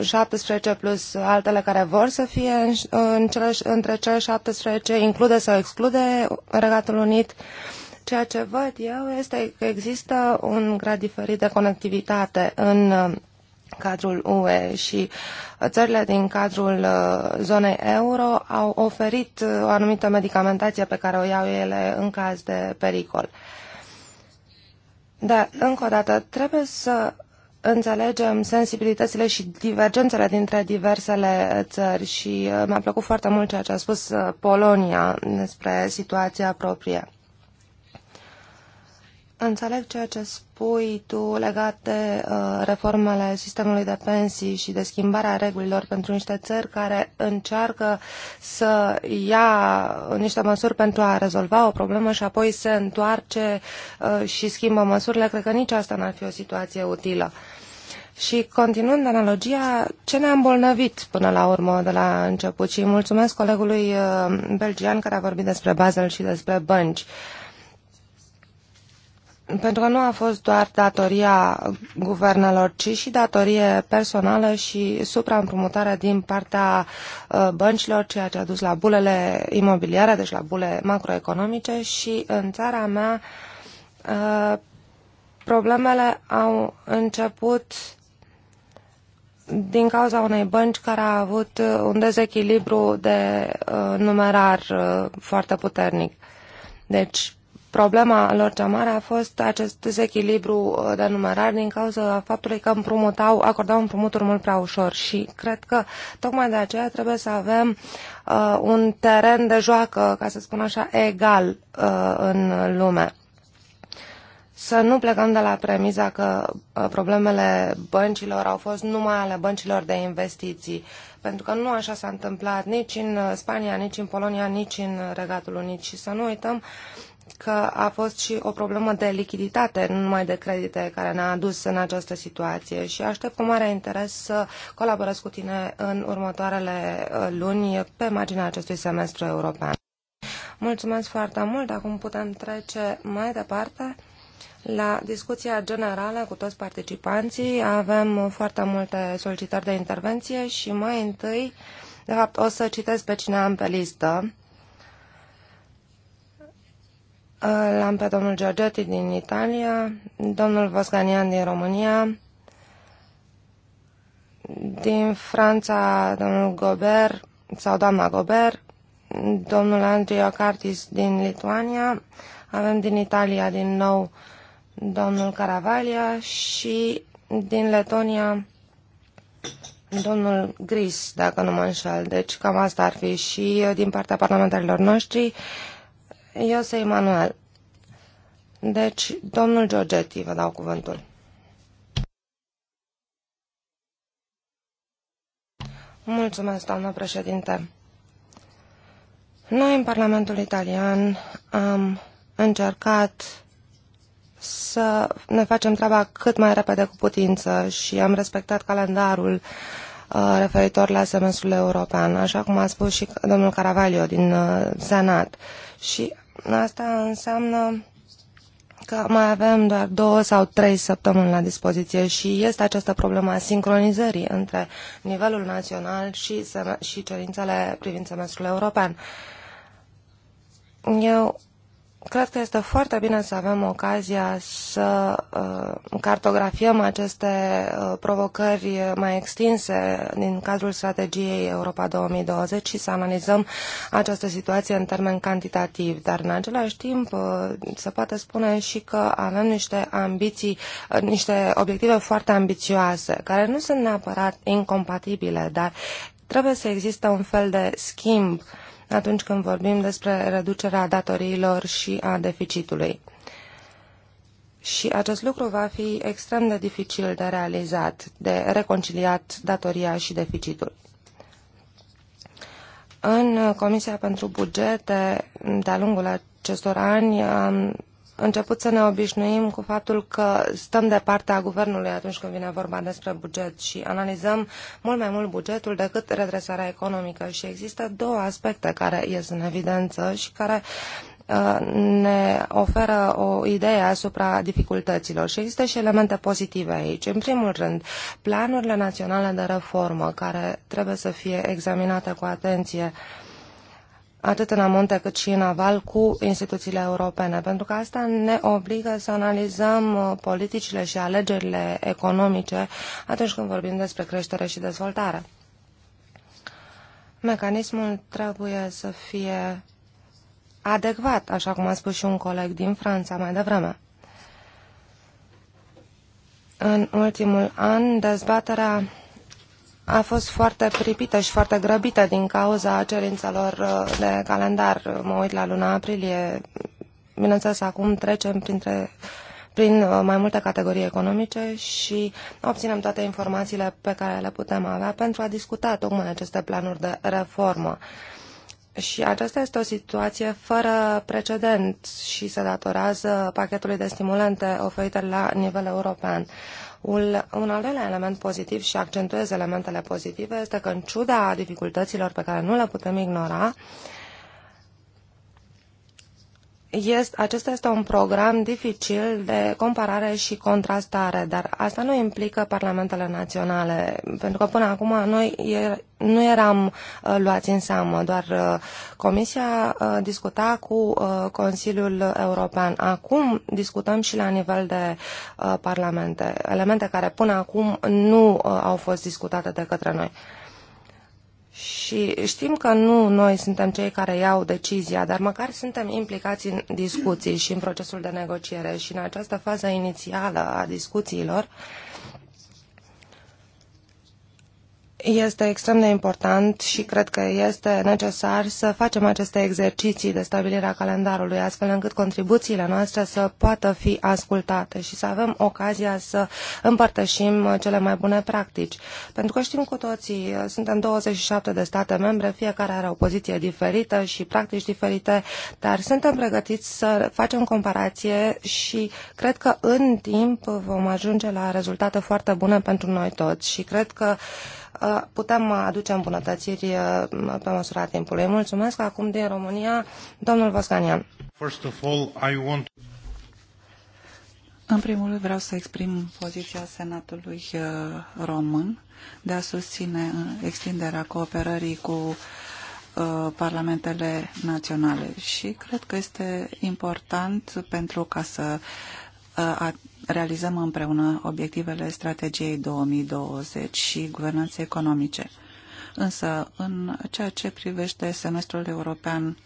17 uh, plus altele care vor să fie în cele, între cele 17, include sau exclude Regatul Unit. Ceea ce văd eu este că există un grad diferit de conectivitate în uh, cadrul UE și uh, țările din cadrul zonei euro au oferit o anumită medicamentație pe care o iau ele în caz de pericol. Dar, încă o dată, trebuie să înțelegem sensibilitățile și divergențele dintre diversele țări și uh, mi-a plăcut foarte mult ceea ce a spus uh, Polonia despre situația proprie. Înțeleg ceea ce spui tu legat de uh, reformele sistemului de pensii și de schimbarea regulilor pentru niște țări care încearcă să ia uh, niște măsuri pentru a rezolva o problemă și apoi se întoarce uh, și schimbă măsurile. Cred că nici asta n-ar fi o situație utilă. Uh, și continuând analogia, ce ne-a îmbolnăvit până la urmă de la început și mulțumesc colegului uh, belgian care a vorbit despre Basel și despre bănci. Pentru că nu a fost doar datoria guvernelor, ci și datorie personală și supraîmprumutarea din partea uh, băncilor, ceea ce a dus la bulele imobiliare, deci la bule macroeconomice și în țara mea uh, problemele au început din cauza unei bănci care a avut uh, un dezechilibru de uh, numerar uh, foarte puternic. Deci, problema lor cea mare a fost acest dezechilibru uh, de numerar din cauza faptului că împrumutau, acordau împrumuturi mult prea ușor și cred că tocmai de aceea trebuie să avem uh, un teren de joacă, ca să spun așa, egal uh, în lume să nu plecăm de la premiza că uh, problemele băncilor au fost numai ale băncilor de investiții, pentru că nu așa s-a întâmplat nici în Spania, nici în Polonia, nici în Regatul Unit și să nu uităm că a fost și o problemă de lichiditate, nu numai de credite, care ne-a adus în această situație și aștept cu mare interes să colaborez cu tine în următoarele uh, luni pe marginea acestui semestru european. Mulțumesc foarte mult, acum putem trece mai departe la discuția generală cu toți participanții avem foarte multe solicitări de intervenție și mai întâi, de fapt, o să citesc pe cine am pe listă. L-am pe domnul Giorgetti din Italia, domnul Vosganian din România, din Franța domnul Gober sau doamna Gober, domnul Andrei Ocartis din Lituania, avem din Italia din nou domnul Caravalia și din Letonia domnul Gris, dacă nu mă înșel. Deci cam asta ar fi și uh, din partea parlamentarilor noștri, Iose Emanuel. Deci, domnul Giorgetti, vă dau cuvântul. Mulțumesc, doamnă președinte. Noi, în Parlamentul Italian, am încercat să ne facem treaba cât mai repede cu putință și am respectat calendarul uh, referitor la semestrul european, așa cum a spus și domnul Caravaglio din uh, Senat. Și asta înseamnă că mai avem doar două sau trei săptămâni la dispoziție și este această problemă a sincronizării între nivelul național și, și cerințele privind semestrul european. Eu Cred că este foarte bine să avem ocazia să uh, cartografiem aceste uh, provocări mai extinse din cadrul strategiei Europa 2020 și să analizăm această situație în termen cantitativ. Dar în același timp uh, se poate spune și că avem niște ambiții, niște obiective foarte ambițioase, care nu sunt neapărat incompatibile, dar trebuie să existe un fel de schimb uh, atunci când vorbim despre reducerea datoriilor și a deficitului. Și acest lucru va fi extrem de dificil de realizat, de reconciliat datoria și deficitul. În Comisia pentru Bugete, de-a lungul acestor ani, am început să ne obișnuim cu faptul că stăm de partea guvernului atunci când vine vorba despre buget și analizăm mult mai mult bugetul decât redresarea economică și există două aspecte care ies în evidență și care uh, ne oferă o idee asupra dificultăților și există și elemente pozitive aici. În primul rând, planurile naționale de reformă care trebuie să fie examinate cu atenție uh, atât în amonte cât și în aval, cu instituțiile europene, pentru că asta ne obligă să analizăm uh, politicile și alegerile economice atunci când vorbim despre creștere și dezvoltare. Mecanismul trebuie să fie adecvat, așa cum a spus și un coleg din Franța mai devreme. În ultimul an, dezbaterea a fost foarte pripită și foarte grăbită din cauza cerințelor uh, de calendar. Mă uit la luna aprilie. Bineînțeles, acum trecem printre, prin uh, mai multe categorii economice și obținem toate informațiile pe care le putem avea pentru a discuta tocmai aceste planuri de reformă. Și aceasta este o situație fără precedent și se datorează pachetului de stimulente oferite la nivel european. Un al doilea element pozitiv și accentuez elementele pozitive este că în ciuda dificultăților pe care nu le putem ignora, uh, este, acesta este un program dificil de comparare și contrastare, dar asta nu implică parlamentele naționale, pentru că până acum noi er, nu eram uh, luați în seamă, doar uh, Comisia uh, discuta cu uh, Consiliul European. Acum discutăm și la nivel de uh, parlamente, elemente care până acum nu uh, au fost discutate de către noi. Și știm că nu noi suntem cei care iau decizia, dar măcar suntem implicați în discuții și în procesul de negociere și în această fază inițială a discuțiilor uh, este extrem de important și cred că este necesar să facem aceste exerciții de stabilire a calendarului, astfel încât contribuțiile noastre să poată fi ascultate și să avem ocazia să împărtășim cele mai bune practici. Pentru că știm cu toții, suntem 27 de state membre, fiecare are o poziție diferită și practici diferite, dar suntem pregătiți să facem comparație și cred că în timp vom ajunge la rezultate foarte bune pentru noi toți și cred că Uh, putem aduce îmbunătățiri uh, pe măsura timpului. Mulțumesc acum din România, domnul Voscanian. First of all, I want... În primul rând vreau să exprim poziția Senatului uh, român de a susține extinderea cooperării cu parlamentele naționale și cred că este important pentru ca să realizăm împreună obiectivele strategiei 2020 și guvernanței economice. Însă, în ceea ce privește semestrul european,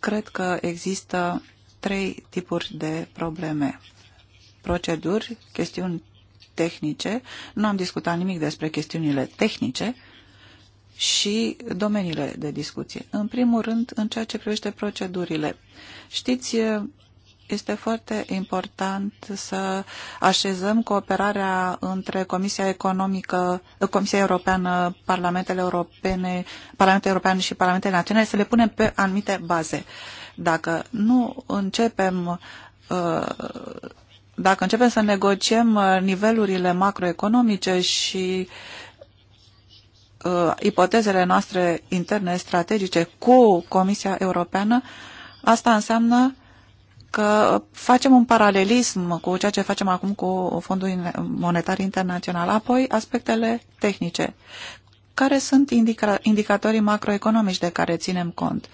cred că există trei tipuri de probleme. Proceduri, chestiuni tehnice, nu am discutat nimic despre chestiunile tehnice, și domeniile de discuție. În primul rând, în ceea ce privește procedurile. Știți este foarte important să așezăm cooperarea între Comisia Economică, Comisia Europeană, Parlamentele Europene, Parlamentul European și Parlamentele Naționale, să le punem pe anumite baze. Dacă nu începem uh, dacă începem să negociem nivelurile macroeconomice și uh, ipotezele noastre interne strategice cu Comisia Europeană, asta înseamnă că facem un paralelism cu ceea ce facem acum cu Fondul Monetar Internațional, apoi aspectele tehnice. Care sunt indica indicatorii macroeconomici de care ținem cont?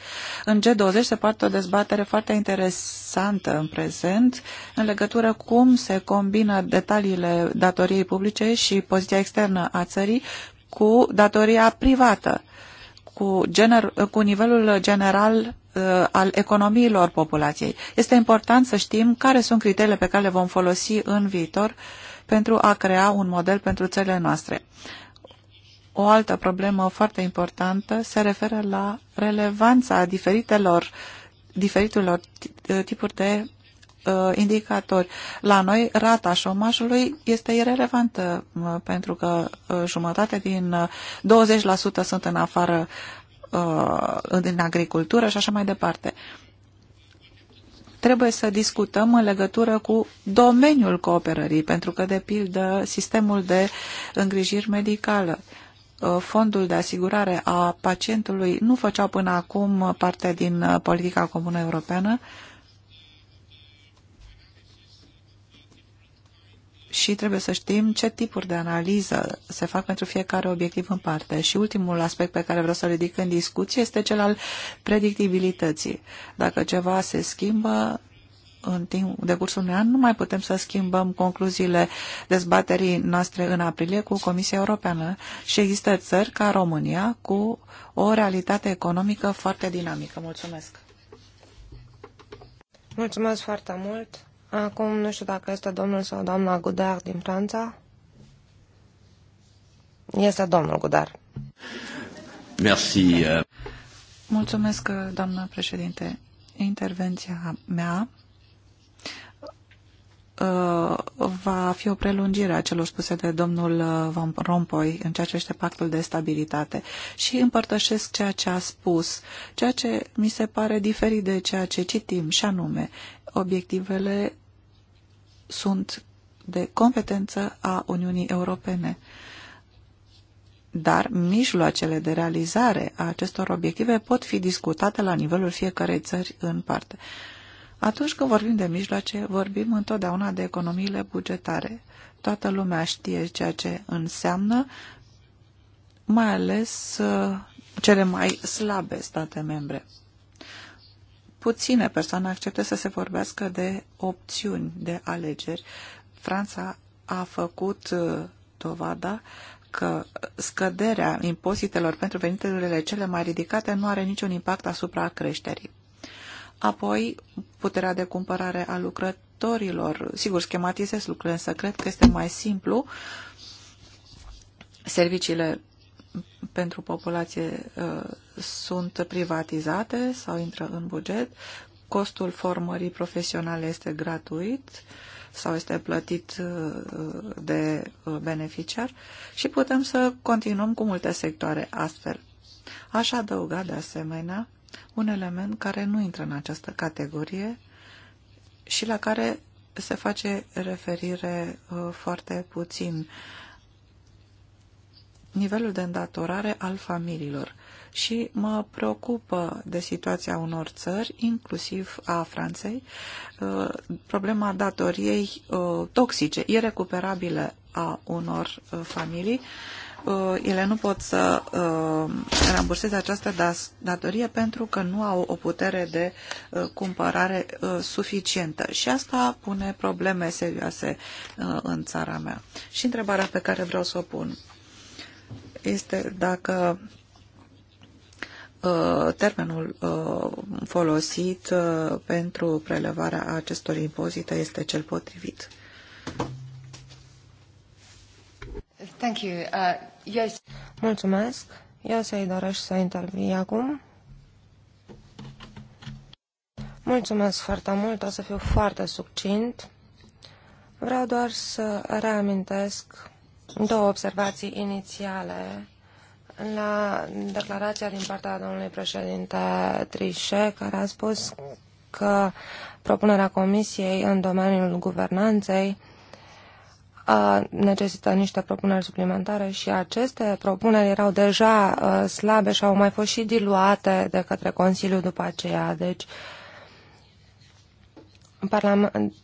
În G20 se poate o dezbatere foarte interesantă în prezent în legătură cum se combină detaliile datoriei publice și poziția externă a țării cu datoria privată. Uh, cu, gener, cu nivelul general uh, al economiilor populației. Este important să știm care sunt criteriile pe care le vom folosi în viitor pentru a crea un model pentru țările noastre. O altă problemă foarte importantă se referă la relevanța diferitelor, diferitelor uh, tipuri de uh, indicatori. La noi rata șomajului este irelevantă uh, pentru că uh, jumătate din uh, 20% sunt în afară uh, din agricultură și așa mai departe. Trebuie să discutăm în legătură cu domeniul cooperării, pentru că, de pildă, sistemul de îngrijiri medicală, uh, fondul de asigurare a pacientului nu făceau până acum parte din uh, politica comună europeană, uh, și trebuie să știm ce tipuri de analiză se fac pentru fiecare obiectiv în parte. Și ultimul aspect pe care vreau să-l ridic în discuție este cel al predictibilității. Dacă ceva se schimbă în timp de cursul unui an, nu mai putem să schimbăm concluziile dezbaterii noastre în aprilie cu Comisia Europeană. Și există țări ca România cu o realitate economică foarte dinamică. Mulțumesc! Mulțumesc foarte mult! Acum nu știu dacă este domnul sau doamna Gudar din Franța. Este domnul Gudar. Merci. Uh. Mulțumesc, uh, doamnă președinte. Intervenția mea uh, va fi o prelungire a celor spuse de domnul Van Rompuy în ceea ce este pactul de stabilitate și împărtășesc ceea ce a spus, ceea ce mi se pare diferit de ceea ce citim și anume obiectivele sunt de competență a Uniunii Europene. Dar mijloacele de realizare a acestor obiective pot fi discutate la nivelul fiecarei țări în parte. Atunci când vorbim de mijloace, vorbim întotdeauna de economiile bugetare. Toată lumea știe ceea ce înseamnă, mai ales uh, cele mai slabe state membre puține persoane acceptă să se vorbească de opțiuni, de alegeri. Franța a făcut uh, dovada că scăderea impozitelor pentru veniturile cele mai ridicate nu are niciun impact asupra creșterii. Apoi, puterea de cumpărare a lucrătorilor. Sigur, schematizez lucrurile, însă cred că este mai simplu. Serviciile pentru populație uh, sunt privatizate sau intră în buget, costul formării profesionale este gratuit sau este plătit uh, de uh, beneficiar și putem să continuăm cu multe sectoare astfel. Aș adăuga de asemenea un element care nu intră în această categorie și la care se face referire foarte puțin nivelul de îndatorare al familiilor și mă preocupă de situația unor țări, inclusiv a Franței, uh, problema datoriei uh, toxice, irecuperabile a unor uh, familii. Ele nu pot să ramburseze această datorie pentru că nu au o putere de cumpărare suficientă și asta pune probleme serioase în țara mea. Și întrebarea pe care vreau să o pun este dacă uh, termenul uh, folosit uh, pentru prelevarea acestor impozite este cel potrivit. Thank you. Uh, eu... Mulțumesc. Eu să-i dorești să intervii acum. Mulțumesc foarte mult, o să fiu foarte succint. Vreau doar să reamintesc Două observații inițiale la declarația din partea domnului președinte Trișe, care a spus că propunerea Comisiei în domeniul guvernanței necesită niște propuneri suplimentare și aceste propuneri erau deja slabe și au mai fost și diluate de către Consiliu după aceea. Deci, uh,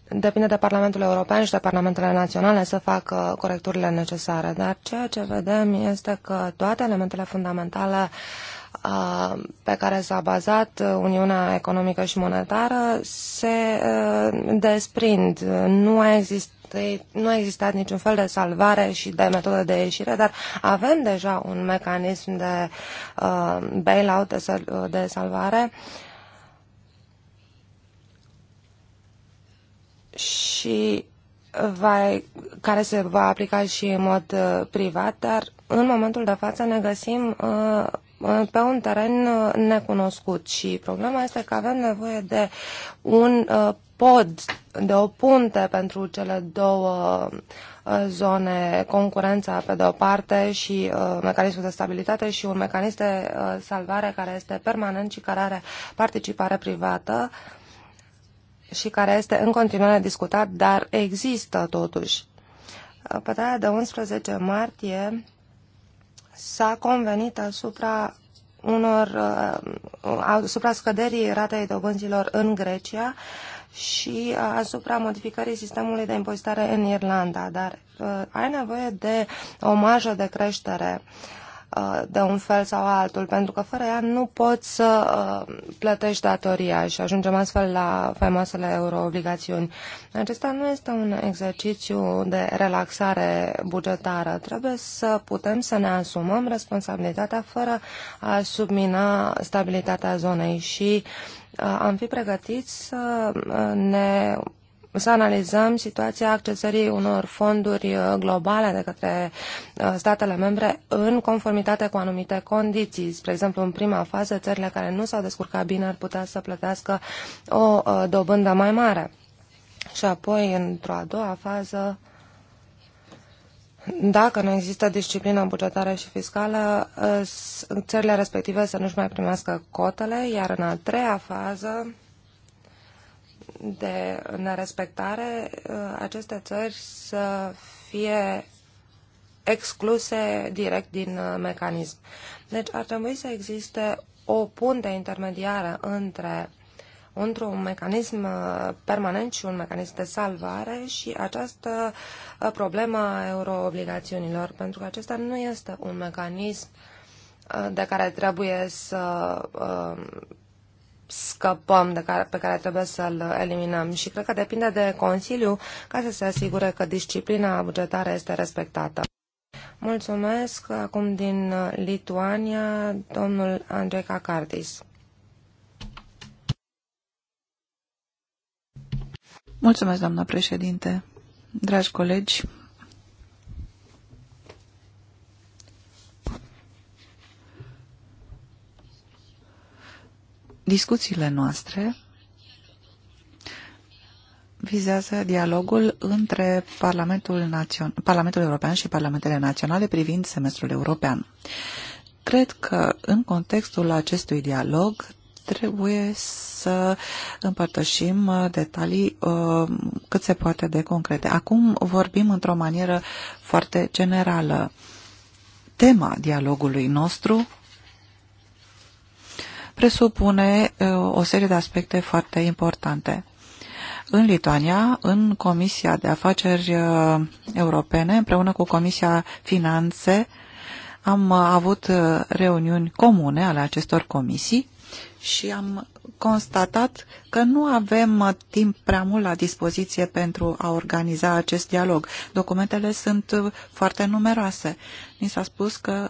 depinde de Parlamentul European și de Parlamentele Naționale să facă corecturile necesare, dar ceea ce vedem este că toate elementele fundamentale pe care s-a bazat Uniunea Economică și Monetară se desprind. Nu a existat nu a existat niciun fel de salvare și de metodă de ieșire, dar avem deja un mecanism de bail bailout, de, salvare și va, care se va aplica și în mod uh, privat, dar în momentul de față ne găsim uh, pe un teren uh, necunoscut și problema este că avem nevoie de un pod, de o punte pentru cele două zone, concurența pe de o parte și uh, mecanismul de stabilitate și un mecanism de uh, salvare care este permanent și care are participare privată uh, și care este în continuare discutat, dar există totuși. Pe data de 11 martie s-a convenit asupra unor uh, asupra scăderii ratei dobânzilor în Grecia și uh, asupra modificării sistemului de impozitare în Irlanda, dar uh, ai nevoie de o marjă de creștere uh, Uh, de un fel sau altul, pentru că fără ea nu poți să uh, plătești datoria și ajungem astfel la faimoasele euroobligațiuni. Acesta nu este un exercițiu de relaxare bugetară. Trebuie să putem să ne asumăm responsabilitatea fără a submina stabilitatea zonei și uh, am fi pregătiți să ne să analizăm situația accesării unor fonduri uh, globale de către uh, statele membre în conformitate cu anumite condiții. Spre exemplu, în prima fază, țările care nu s-au descurcat bine ar putea să plătească o uh, dobândă mai mare. Și apoi, într-o a doua fază, dacă nu există disciplină bugetară și fiscală, țările respective să nu-și mai primească cotele, iar în a treia fază, de nerespectare, uh, aceste țări să fie excluse direct din uh, mecanism. Deci ar trebui să existe o punte intermediară între într-un mecanism uh, permanent și un mecanism de salvare și această problemă a euroobligațiunilor, pentru că acesta nu este un mecanism de care trebuie să scăpăm, de care, pe care trebuie să-l eliminăm. Și cred că depinde de Consiliu ca să se asigure că disciplina bugetară este respectată. Mulțumesc. Acum din Lituania, domnul Andrei Cacardis. Mulțumesc, doamna președinte. Dragi colegi, discuțiile noastre vizează dialogul între Parlamentul, Națion Parlamentul European și Parlamentele Naționale privind semestrul european. Cred că în contextul acestui dialog trebuie să împărtășim uh, detalii uh, cât se poate de concrete. Acum vorbim într-o manieră foarte generală. Tema dialogului nostru presupune uh, o serie de aspecte foarte importante. În Lituania, în Comisia de Afaceri uh, Europene, împreună cu Comisia Finanțe, am uh, avut reuniuni comune ale acestor comisii și am constatat că nu avem timp prea mult la dispoziție pentru a organiza acest dialog. Documentele sunt foarte numeroase. Ni s-a spus că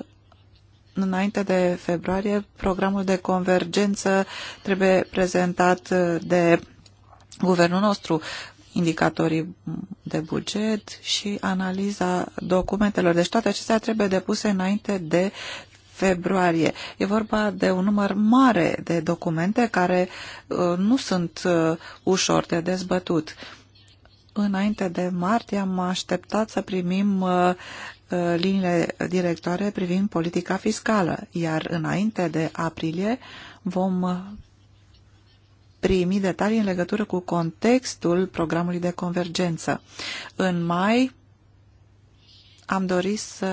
înainte de februarie, programul de convergență trebuie prezentat de guvernul nostru indicatorii de buget și analiza documentelor. Deci toate acestea trebuie depuse înainte de februarie. E vorba de un număr mare de documente care uh, nu sunt uh, ușor de dezbătut. Înainte de martie am așteptat să primim uh, Uh, liniile directoare privind politica fiscală, iar înainte de aprilie vom primi detalii în legătură cu contextul programului de convergență. În mai am dorit să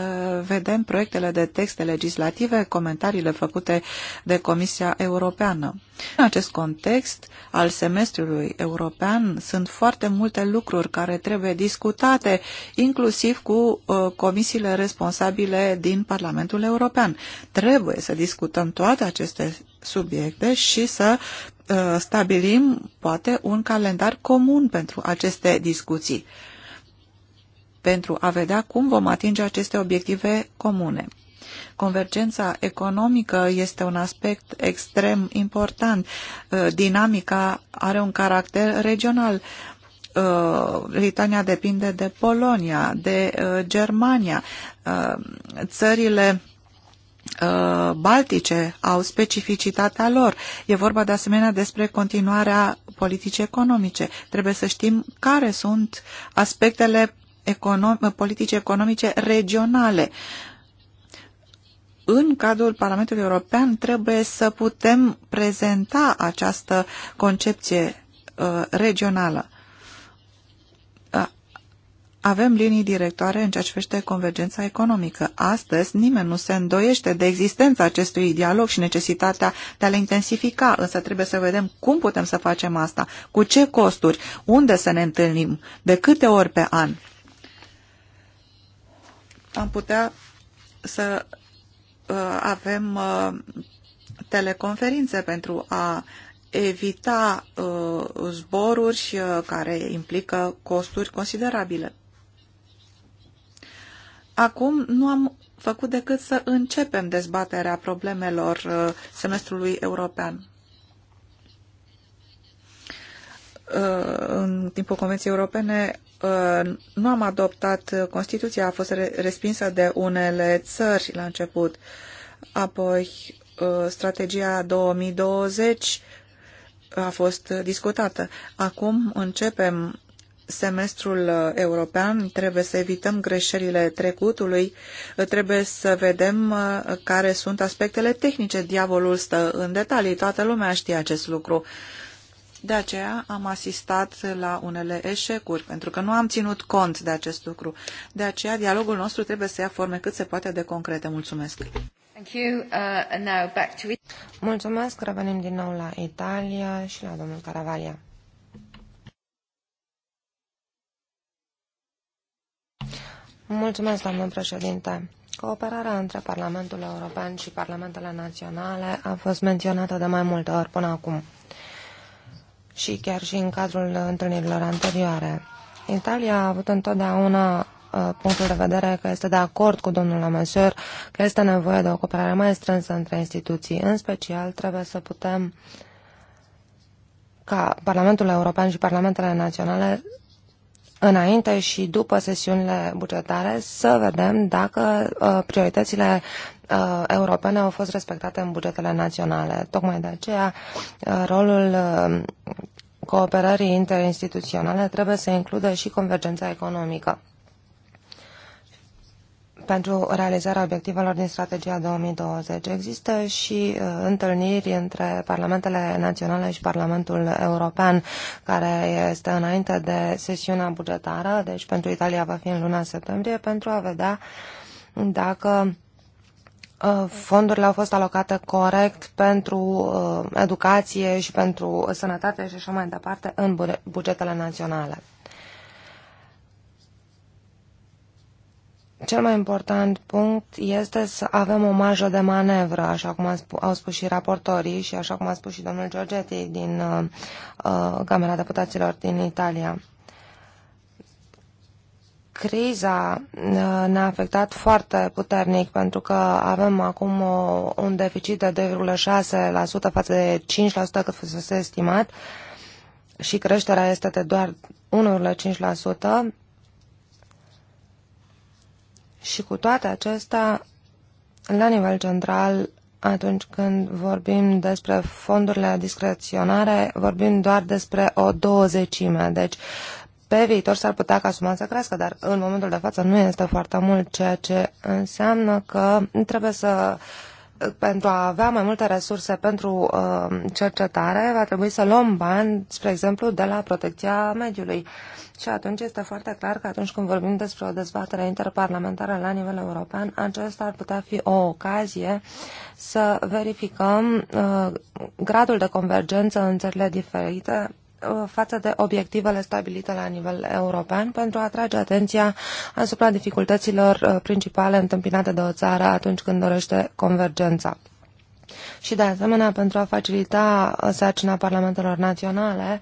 vedem proiectele de texte legislative, comentariile făcute de Comisia Europeană. În acest context al semestrului european sunt foarte multe lucruri care trebuie discutate, inclusiv cu uh, comisiile responsabile din Parlamentul European. Trebuie să discutăm toate aceste subiecte și să uh, stabilim poate un calendar comun pentru aceste discuții pentru a vedea cum vom atinge aceste obiective comune. Convergența economică este un aspect extrem important. Uh, dinamica are un caracter regional. Britania uh, depinde de Polonia, de uh, Germania. Țările baltice au specificitatea lor. E vorba de asemenea despre continuarea politicii economice. Trebuie să știm care sunt aspectele econom politici economice regionale. În cadrul Parlamentului European trebuie să putem prezenta această concepție uh, regională. Uh, avem linii directoare în ceea ce privește convergența economică. Astăzi nimeni nu se îndoiește de existența acestui dialog și necesitatea de a le intensifica, însă trebuie să vedem cum putem să facem asta, cu ce costuri, unde să ne întâlnim, de câte ori pe an am putea să uh, avem uh, teleconferințe pentru a evita uh, zboruri care implică costuri considerabile. Acum nu am făcut decât să începem dezbaterea problemelor semestrului european. În timpul Convenției Europene Uh, nu am adoptat uh, Constituția, a fost respinsă de unele țări la început. Apoi, uh, strategia 2020 a fost discutată. Acum începem semestrul european, trebuie să evităm greșelile trecutului, trebuie să vedem care sunt aspectele tehnice. Diavolul stă în detalii, toată lumea știe acest lucru. De aceea am asistat la unele eșecuri, pentru că nu am ținut cont de acest lucru. De aceea dialogul nostru trebuie să ia forme cât se poate de concrete. Mulțumesc! Thank you. Uh, and now back to... Mulțumesc, revenim din nou la Italia și la domnul Caravalia. Mulțumesc, doamnă președinte. Cooperarea între Parlamentul European și Parlamentele Naționale a fost menționată de mai multe ori până acum și chiar și în cadrul întâlnirilor anterioare. Italia a avut întotdeauna uh, punctul de vedere că este de acord cu domnul Lamasur că este nevoie de o cooperare mai strânsă între instituții. În special, trebuie să putem ca Parlamentul European și Parlamentele Naționale înainte și după sesiunile bugetare să vedem dacă uh, prioritățile uh, europene au fost respectate în bugetele naționale. Tocmai de aceea, uh, rolul uh, cooperării interinstituționale trebuie să includă și convergența economică pentru realizarea obiectivelor din strategia 2020. Există și uh, întâlniri între parlamentele naționale și Parlamentul European, care este înainte de sesiunea bugetară, deci pentru Italia va fi în luna septembrie, pentru a vedea dacă uh, Uh, fondurile au fost alocate corect pentru uh, educație și pentru sănătate și așa mai departe în bugetele naționale. Cel mai important punct este să avem o marjă de manevră, așa cum au spus și raportorii și așa cum a spus și domnul Giorgetti din uh, uh Camera Deputaților din Italia criza uh, ne-a afectat foarte puternic pentru că avem acum o, un deficit de 2,6% față de 5% cât fusese estimat și creșterea este de doar 1,5%. Și cu toate acestea, la nivel central, atunci când vorbim despre fondurile discreționare, vorbim doar despre o douăzecime. Deci pe viitor s-ar putea ca suma să crească, dar în momentul de față nu este foarte mult, ceea ce înseamnă că trebuie să pentru a avea mai multe resurse pentru uh, cercetare, va trebui să luăm bani, spre exemplu, de la protecția mediului. Și atunci este foarte clar că atunci când vorbim despre o dezbatere interparlamentară la nivel european, acesta ar putea fi o ocazie să verificăm uh, gradul de convergență în țările diferite Uh, față de obiectivele stabilite la nivel european pentru a atrage atenția asupra dificultăților uh, principale întâmpinate de o țară atunci când dorește convergența. Și de asemenea pentru a facilita uh, sarcina parlamentelor naționale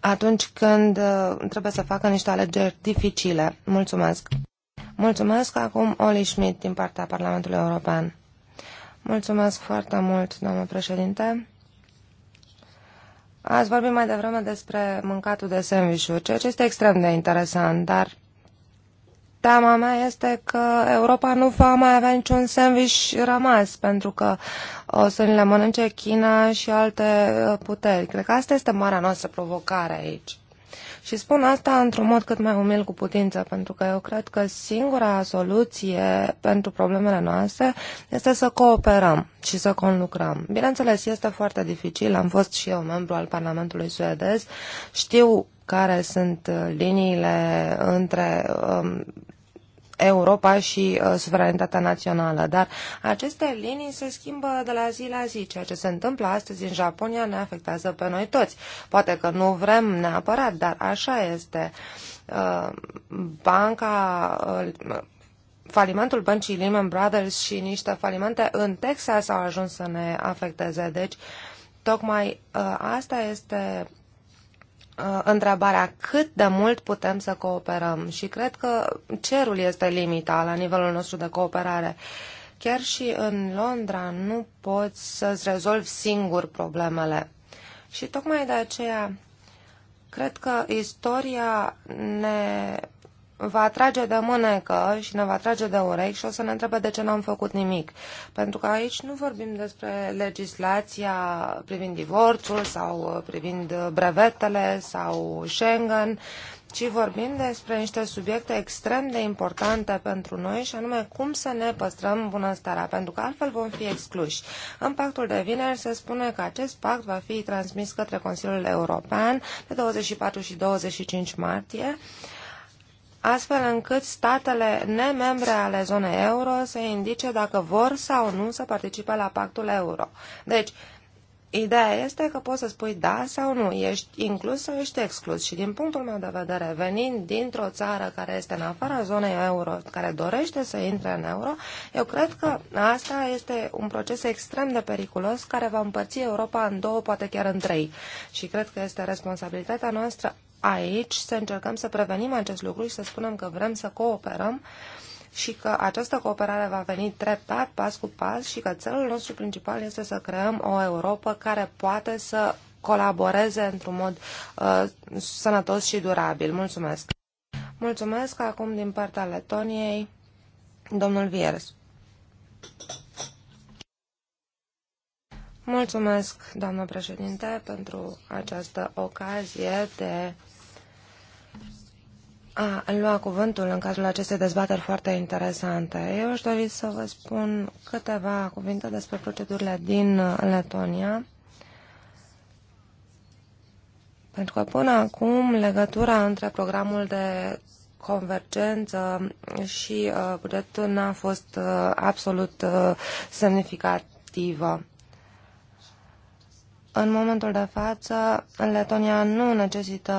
atunci când trebuie să facă niște alegeri dificile. Mulțumesc! Mulțumesc acum Oli Schmidt din partea Parlamentului European. Mulțumesc foarte mult, doamnă președinte. Ați vorbit mai devreme despre mâncatul de sandvișuri, ceea ce este extrem de interesant, dar teama mea este că Europa nu va mai avea niciun sandwich rămas, pentru că o să ne le mănânce China și alte uh, puteri. Cred că asta este marea noastră provocare aici. Și spun asta într-un mod cât mai umil cu putință, pentru că eu cred că singura soluție pentru problemele noastre este să cooperăm și să conlucrăm. Bineînțeles, este foarte dificil. Am fost și eu membru al Parlamentului suedez. Știu care sunt liniile între um, Europa și uh, suveranitatea națională. Dar aceste linii se schimbă de la zi la zi. Ceea ce se întâmplă astăzi în Japonia ne afectează pe noi toți. Poate că nu vrem neapărat, dar așa este. Uh, banca uh, falimentul băncii Lehman Brothers și niște falimente în Texas au ajuns să ne afecteze. Deci, tocmai uh, asta este Uh, întrebarea cât de mult putem să cooperăm și cred că cerul este limita la nivelul nostru de cooperare. Chiar și în Londra nu poți să-ți rezolvi singur problemele. Și tocmai de aceea cred că istoria ne va trage de mânecă și ne va trage de urechi și o să ne întrebe de ce n-am făcut nimic. Pentru că aici nu vorbim despre legislația privind divorțul sau uh, privind brevetele sau Schengen, ci vorbim despre niște subiecte extrem de importante pentru noi și anume cum să ne păstrăm bunăstarea, pentru că altfel vom fi excluși. În pactul de vineri se spune că acest pact va fi transmis către Consiliul European pe 24 și 25 martie astfel încât statele nemembre ale zonei euro să indice dacă vor sau nu să participe la pactul euro. Deci, ideea este că poți să spui da sau nu, ești inclus sau ești exclus. Și din punctul meu de vedere, venind dintr-o țară care este în afara zonei euro, care dorește să intre în euro, eu cred că asta este un proces extrem de periculos care va împărți Europa în două, poate chiar în trei. Și cred că este responsabilitatea noastră aici să încercăm să prevenim acest lucru și să spunem că vrem să cooperăm și că această cooperare va veni treptat, pas cu pas și că țelul nostru principal este să creăm o Europa care poate să colaboreze într-un mod uh, sănătos și durabil. Mulțumesc! Mulțumesc acum din partea Letoniei, domnul Viers. Mulțumesc, doamnă președinte, pentru această ocazie de a lua cuvântul în cazul acestei dezbateri foarte interesante. Eu aș dori să vă spun câteva cuvinte despre procedurile din uh, Letonia. Pentru că până acum legătura între programul de convergență și uh, bugetul n-a fost uh, absolut semnificativă. În momentul de față, Letonia nu necesită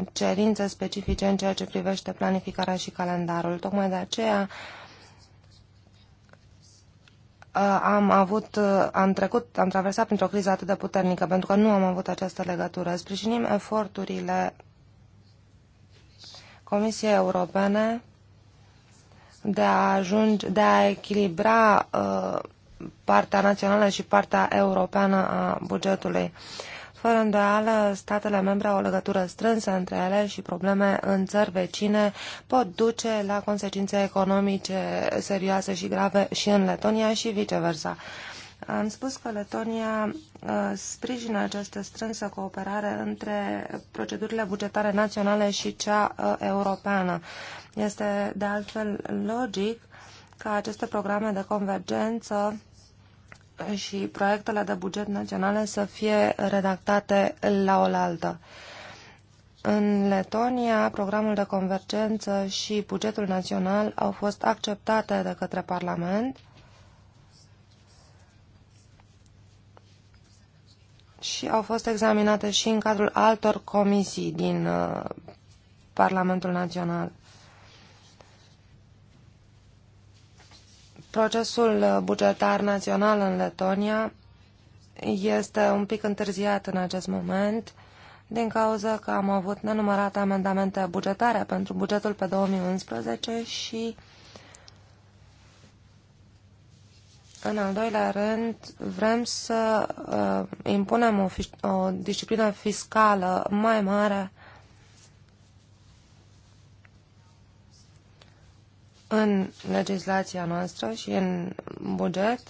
uh, cerințe specifice în ceea ce privește planificarea și calendarul. Tocmai de aceea uh, am avut, uh, am trecut, am traversat printr-o criză atât de puternică, pentru că nu am avut această legătură. Sprijinim eforturile Comisiei Europene de a ajunge, de a echilibra uh, partea națională și partea europeană a bugetului. Fără îndoială, statele membre au o legătură strânsă între ele și probleme în țări vecine pot duce la consecințe economice serioase și grave și în Letonia și viceversa. Am spus că Letonia uh, sprijină această strânsă cooperare între procedurile bugetare naționale și cea uh, europeană. Este de altfel logic ca aceste programe de convergență și proiectele de buget naționale să fie redactate la oaltă. În Letonia, programul de convergență și bugetul național au fost acceptate de către Parlament și au fost examinate și în cadrul altor comisii din uh, Parlamentul Național. Procesul bugetar național în Letonia este un pic întârziat în acest moment din cauza că am avut nenumărate amendamente bugetare pentru bugetul pe 2011 și În al doilea rând, vrem să uh, impunem o, o disciplină fiscală mai mare în legislația noastră și în buget,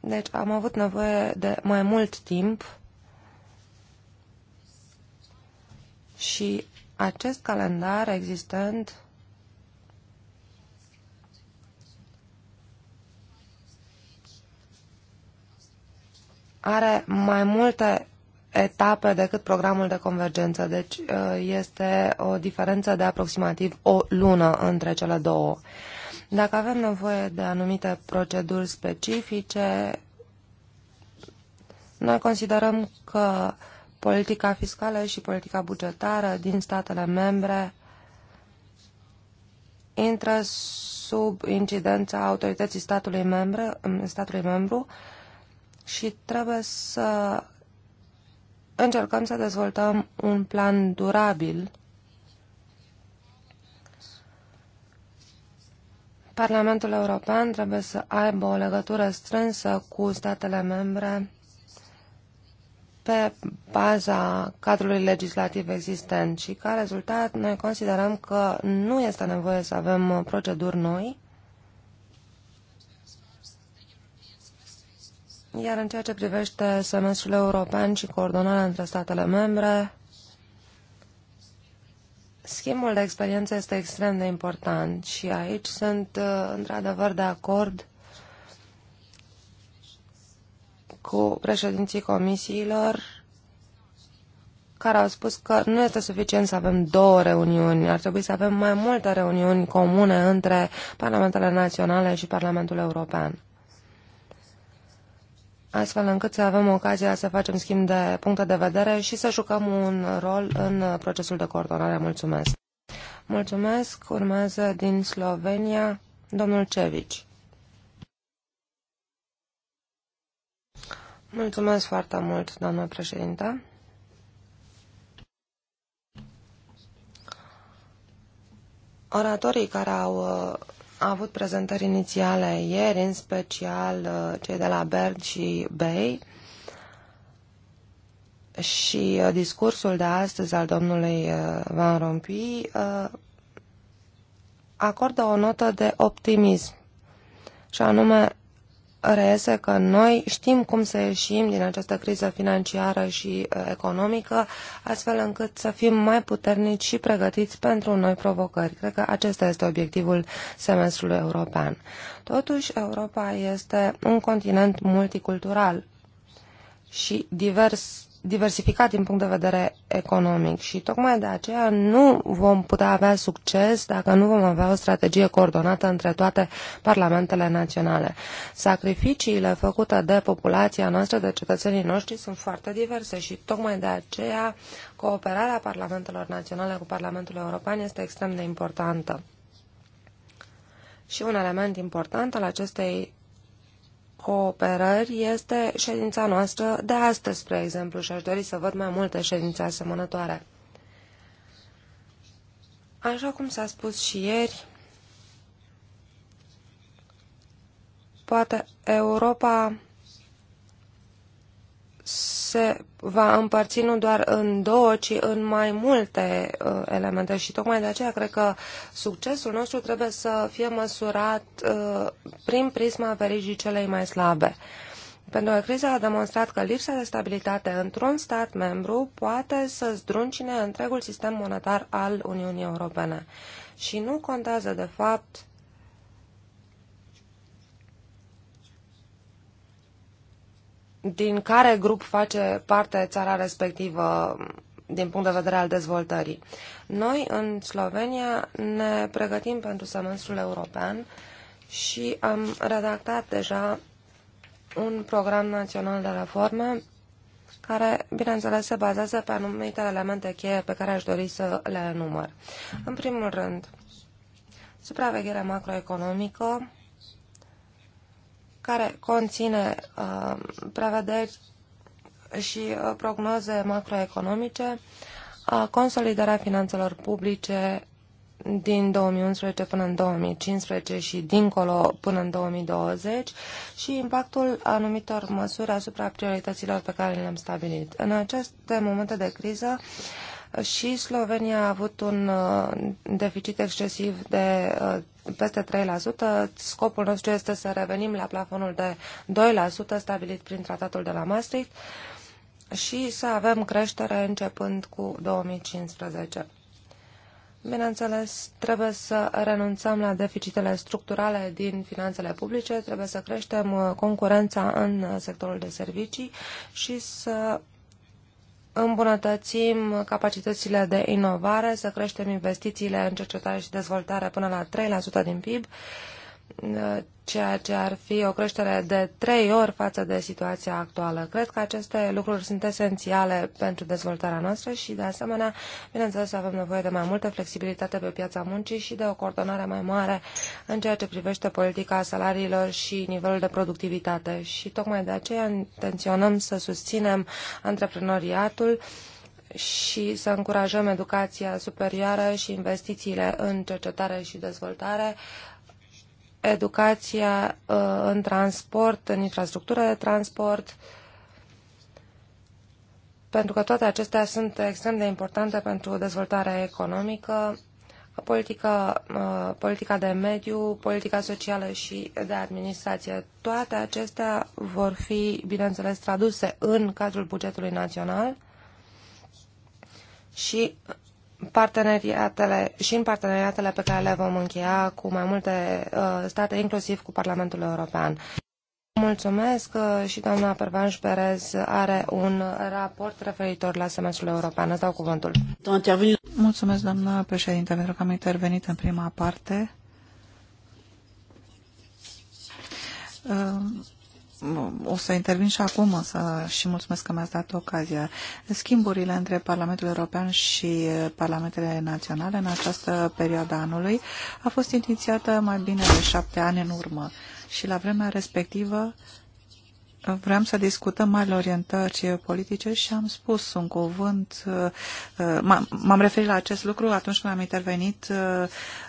deci am avut nevoie de mai mult timp și acest calendar existent are mai multe etape decât programul de convergență, deci uh, este o diferență de aproximativ o lună între cele două. Dacă avem nevoie de anumite proceduri specifice, noi considerăm că politica fiscală și politica bugetară din statele membre intră sub incidența autorității statului, membre, statului membru și trebuie să încercăm să dezvoltăm un plan durabil Parlamentul European trebuie să aibă o legătură strânsă cu statele membre pe baza cadrului legislativ existent și ca rezultat noi considerăm că nu este nevoie să avem proceduri noi, iar în ceea ce privește semestrul european și coordonarea între statele membre, Schimbul de experiență este extrem de important și aici sunt uh, într-adevăr de acord cu președinții comisiilor care au spus că nu este suficient să avem două reuniuni, ar trebui să avem mai multe reuniuni comune între Parlamentele Naționale și Parlamentul European astfel încât să avem ocazia să facem schimb de puncte de vedere și să jucăm un rol în procesul de coordonare. Mulțumesc! Mulțumesc! Urmează din Slovenia domnul Cevici. Mulțumesc foarte mult, doamnă președinte. Oratorii care au uh, a avut prezentări inițiale ieri, în special uh, cei de la Berg și Bay. Și uh, discursul de astăzi al domnului uh, Van Rompuy acordă o notă de optimism, și anume reiese că noi știm cum să ieșim din această criză financiară și uh, economică, astfel încât să fim mai puternici și pregătiți pentru noi provocări. Cred că acesta este obiectivul semestrului european. Totuși, Europa este un continent multicultural și divers diversificat din punct de vedere economic și tocmai de aceea nu vom putea avea succes dacă nu vom avea o strategie coordonată între toate parlamentele naționale. Sacrificiile făcute de populația noastră, de cetățenii noștri, sunt foarte diverse și tocmai de aceea cooperarea parlamentelor naționale cu Parlamentul European este extrem de importantă. Și un element important al acestei cooperări este ședința noastră de astăzi, spre exemplu, și aș dori să văd mai multe ședințe asemănătoare. Așa cum s-a spus și ieri, poate Europa se va împărți nu doar în două, ci în mai multe uh, elemente și tocmai de aceea cred că succesul nostru trebuie să fie măsurat uh, prin prisma verigii celei mai slabe. Pentru că criza a demonstrat că lipsa de stabilitate într-un stat membru poate să zdruncine întregul sistem monetar al Uniunii Europene. Și nu contează, de fapt, din care grup face parte țara respectivă din punct de vedere al dezvoltării. Noi, în Slovenia, ne pregătim pentru semestrul european și am redactat deja un program național de reforme care, bineînțeles, se bazează pe anumite elemente cheie pe care aș dori să le enumăr. În primul rând, supraveghere macroeconomică, care conține uh, prevederi și uh, prognoze macroeconomice, uh, consolidarea finanțelor publice din 2011 până în 2015 și dincolo până în 2020 și impactul anumitor măsuri asupra priorităților pe care le-am stabilit. În aceste momente de criză, și Slovenia a avut un uh, deficit excesiv de uh, peste 3%. Scopul nostru este să revenim la plafonul de 2% stabilit prin tratatul de la Maastricht și să avem creștere începând cu 2015. Bineînțeles, trebuie să renunțăm la deficitele structurale din finanțele publice, trebuie să creștem uh, concurența în sectorul de servicii și să îmbunătățim capacitățile de inovare, să creștem investițiile în cercetare și dezvoltare până la 3% din PIB ceea ce ar fi o creștere de trei ori față de situația actuală. Cred că aceste lucruri sunt esențiale pentru dezvoltarea noastră și, de asemenea, bineînțeles, avem nevoie de mai multă flexibilitate pe piața muncii și de o coordonare mai mare în ceea ce privește politica salariilor și nivelul de productivitate. Și tocmai de aceea intenționăm să susținem antreprenoriatul și să încurajăm educația superioară și investițiile în cercetare și dezvoltare educația uh, în transport, în infrastructură de transport, pentru că toate acestea sunt extrem de importante pentru dezvoltarea economică, politica, uh, politica de mediu, politica socială și de administrație. Toate acestea vor fi, bineînțeles, traduse în cadrul bugetului național și parteneriatele și în parteneriatele pe care le vom încheia cu mai multe uh, state, inclusiv cu Parlamentul European. Mulțumesc uh, și doamna Pervanș Perez are un raport referitor la semestrul european. Îți dau cuvântul. Mulțumesc, doamna președinte, pentru că am intervenit în prima parte. Uh, o să intervin și acum, însă și mulțumesc că mi-ați dat ocazia. Schimburile între Parlamentul European și Parlamentele Naționale în această perioadă anului a fost inițiată mai bine de șapte ani în urmă și la vremea respectivă Vreau să discutăm mai la orientări politice și am spus un cuvânt, uh, m-am referit la acest lucru atunci când am intervenit uh,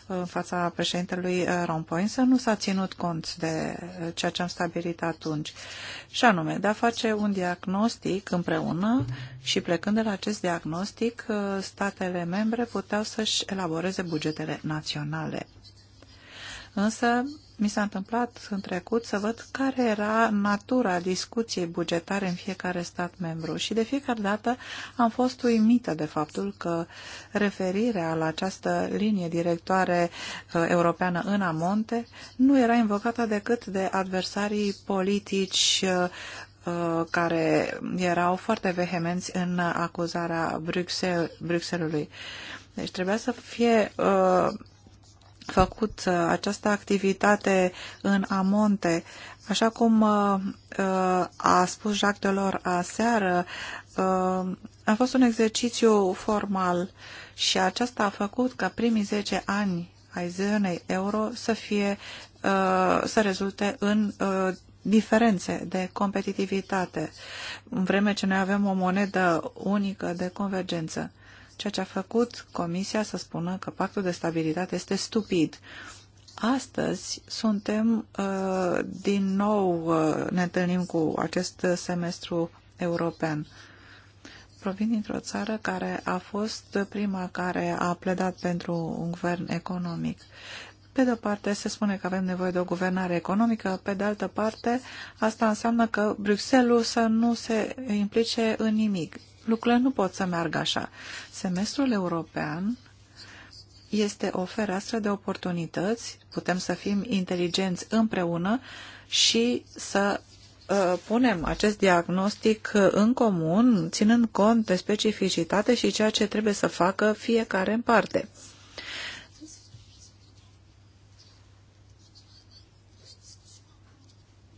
în fața președintelui Rompuy, însă nu s-a ținut cont de ceea ce am stabilit atunci. Și anume, de a face un diagnostic împreună și plecând de la acest diagnostic, uh, statele membre puteau să-și elaboreze bugetele naționale. Însă, mi s-a întâmplat în trecut să văd care era natura discuției bugetare în fiecare stat membru și de fiecare dată am fost uimită de faptul că referirea la această linie directoare uh, europeană în amonte nu era invocată decât de adversarii politici uh, uh, care erau foarte vehemenți în acuzarea Bruxelles, Bruxellesului. Deci trebuia să fie uh, făcut uh, această activitate în amonte. Așa cum uh, uh, a spus Jacques Delors aseară, a fost un exercițiu formal și aceasta a făcut ca primii 10 ani ai zonei euro să fie să rezulte în diferențe de competitivitate, în vreme ce noi avem o monedă unică de convergență ceea ce a făcut Comisia să spună că pactul de stabilitate este stupid. Astăzi suntem uh, din nou, uh, ne întâlnim cu acest semestru european. Provin dintr-o țară care a fost prima care a pledat pentru un guvern economic. Pe de-o parte se spune că avem nevoie de o guvernare economică, pe de altă parte asta înseamnă că Bruxelles să nu se implice în nimic lucrurile nu pot să meargă așa. Semestrul european este o fereastră de oportunități, putem să fim inteligenți împreună și să uh, punem acest diagnostic în comun, ținând cont de specificitate și ceea ce trebuie să facă fiecare în parte.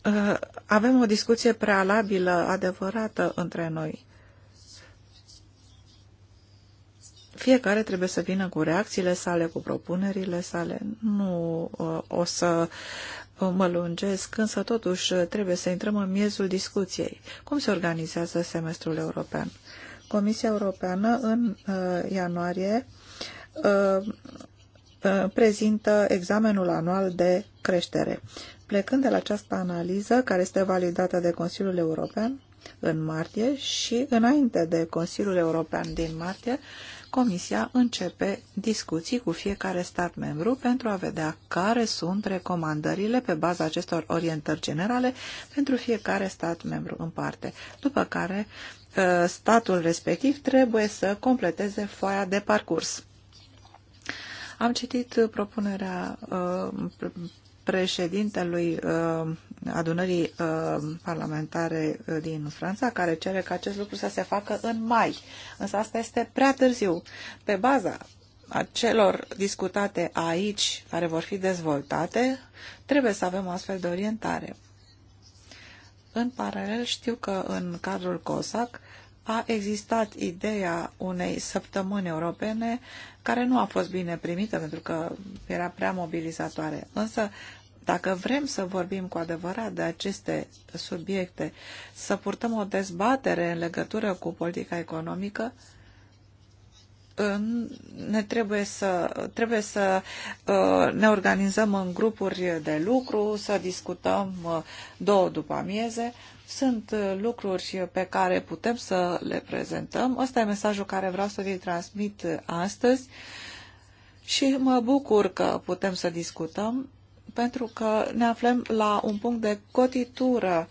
Uh, avem o discuție prealabilă adevărată între noi fiecare trebuie să vină cu reacțiile sale, cu propunerile sale. Nu uh, o să uh, mă lungesc, însă totuși uh, trebuie să intrăm în miezul discuției. Cum se organizează semestrul european? Comisia Europeană în uh, ianuarie uh, uh, prezintă examenul anual de creștere. Plecând de la această analiză, care este validată de Consiliul European în martie și înainte de Consiliul European din martie, Comisia începe discuții cu fiecare stat membru pentru a vedea care sunt recomandările pe baza acestor orientări generale pentru fiecare stat membru în parte, după care ă, statul respectiv trebuie să completeze foaia de parcurs. Am citit propunerea ă, președintelui uh, adunării uh, parlamentare uh, din Franța, care cere ca acest lucru să se facă în mai. Însă asta este prea târziu. Pe baza acelor discutate aici, care vor fi dezvoltate, trebuie să avem o astfel de orientare. În paralel, știu că în cadrul COSAC a existat ideea unei săptămâni europene care nu a fost bine primită pentru că era prea mobilizatoare. Însă, dacă vrem să vorbim cu adevărat de aceste subiecte, să purtăm o dezbatere în legătură cu politica economică, ne trebuie să, trebuie să uh, ne organizăm în grupuri de lucru, să discutăm uh, două după amieze, sunt uh, lucruri pe care putem să le prezentăm. Ăsta e mesajul care vreau să vi-l transmit astăzi și mă bucur că putem să discutăm pentru că ne aflăm la un punct de cotitură.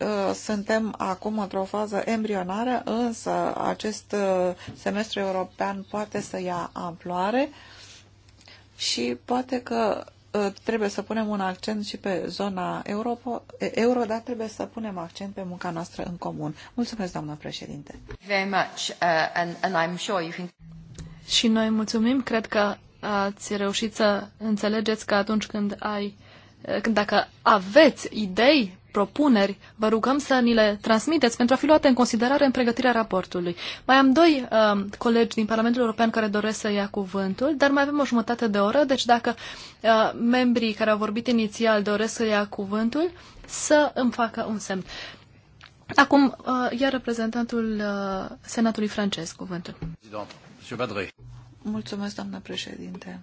Uh, suntem acum într-o fază embrionară, însă acest uh, semestru european poate să ia amploare și poate că Uh, trebuie să punem un accent și pe zona Europa, euro, dar trebuie să punem accent pe munca noastră în comun. Mulțumesc, doamnă președinte. Very much, uh, and, and I'm sure you can... Și noi mulțumim. Cred că ați reușit să înțelegeți că atunci când ai, uh, când dacă aveți idei propuneri, vă rugăm să ni le transmiteți pentru a fi luate în considerare în pregătirea raportului. Mai am doi uh, colegi din Parlamentul European care doresc să ia cuvântul, dar mai avem o jumătate de oră, deci dacă uh, membrii care au vorbit inițial doresc să ia cuvântul, să îmi facă un semn. Acum uh, ia reprezentantul uh, Senatului francez cuvântul. Mulțumesc, doamnă președinte.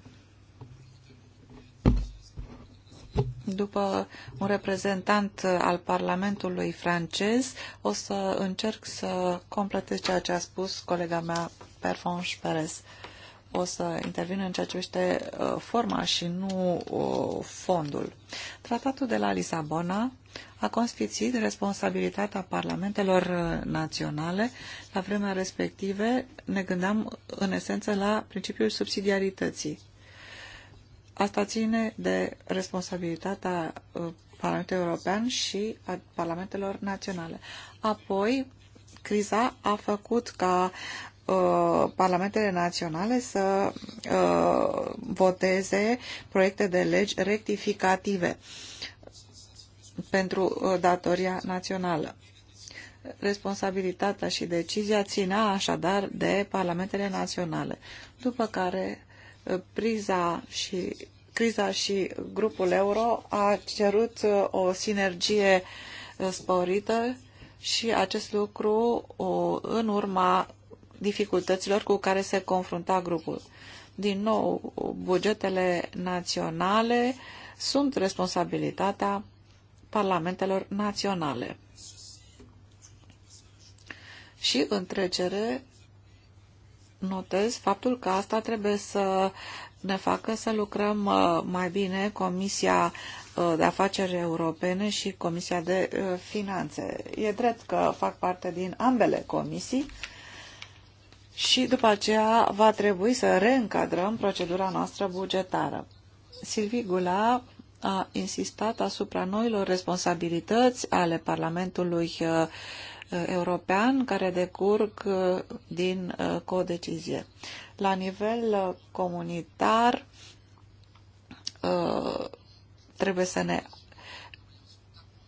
După un reprezentant al Parlamentului francez, o să încerc să completez ceea ce a spus colega mea, Perfonș Perez. O să intervin în ceea ce este uh, forma și nu uh, fondul. Tratatul de la Lisabona a consfițit responsabilitatea parlamentelor uh, naționale. La vremea respective ne gândeam în esență la principiul subsidiarității Asta ține de responsabilitatea uh, Parlamentului European și a Parlamentelor Naționale. Apoi, criza a făcut ca uh, Parlamentele Naționale să uh, voteze proiecte de legi rectificative pentru uh, datoria națională. Responsabilitatea și decizia ținea așadar de Parlamentele Naționale, după care priza și, criza și grupul euro a cerut uh, o sinergie uh, sporită și acest lucru o în urma dificultăților cu care se confrunta grupul. Din nou, bugetele naționale sunt responsabilitatea parlamentelor naționale. Și în trecere notez faptul că asta trebuie să ne facă să lucrăm uh, mai bine Comisia uh, de Afaceri Europene și Comisia de uh, Finanțe. E drept că fac parte din ambele comisii și după aceea va trebui să reîncadrăm procedura noastră bugetară. Silvi Gula a insistat asupra noilor responsabilități ale Parlamentului Eh, european care decurg eh, din eh, codecizie. La nivel comunitar trebuie să ne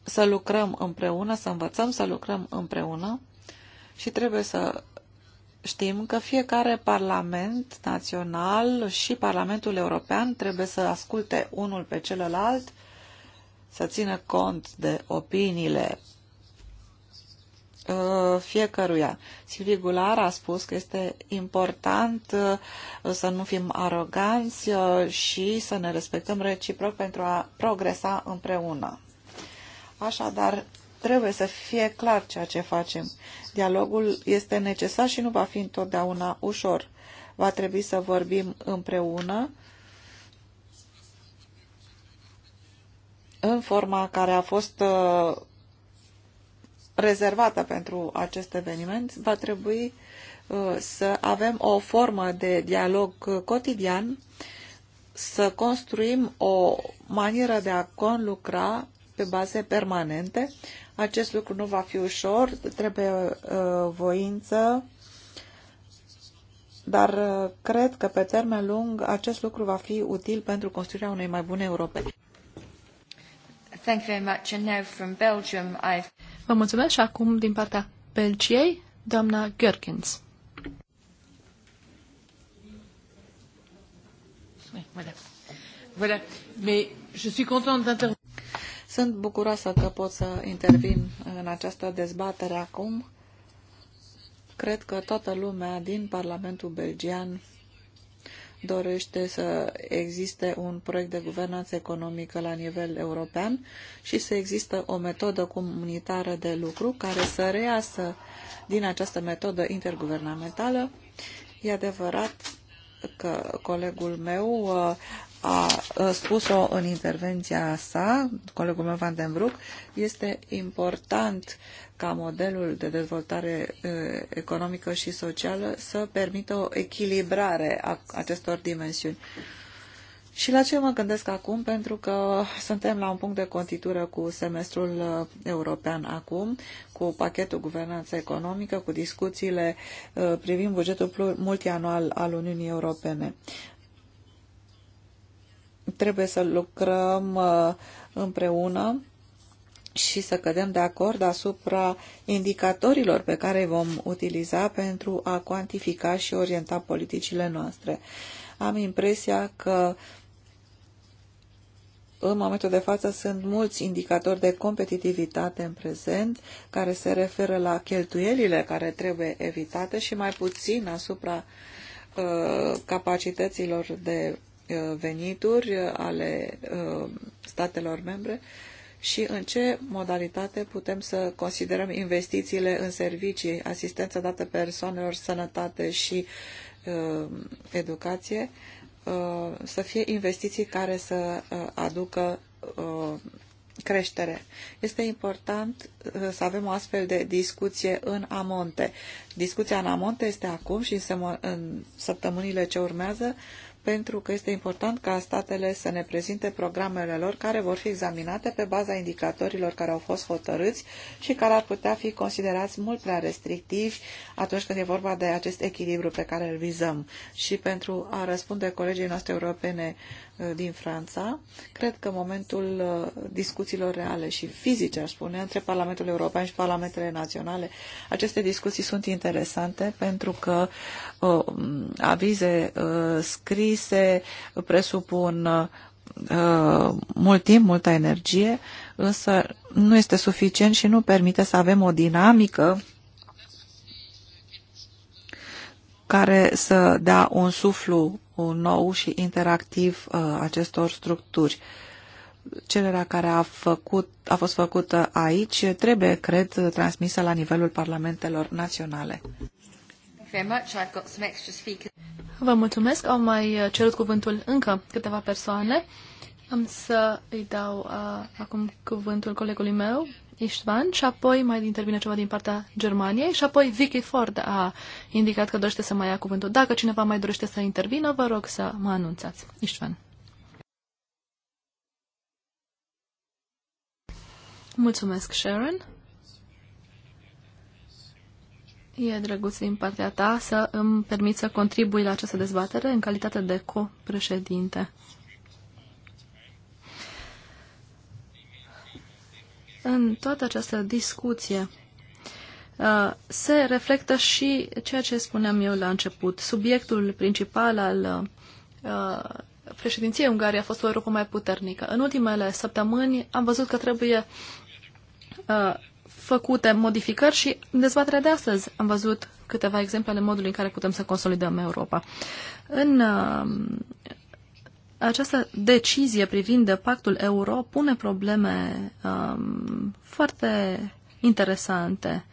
să lucrăm împreună, să învățăm să lucrăm împreună și trebuie să știm că fiecare parlament național și Parlamentul European trebuie să asculte unul pe celălalt, să țină cont de opiniile Uh, fiecăruia. Silvi Gular a spus că este important uh, să nu fim aroganți uh, și să ne respectăm reciproc pentru a progresa împreună. Așadar, trebuie să fie clar ceea ce facem. Dialogul este necesar și nu va fi întotdeauna ușor. Va trebui să vorbim împreună în forma care a fost rezervată pentru acest eveniment, va trebui uh, să avem o formă de dialog cotidian, să construim o manieră de a conlucra pe baze permanente. Acest lucru nu va fi ușor, trebuie uh, voință, dar uh, cred că pe termen lung acest lucru va fi util pentru construirea unei mai bune Europe. Thank you very much. And now from Belgium, I've... Vă mulțumesc și acum din partea Belgiei, doamna Gherkins. Sunt bucuroasă că pot să intervin în această dezbatere acum. Cred că toată lumea din Parlamentul Belgian dorește să existe un proiect de guvernanță economică la nivel european și să există o metodă comunitară de lucru care să reiasă din această metodă interguvernamentală. E adevărat că colegul meu uh, a spus-o în intervenția sa, colegul meu Van den Broek, este important ca modelul de dezvoltare economică și socială să permită o echilibrare a acestor dimensiuni. Și la ce mă gândesc acum? Pentru că suntem la un punct de contitură cu semestrul european acum, cu pachetul guvernanță economică, cu discuțiile privind bugetul multianual al Uniunii Europene. Trebuie să lucrăm uh, împreună și să cădem de acord asupra indicatorilor pe care îi vom utiliza pentru a cuantifica și orienta politicile noastre. Am impresia că în momentul de față sunt mulți indicatori de competitivitate în prezent care se referă la cheltuielile care trebuie evitate și mai puțin asupra uh, capacităților de Uh, venituri ale uh, statelor membre și în ce modalitate putem să considerăm investițiile în servicii, asistență dată persoanelor, sănătate și uh, educație, să fie investiții care să aducă creștere. Este important să avem o astfel de discuție în amonte. Discuția în amonte este acum și în săptămânile ce urmează pentru că este important ca statele să ne prezinte programele lor care vor fi examinate pe baza indicatorilor care au fost hotărâți și care ar putea fi considerați mult prea restrictivi atunci când e vorba de acest echilibru pe care îl vizăm. Și pentru a răspunde colegii noastre europene Uh, din Franța. Cred că momentul uh, discuțiilor reale și fizice, aș spune, între Parlamentul European și Parlamentele Naționale, aceste discuții sunt interesante pentru că uh, avize uh, scrise presupun uh, mult timp, multă energie, însă nu este suficient și nu permite să avem o dinamică care să dea un suflu nou și interactiv uh, acestor structuri. Cererea care a, făcut, a fost făcută aici trebuie, cred, transmisă la nivelul parlamentelor naționale. Vă mulțumesc. Au mai uh, cerut cuvântul încă câteva persoane. Am să îi dau uh, acum cuvântul colegului meu, Istvan și apoi mai intervine ceva din partea Germaniei și apoi Vicky Ford a indicat că dorește să mai ia cuvântul. Dacă cineva mai dorește să intervină, vă rog să mă anunțați. Istvan. Mulțumesc, Sharon. E drăguț din partea ta să îmi permit să contribui la această dezbatere în calitate de co-președinte. în toată această discuție uh, se reflectă și ceea ce spuneam eu la început. Subiectul principal al uh, președinției Ungariei a fost o Europa mai puternică. În ultimele săptămâni am văzut că trebuie uh, făcute modificări și în dezbaterea de astăzi am văzut câteva exemple ale modului în care putem să consolidăm Europa. În această decizie privind de pactul euro pune probleme um, foarte interesante.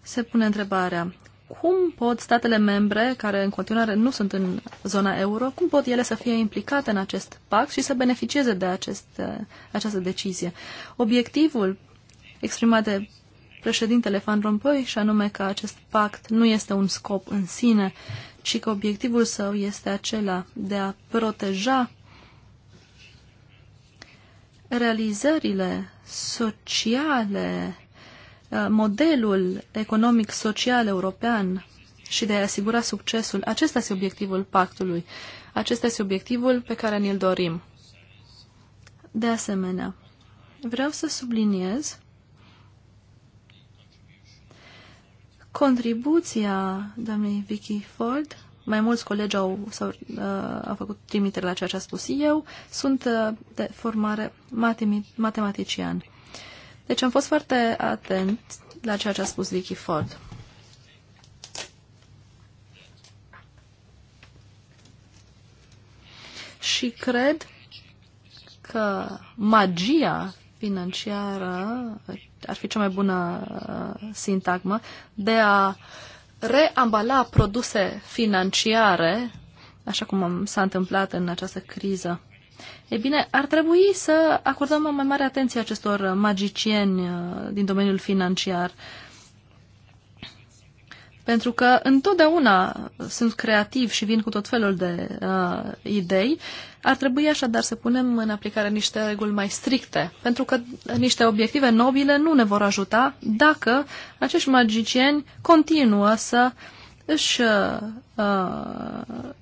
Se pune întrebarea, cum pot statele membre, care în continuare nu sunt în zona euro, cum pot ele să fie implicate în acest pact și să beneficieze de acest, uh, această decizie? Obiectivul exprimat de președintele Van Rompuy, și anume că acest pact nu este un scop în sine, și că obiectivul său este acela de a proteja realizările sociale, eh, modelul economic-social european și de a asigura succesul. Acesta este obiectivul pactului. Acesta este obiectivul pe care ne-l dorim. De asemenea, vreau să subliniez contribuția doamnei Vicky Ford, mai mulți colegi au, -au, uh, au făcut trimitere la ceea ce a spus eu, sunt uh, de formare matematician. Deci am fost foarte atent la ceea ce a spus Vicky Ford. Și cred că magia financiară ar fi cea mai bună uh, sintagmă, de a reambala produse financiare, așa cum s-a întâmplat în această criză. E bine, ar trebui să acordăm o mai mare atenție acestor magicieni uh, din domeniul financiar. Uh, pentru că întotdeauna sunt creativi și vin cu tot felul de uh, idei. Ar trebui așadar să punem în aplicare niște reguli mai stricte, pentru că niște obiective nobile nu ne vor ajuta dacă acești magicieni continuă să își uh,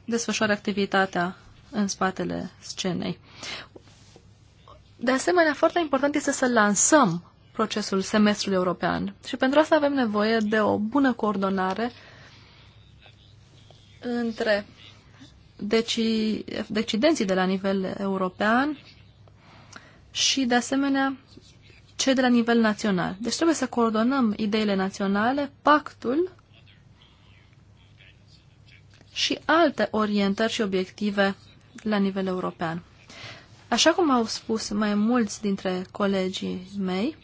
desfășoare activitatea în spatele scenei. De asemenea, foarte important este să lansăm procesul semestrului european. Și pentru asta avem nevoie de o bună coordonare între deci, decidenții de la nivel european și, de asemenea, cei de la nivel național. Deci trebuie să coordonăm ideile naționale, pactul și alte orientări și obiective la nivel european. Așa cum au spus mai mulți dintre colegii mei,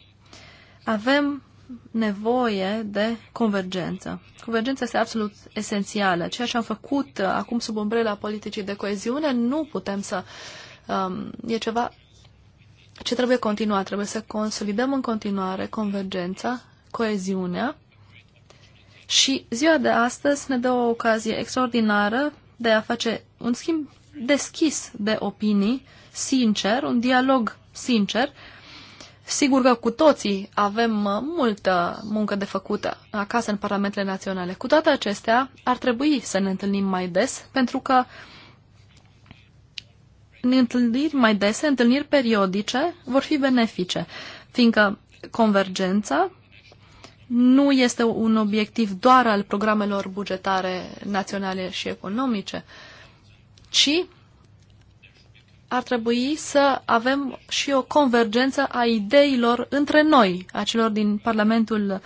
avem nevoie de convergență. Convergența este absolut esențială. Ceea ce am făcut uh, acum sub umbrela politicii de coeziune nu putem să... Um, e ceva ce trebuie continuat. Trebuie să consolidăm în continuare convergența, coeziunea și ziua de astăzi ne dă o ocazie extraordinară de a face un schimb deschis de opinii, sincer, un dialog sincer, uh, Sigur că cu toții avem uh, multă muncă de făcută acasă în parlamentele naționale. Cu toate acestea, ar trebui să ne întâlnim mai des, pentru că în întâlniri mai dese, întâlniri periodice, vor fi benefice, fiindcă convergența nu este un obiectiv doar al programelor bugetare naționale și economice, ci ar trebui să avem și o convergență a ideilor între noi, a celor din Parlamentul,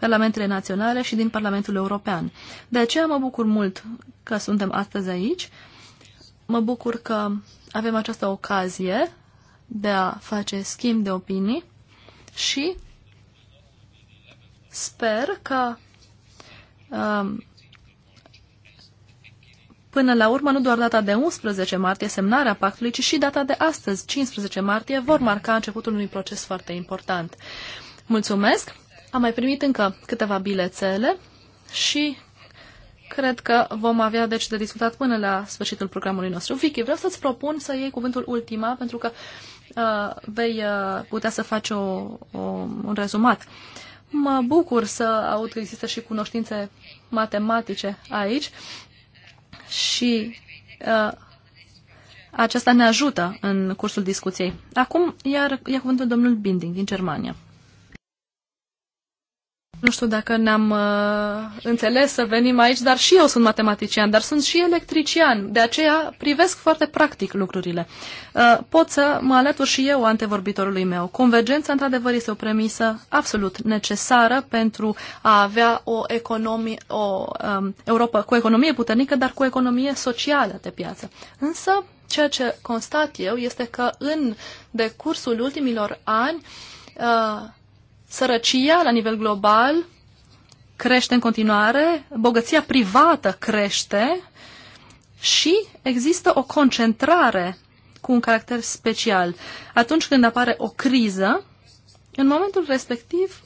Parlamentele Naționale și din Parlamentul European. De aceea mă bucur mult că suntem astăzi aici. Mă bucur că avem această ocazie de a face schimb de opinii și sper că um, Până la urmă, nu doar data de 11 martie, semnarea pactului, ci și data de astăzi, 15 martie, vor marca începutul unui proces foarte important. Mulțumesc! Am mai primit încă câteva bilețele și cred că vom avea deci de discutat până la sfârșitul programului nostru. Vicky, vreau să-ți propun să iei cuvântul ultima, pentru că uh, vei uh, putea să faci o, o, un rezumat. Mă bucur să aud că există și cunoștințe matematice aici și uh, aceasta ne ajută în cursul discuției. Acum iar, ia cuvântul domnul Binding din Germania. Nu știu dacă ne-am uh, înțeles să venim aici, dar și eu sunt matematician, dar sunt și electrician. De aceea privesc foarte practic lucrurile. Uh, pot să mă alătur și eu antevorbitorului meu. Convergența, într-adevăr, este o premisă absolut necesară pentru a avea o, economie, o um, Europa cu economie puternică, dar cu economie socială de piață. Însă, ceea ce constat eu este că în decursul ultimilor ani, uh, Sărăcia la nivel global crește în continuare, bogăția privată crește și există o concentrare cu un caracter special. Atunci când apare o criză, în momentul respectiv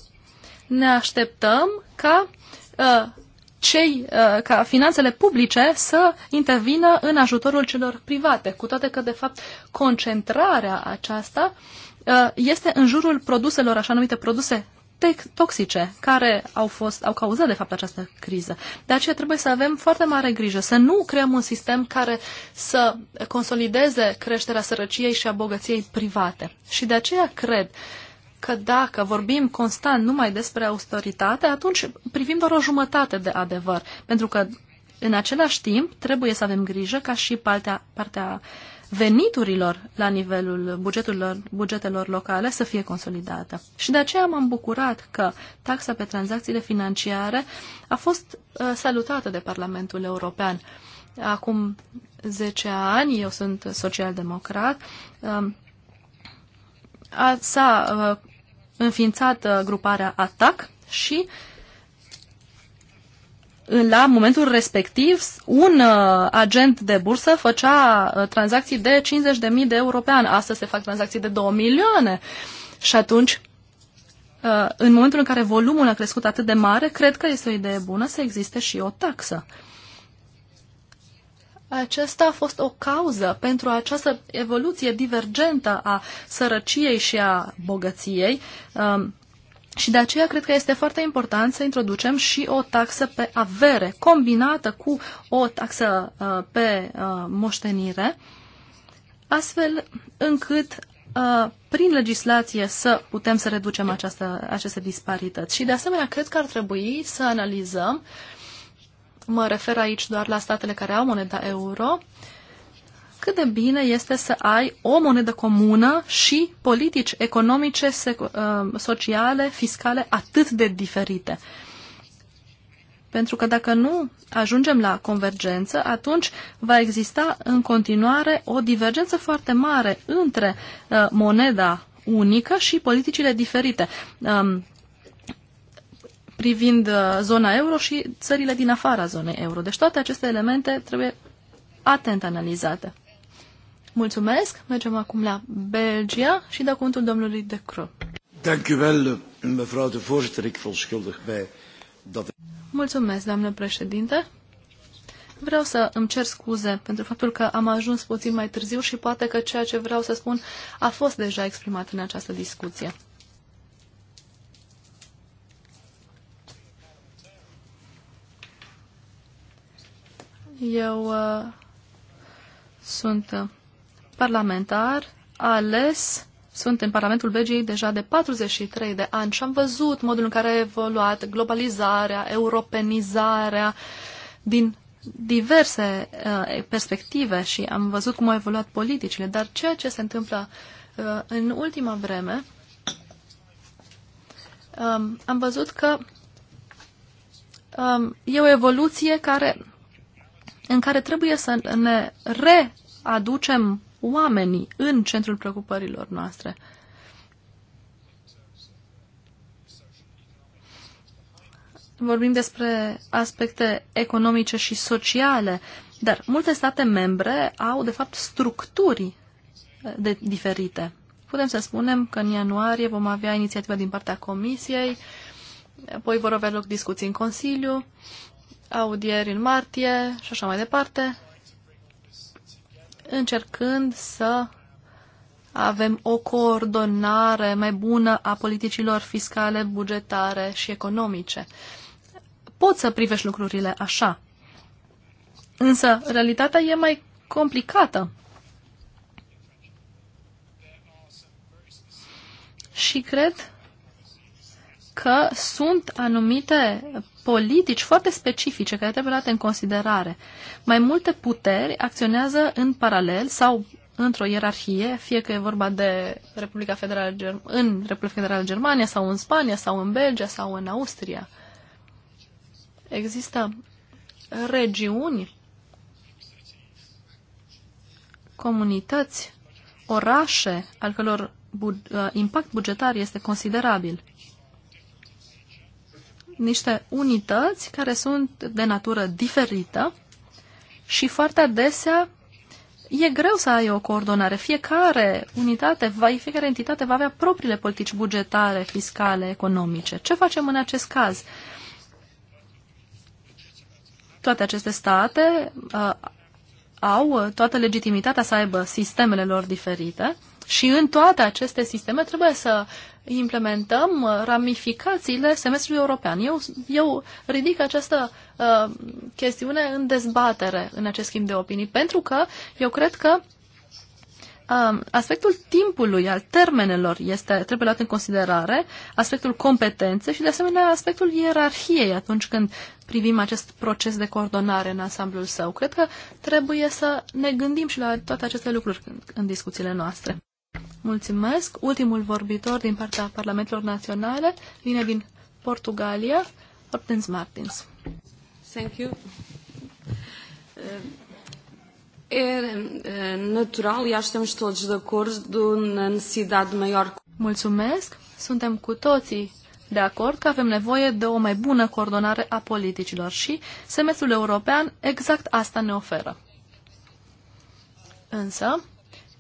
ne așteptăm ca uh, cei, uh, ca finanțele publice să intervină în ajutorul celor private, cu toate că, de fapt, concentrarea aceasta uh, Uh, este în jurul produselor, așa numite produse toxice, care au, fost, au cauzat, de fapt, această criză. De aceea trebuie să avem foarte mare grijă, să nu creăm un sistem care să consolideze creșterea sărăciei și a bogăției private. Și de aceea cred că dacă vorbim constant numai despre austeritate, atunci privim doar o jumătate de adevăr. Pentru că, în același timp, trebuie să avem grijă ca și partea, partea uh, veniturilor la nivelul bugetelor, bugetelor locale să fie consolidată. Și de aceea m-am bucurat că taxa pe tranzacțiile financiare a fost uh, salutată de Parlamentul European. Acum 10 ani, eu sunt social-democrat, um, s-a uh, înființat uh, gruparea ATAC și uh, la momentul respectiv, un uh, agent de bursă făcea uh, tranzacții de 50.000 de euro pe an. Astăzi se fac tranzacții de 2 milioane. Și atunci, uh, în momentul în care volumul a crescut atât de mare, cred că este o idee bună să existe și o taxă. Aceasta a fost o cauză pentru această evoluție divergentă a sărăciei și a bogăției. Uh, și de aceea cred că este foarte important să introducem și o taxă pe avere, combinată cu o taxă uh, pe uh, moștenire, astfel încât uh, prin legislație să putem să reducem această, aceste disparități. Și de asemenea, cred că ar trebui să analizăm, mă refer aici doar la statele care au moneda euro, uh, cât de bine este să ai o monedă comună și politici economice, uh, sociale, fiscale atât de diferite. Pentru că dacă nu ajungem la convergență, atunci va exista în continuare o divergență foarte mare între uh, moneda unică și politicile diferite. Um, privind uh, zona euro și țările din afara zonei euro. Deci toate aceste elemente trebuie atent analizate. Mulțumesc. Mergem acum la Belgia și dau cuvântul domnului De Croo. Dank u wel, mevrouw de voorzitter. Ik verontschuldig mij dat... Mulțumesc, doamnă președinte. Vreau să îmi cer scuze pentru faptul că am ajuns puțin mai târziu și poate că ceea ce vreau să spun a fost deja exprimat în această discuție. Eu uh, sunt uh, parlamentar ales, sunt în Parlamentul Belgiei deja de 43 de ani și am văzut modul în care a evoluat globalizarea, europenizarea din diverse uh, perspective și am văzut cum au evoluat politicile, dar ceea ce se întâmplă uh, în ultima vreme, um, am văzut că um, e o evoluție care, în care trebuie să ne readucem oamenii în centrul preocupărilor noastre. Vorbim despre aspecte economice și sociale, dar multe state membre au, de fapt, structuri eh, de diferite. Putem să spunem că în ianuarie vom avea inițiativa din partea Comisiei, apoi vor avea loc discuții în Consiliu, audieri în martie și așa mai departe încercând să avem o coordonare mai bună a politicilor fiscale, bugetare și economice. Poți să privești lucrurile așa. Însă, realitatea e mai complicată. Și cred că sunt anumite politici foarte specifice care trebuie luate în considerare. Mai multe puteri acționează în paralel sau într-o ierarhie, fie că e vorba de Republica Federală Germ- în Republica Federală Germania sau în Spania sau în Belgia sau în Austria. Există regiuni, comunități, orașe al căror bu- uh, impact bugetar este considerabil niște unități care sunt de natură diferită și foarte adesea e greu să ai o coordonare. Fiecare unitate, va, fiecare entitate va avea propriile politici bugetare, fiscale, economice. Ce facem în acest caz? Toate aceste state uh, au uh, toată legitimitatea să aibă sistemele lor diferite și în toate aceste sisteme trebuie să implementăm uh, ramificațiile semestrului european. Eu, eu ridic această uh, chestiune în dezbatere în acest schimb de opinii, pentru că eu cred că uh, aspectul timpului, al termenelor, este, trebuie luat în considerare, aspectul competențe și, de asemenea, aspectul ierarhiei atunci când privim acest proces de coordonare în ansamblul său. Cred că trebuie să ne gândim și la toate aceste lucruri în, în discuțiile noastre. Mulțumesc. Ultimul vorbitor din partea Parlamentelor Naționale vine din Portugalia, Hortens Martins. Thank you. Eh, eh, é natural e acho estamos todos de acordo na necessidade de maior... Mulțumesc. Suntem cu toții de acord că avem nevoie de o mai bună coordonare a politicilor și semestrul european exact asta ne oferă. Însă,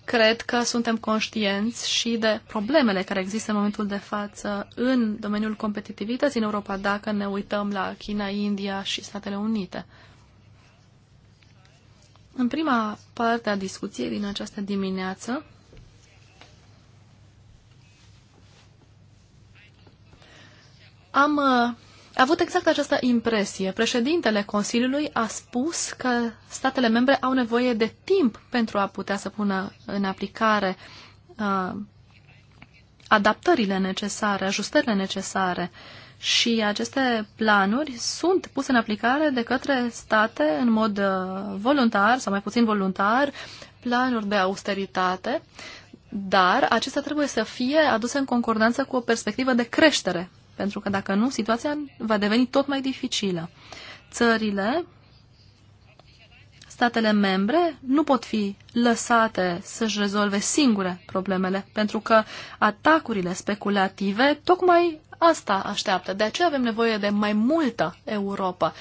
cred că suntem conștienți și de problemele care există în momentul de față în domeniul competitivității în Europa, dacă ne uităm la China, India și Statele Unite. În prima parte a discuției din această dimineață, am uh, a avut exact această impresie. Președintele Consiliului a spus că statele membre au nevoie de timp pentru a putea să pună în aplicare uh, adaptările necesare, ajustările necesare. Și aceste planuri sunt puse în aplicare de către state în mod uh, voluntar sau mai puțin voluntar, planuri de austeritate, dar acestea trebuie să fie aduse în concordanță cu o perspectivă de creștere pentru că dacă nu, situația va deveni tot mai dificilă. Țările, statele membre, nu pot fi lăsate să-și rezolve singure problemele, pentru că atacurile speculative tocmai asta așteaptă. De aceea avem nevoie de mai multă Europa.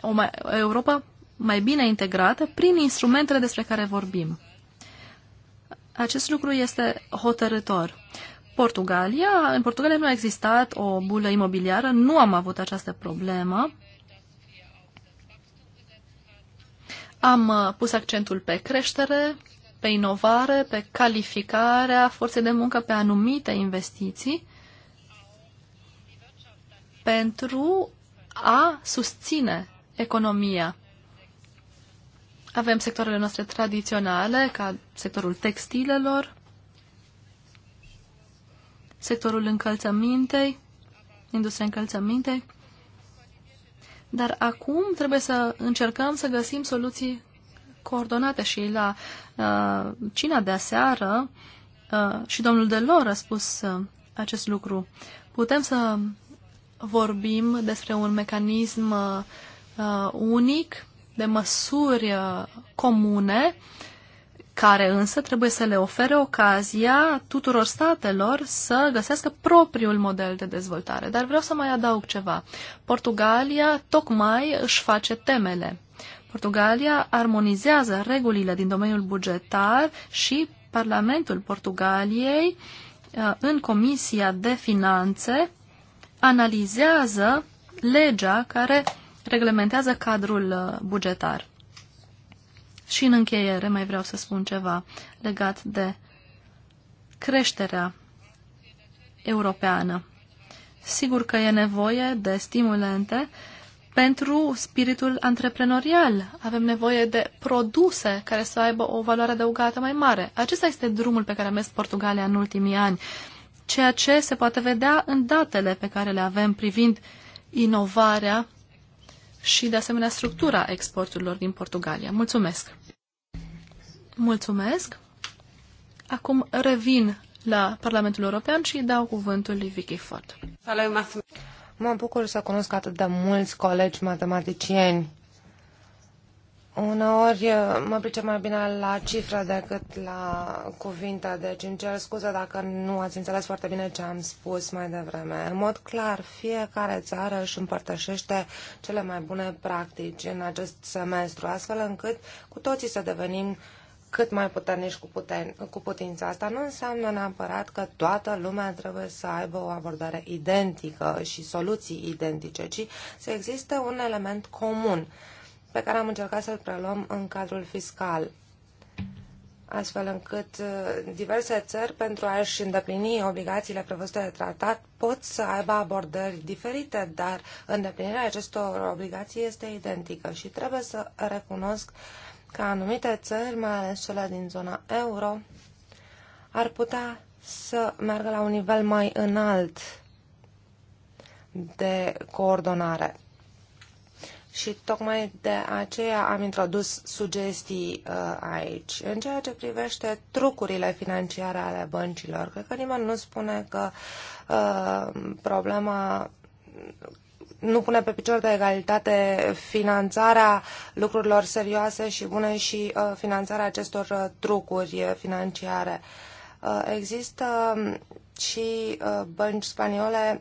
O mai, Europa mai bine integrată prin instrumentele despre care vorbim. Acest lucru este hotărător. Portugalia, în Portugalia nu a existat o bulă imobiliară, nu am avut această problemă. Am uh, pus accentul pe creștere, pe inovare, pe calificarea forței de muncă, pe anumite investiții pentru a susține economia. Avem sectoarele noastre tradiționale, ca sectorul textilelor, sectorul încălțămintei, industria încălțămintei. Dar acum trebuie să încercăm să găsim soluții coordonate și la uh, cina de aseară uh, și domnul Delor a spus uh, acest lucru. Putem să vorbim despre un mecanism uh, unic de măsuri uh, comune uh, care însă trebuie să le ofere ocazia tuturor statelor să găsească propriul model de dezvoltare. Dar vreau să mai adaug ceva. Portugalia tocmai își face temele. Portugalia armonizează regulile din domeniul bugetar și Parlamentul Portugaliei uh, în Comisia de Finanțe analizează legea care reglementează cadrul uh, bugetar. Și în încheiere mai vreau să spun ceva legat de creșterea europeană. Sigur că e nevoie de stimulente pentru spiritul antreprenorial. Avem nevoie de produse care să aibă o valoare adăugată mai mare. Acesta este drumul pe care a mers Portugalia în ultimii ani, ceea ce se poate vedea în datele pe care le avem privind inovarea și, de asemenea, structura exporturilor din Portugalia. Mulțumesc! Mulțumesc. Acum revin la Parlamentul European și dau cuvântul lui Vicky Ford. Mă bucur să cunosc atât de mulți colegi matematicieni. Uneori uh, mă pricep mai bine la cifră decât la cuvinte, deci îmi cer scuze dacă nu ați înțeles foarte bine ce am spus mai devreme. În mod clar, fiecare țară își împărtășește cele mai bune practici în acest semestru, astfel încât cu toții să devenim uh, cât mai puternici cu, puten, cu putința Asta nu înseamnă neapărat că toată lumea trebuie să aibă o abordare identică și soluții identice, ci să existe un element comun pe care am încercat să-l preluăm în cadrul fiscal astfel încât uh, diverse țări, pentru a-și îndeplini obligațiile prevăzute de tratat, pot să aibă abordări diferite, dar îndeplinirea acestor obligații este identică și trebuie să recunosc uh, că anumite țări, mai ales cele din zona euro, ar putea să meargă la un nivel mai înalt de coordonare. Și tocmai de aceea am introdus sugestii uh, aici. În ceea ce privește trucurile financiare ale băncilor, cred că nimeni nu spune că uh, problema nu pune pe picior de egalitate finanțarea lucrurilor serioase și bune și uh, finanțarea acestor uh, trucuri financiare. Uh, există um, și uh, bănci spaniole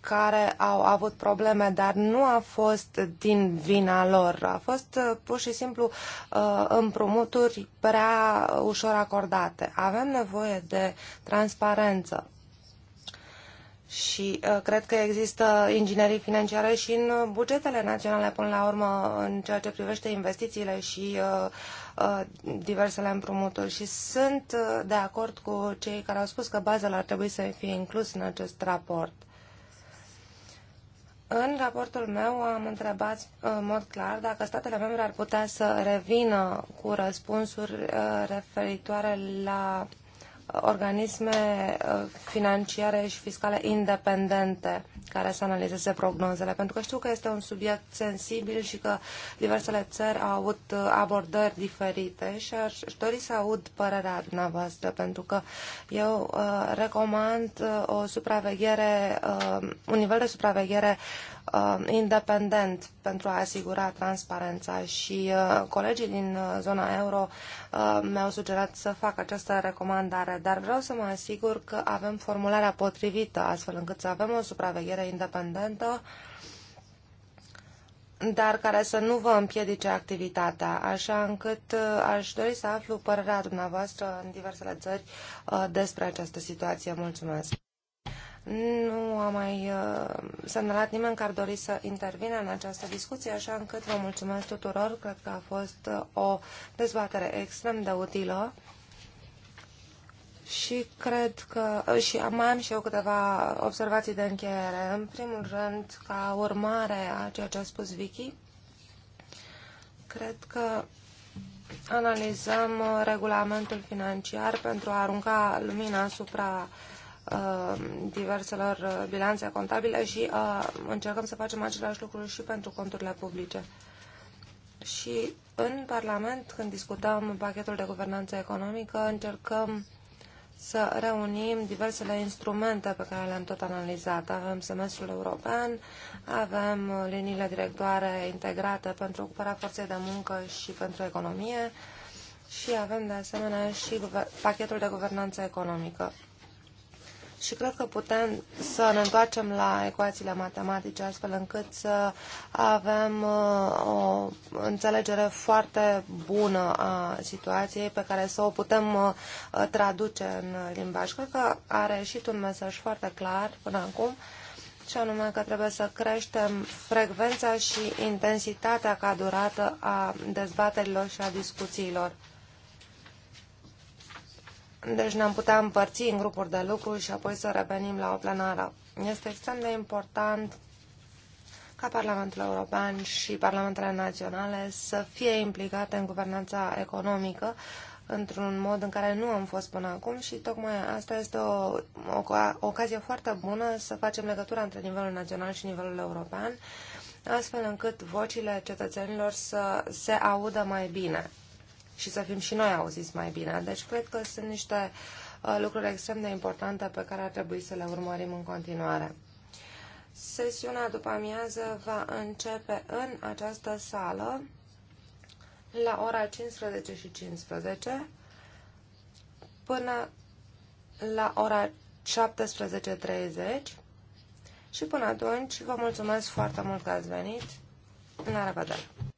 care au avut probleme, dar nu a fost din vina lor. A fost uh, pur și simplu uh, împrumuturi prea ușor acordate. Avem nevoie de transparență și uh, cred că există inginerii financiare și în bugetele naționale până la urmă în ceea ce privește investițiile și uh, uh, diversele împrumuturi și sunt de acord cu cei care au spus că bazele ar trebui să fie inclus în acest raport. În raportul meu am întrebat în mod clar dacă statele membre ar putea să revină cu răspunsuri referitoare la organisme uh, financiare și fiscale independente care să analizeze prognozele, pentru că știu că este un subiect sensibil și că diversele țări au avut uh, abordări diferite și aș dori să aud părerea dumneavoastră, pentru că eu uh, recomand uh, o supraveghere, uh, un nivel de supraveghere uh, independent pentru a asigura transparența și uh, colegii din zona euro uh, mi-au sugerat să fac această recomandare, dar vreau să mă asigur că avem formularea potrivită, astfel încât să avem o supraveghere independentă, dar care să nu vă împiedice activitatea, așa încât uh, aș dori să aflu părerea dumneavoastră în diversele țări uh, despre această situație. Mulțumesc! Nu a mai uh, semnalat nimeni care dori să intervină în această discuție, așa încât vă mulțumesc tuturor. Cred că a fost o dezbatere extrem de utilă și cred că și mai am și eu câteva observații de încheiere. În primul rând, ca urmare a ceea ce a spus Vicky, cred că analizăm regulamentul financiar pentru a arunca lumina asupra uh, diverselor bilanțe contabile și uh, încercăm să facem același lucru și pentru conturile publice. Și în Parlament, când discutăm pachetul de guvernanță economică, încercăm să reunim diversele instrumente pe care le-am tot analizat. Avem semestrul european, avem liniile directoare integrate pentru ocuparea forței de muncă și pentru economie și avem de asemenea și pachetul de guvernanță economică și cred că putem să ne întoarcem la ecuațiile matematice astfel încât să avem uh, o înțelegere foarte bună a situației pe care să o putem uh, traduce în limbaj. Cred că a reușit un mesaj foarte clar până acum și anume că trebuie să creștem frecvența și intensitatea ca durată a dezbaterilor și a discuțiilor deci ne-am putea împărți în grupuri de lucru și apoi să revenim la o plenară. Este extrem de important ca Parlamentul European și Parlamentele Naționale să fie implicate în guvernanța economică într-un mod în care nu am fost până acum și tocmai asta este o, o, o ocazie foarte bună să facem legătura între nivelul național și nivelul european, astfel încât vocile cetățenilor să se audă mai bine și să fim și noi auziți mai bine. Deci cred că sunt niște uh, lucruri extrem de importante pe care ar trebui să le urmărim în continuare. Sesiunea după amiază va începe în această sală la ora 15 și 15 până la ora 17.30 și până atunci vă mulțumesc foarte mult că ați venit. La revedere!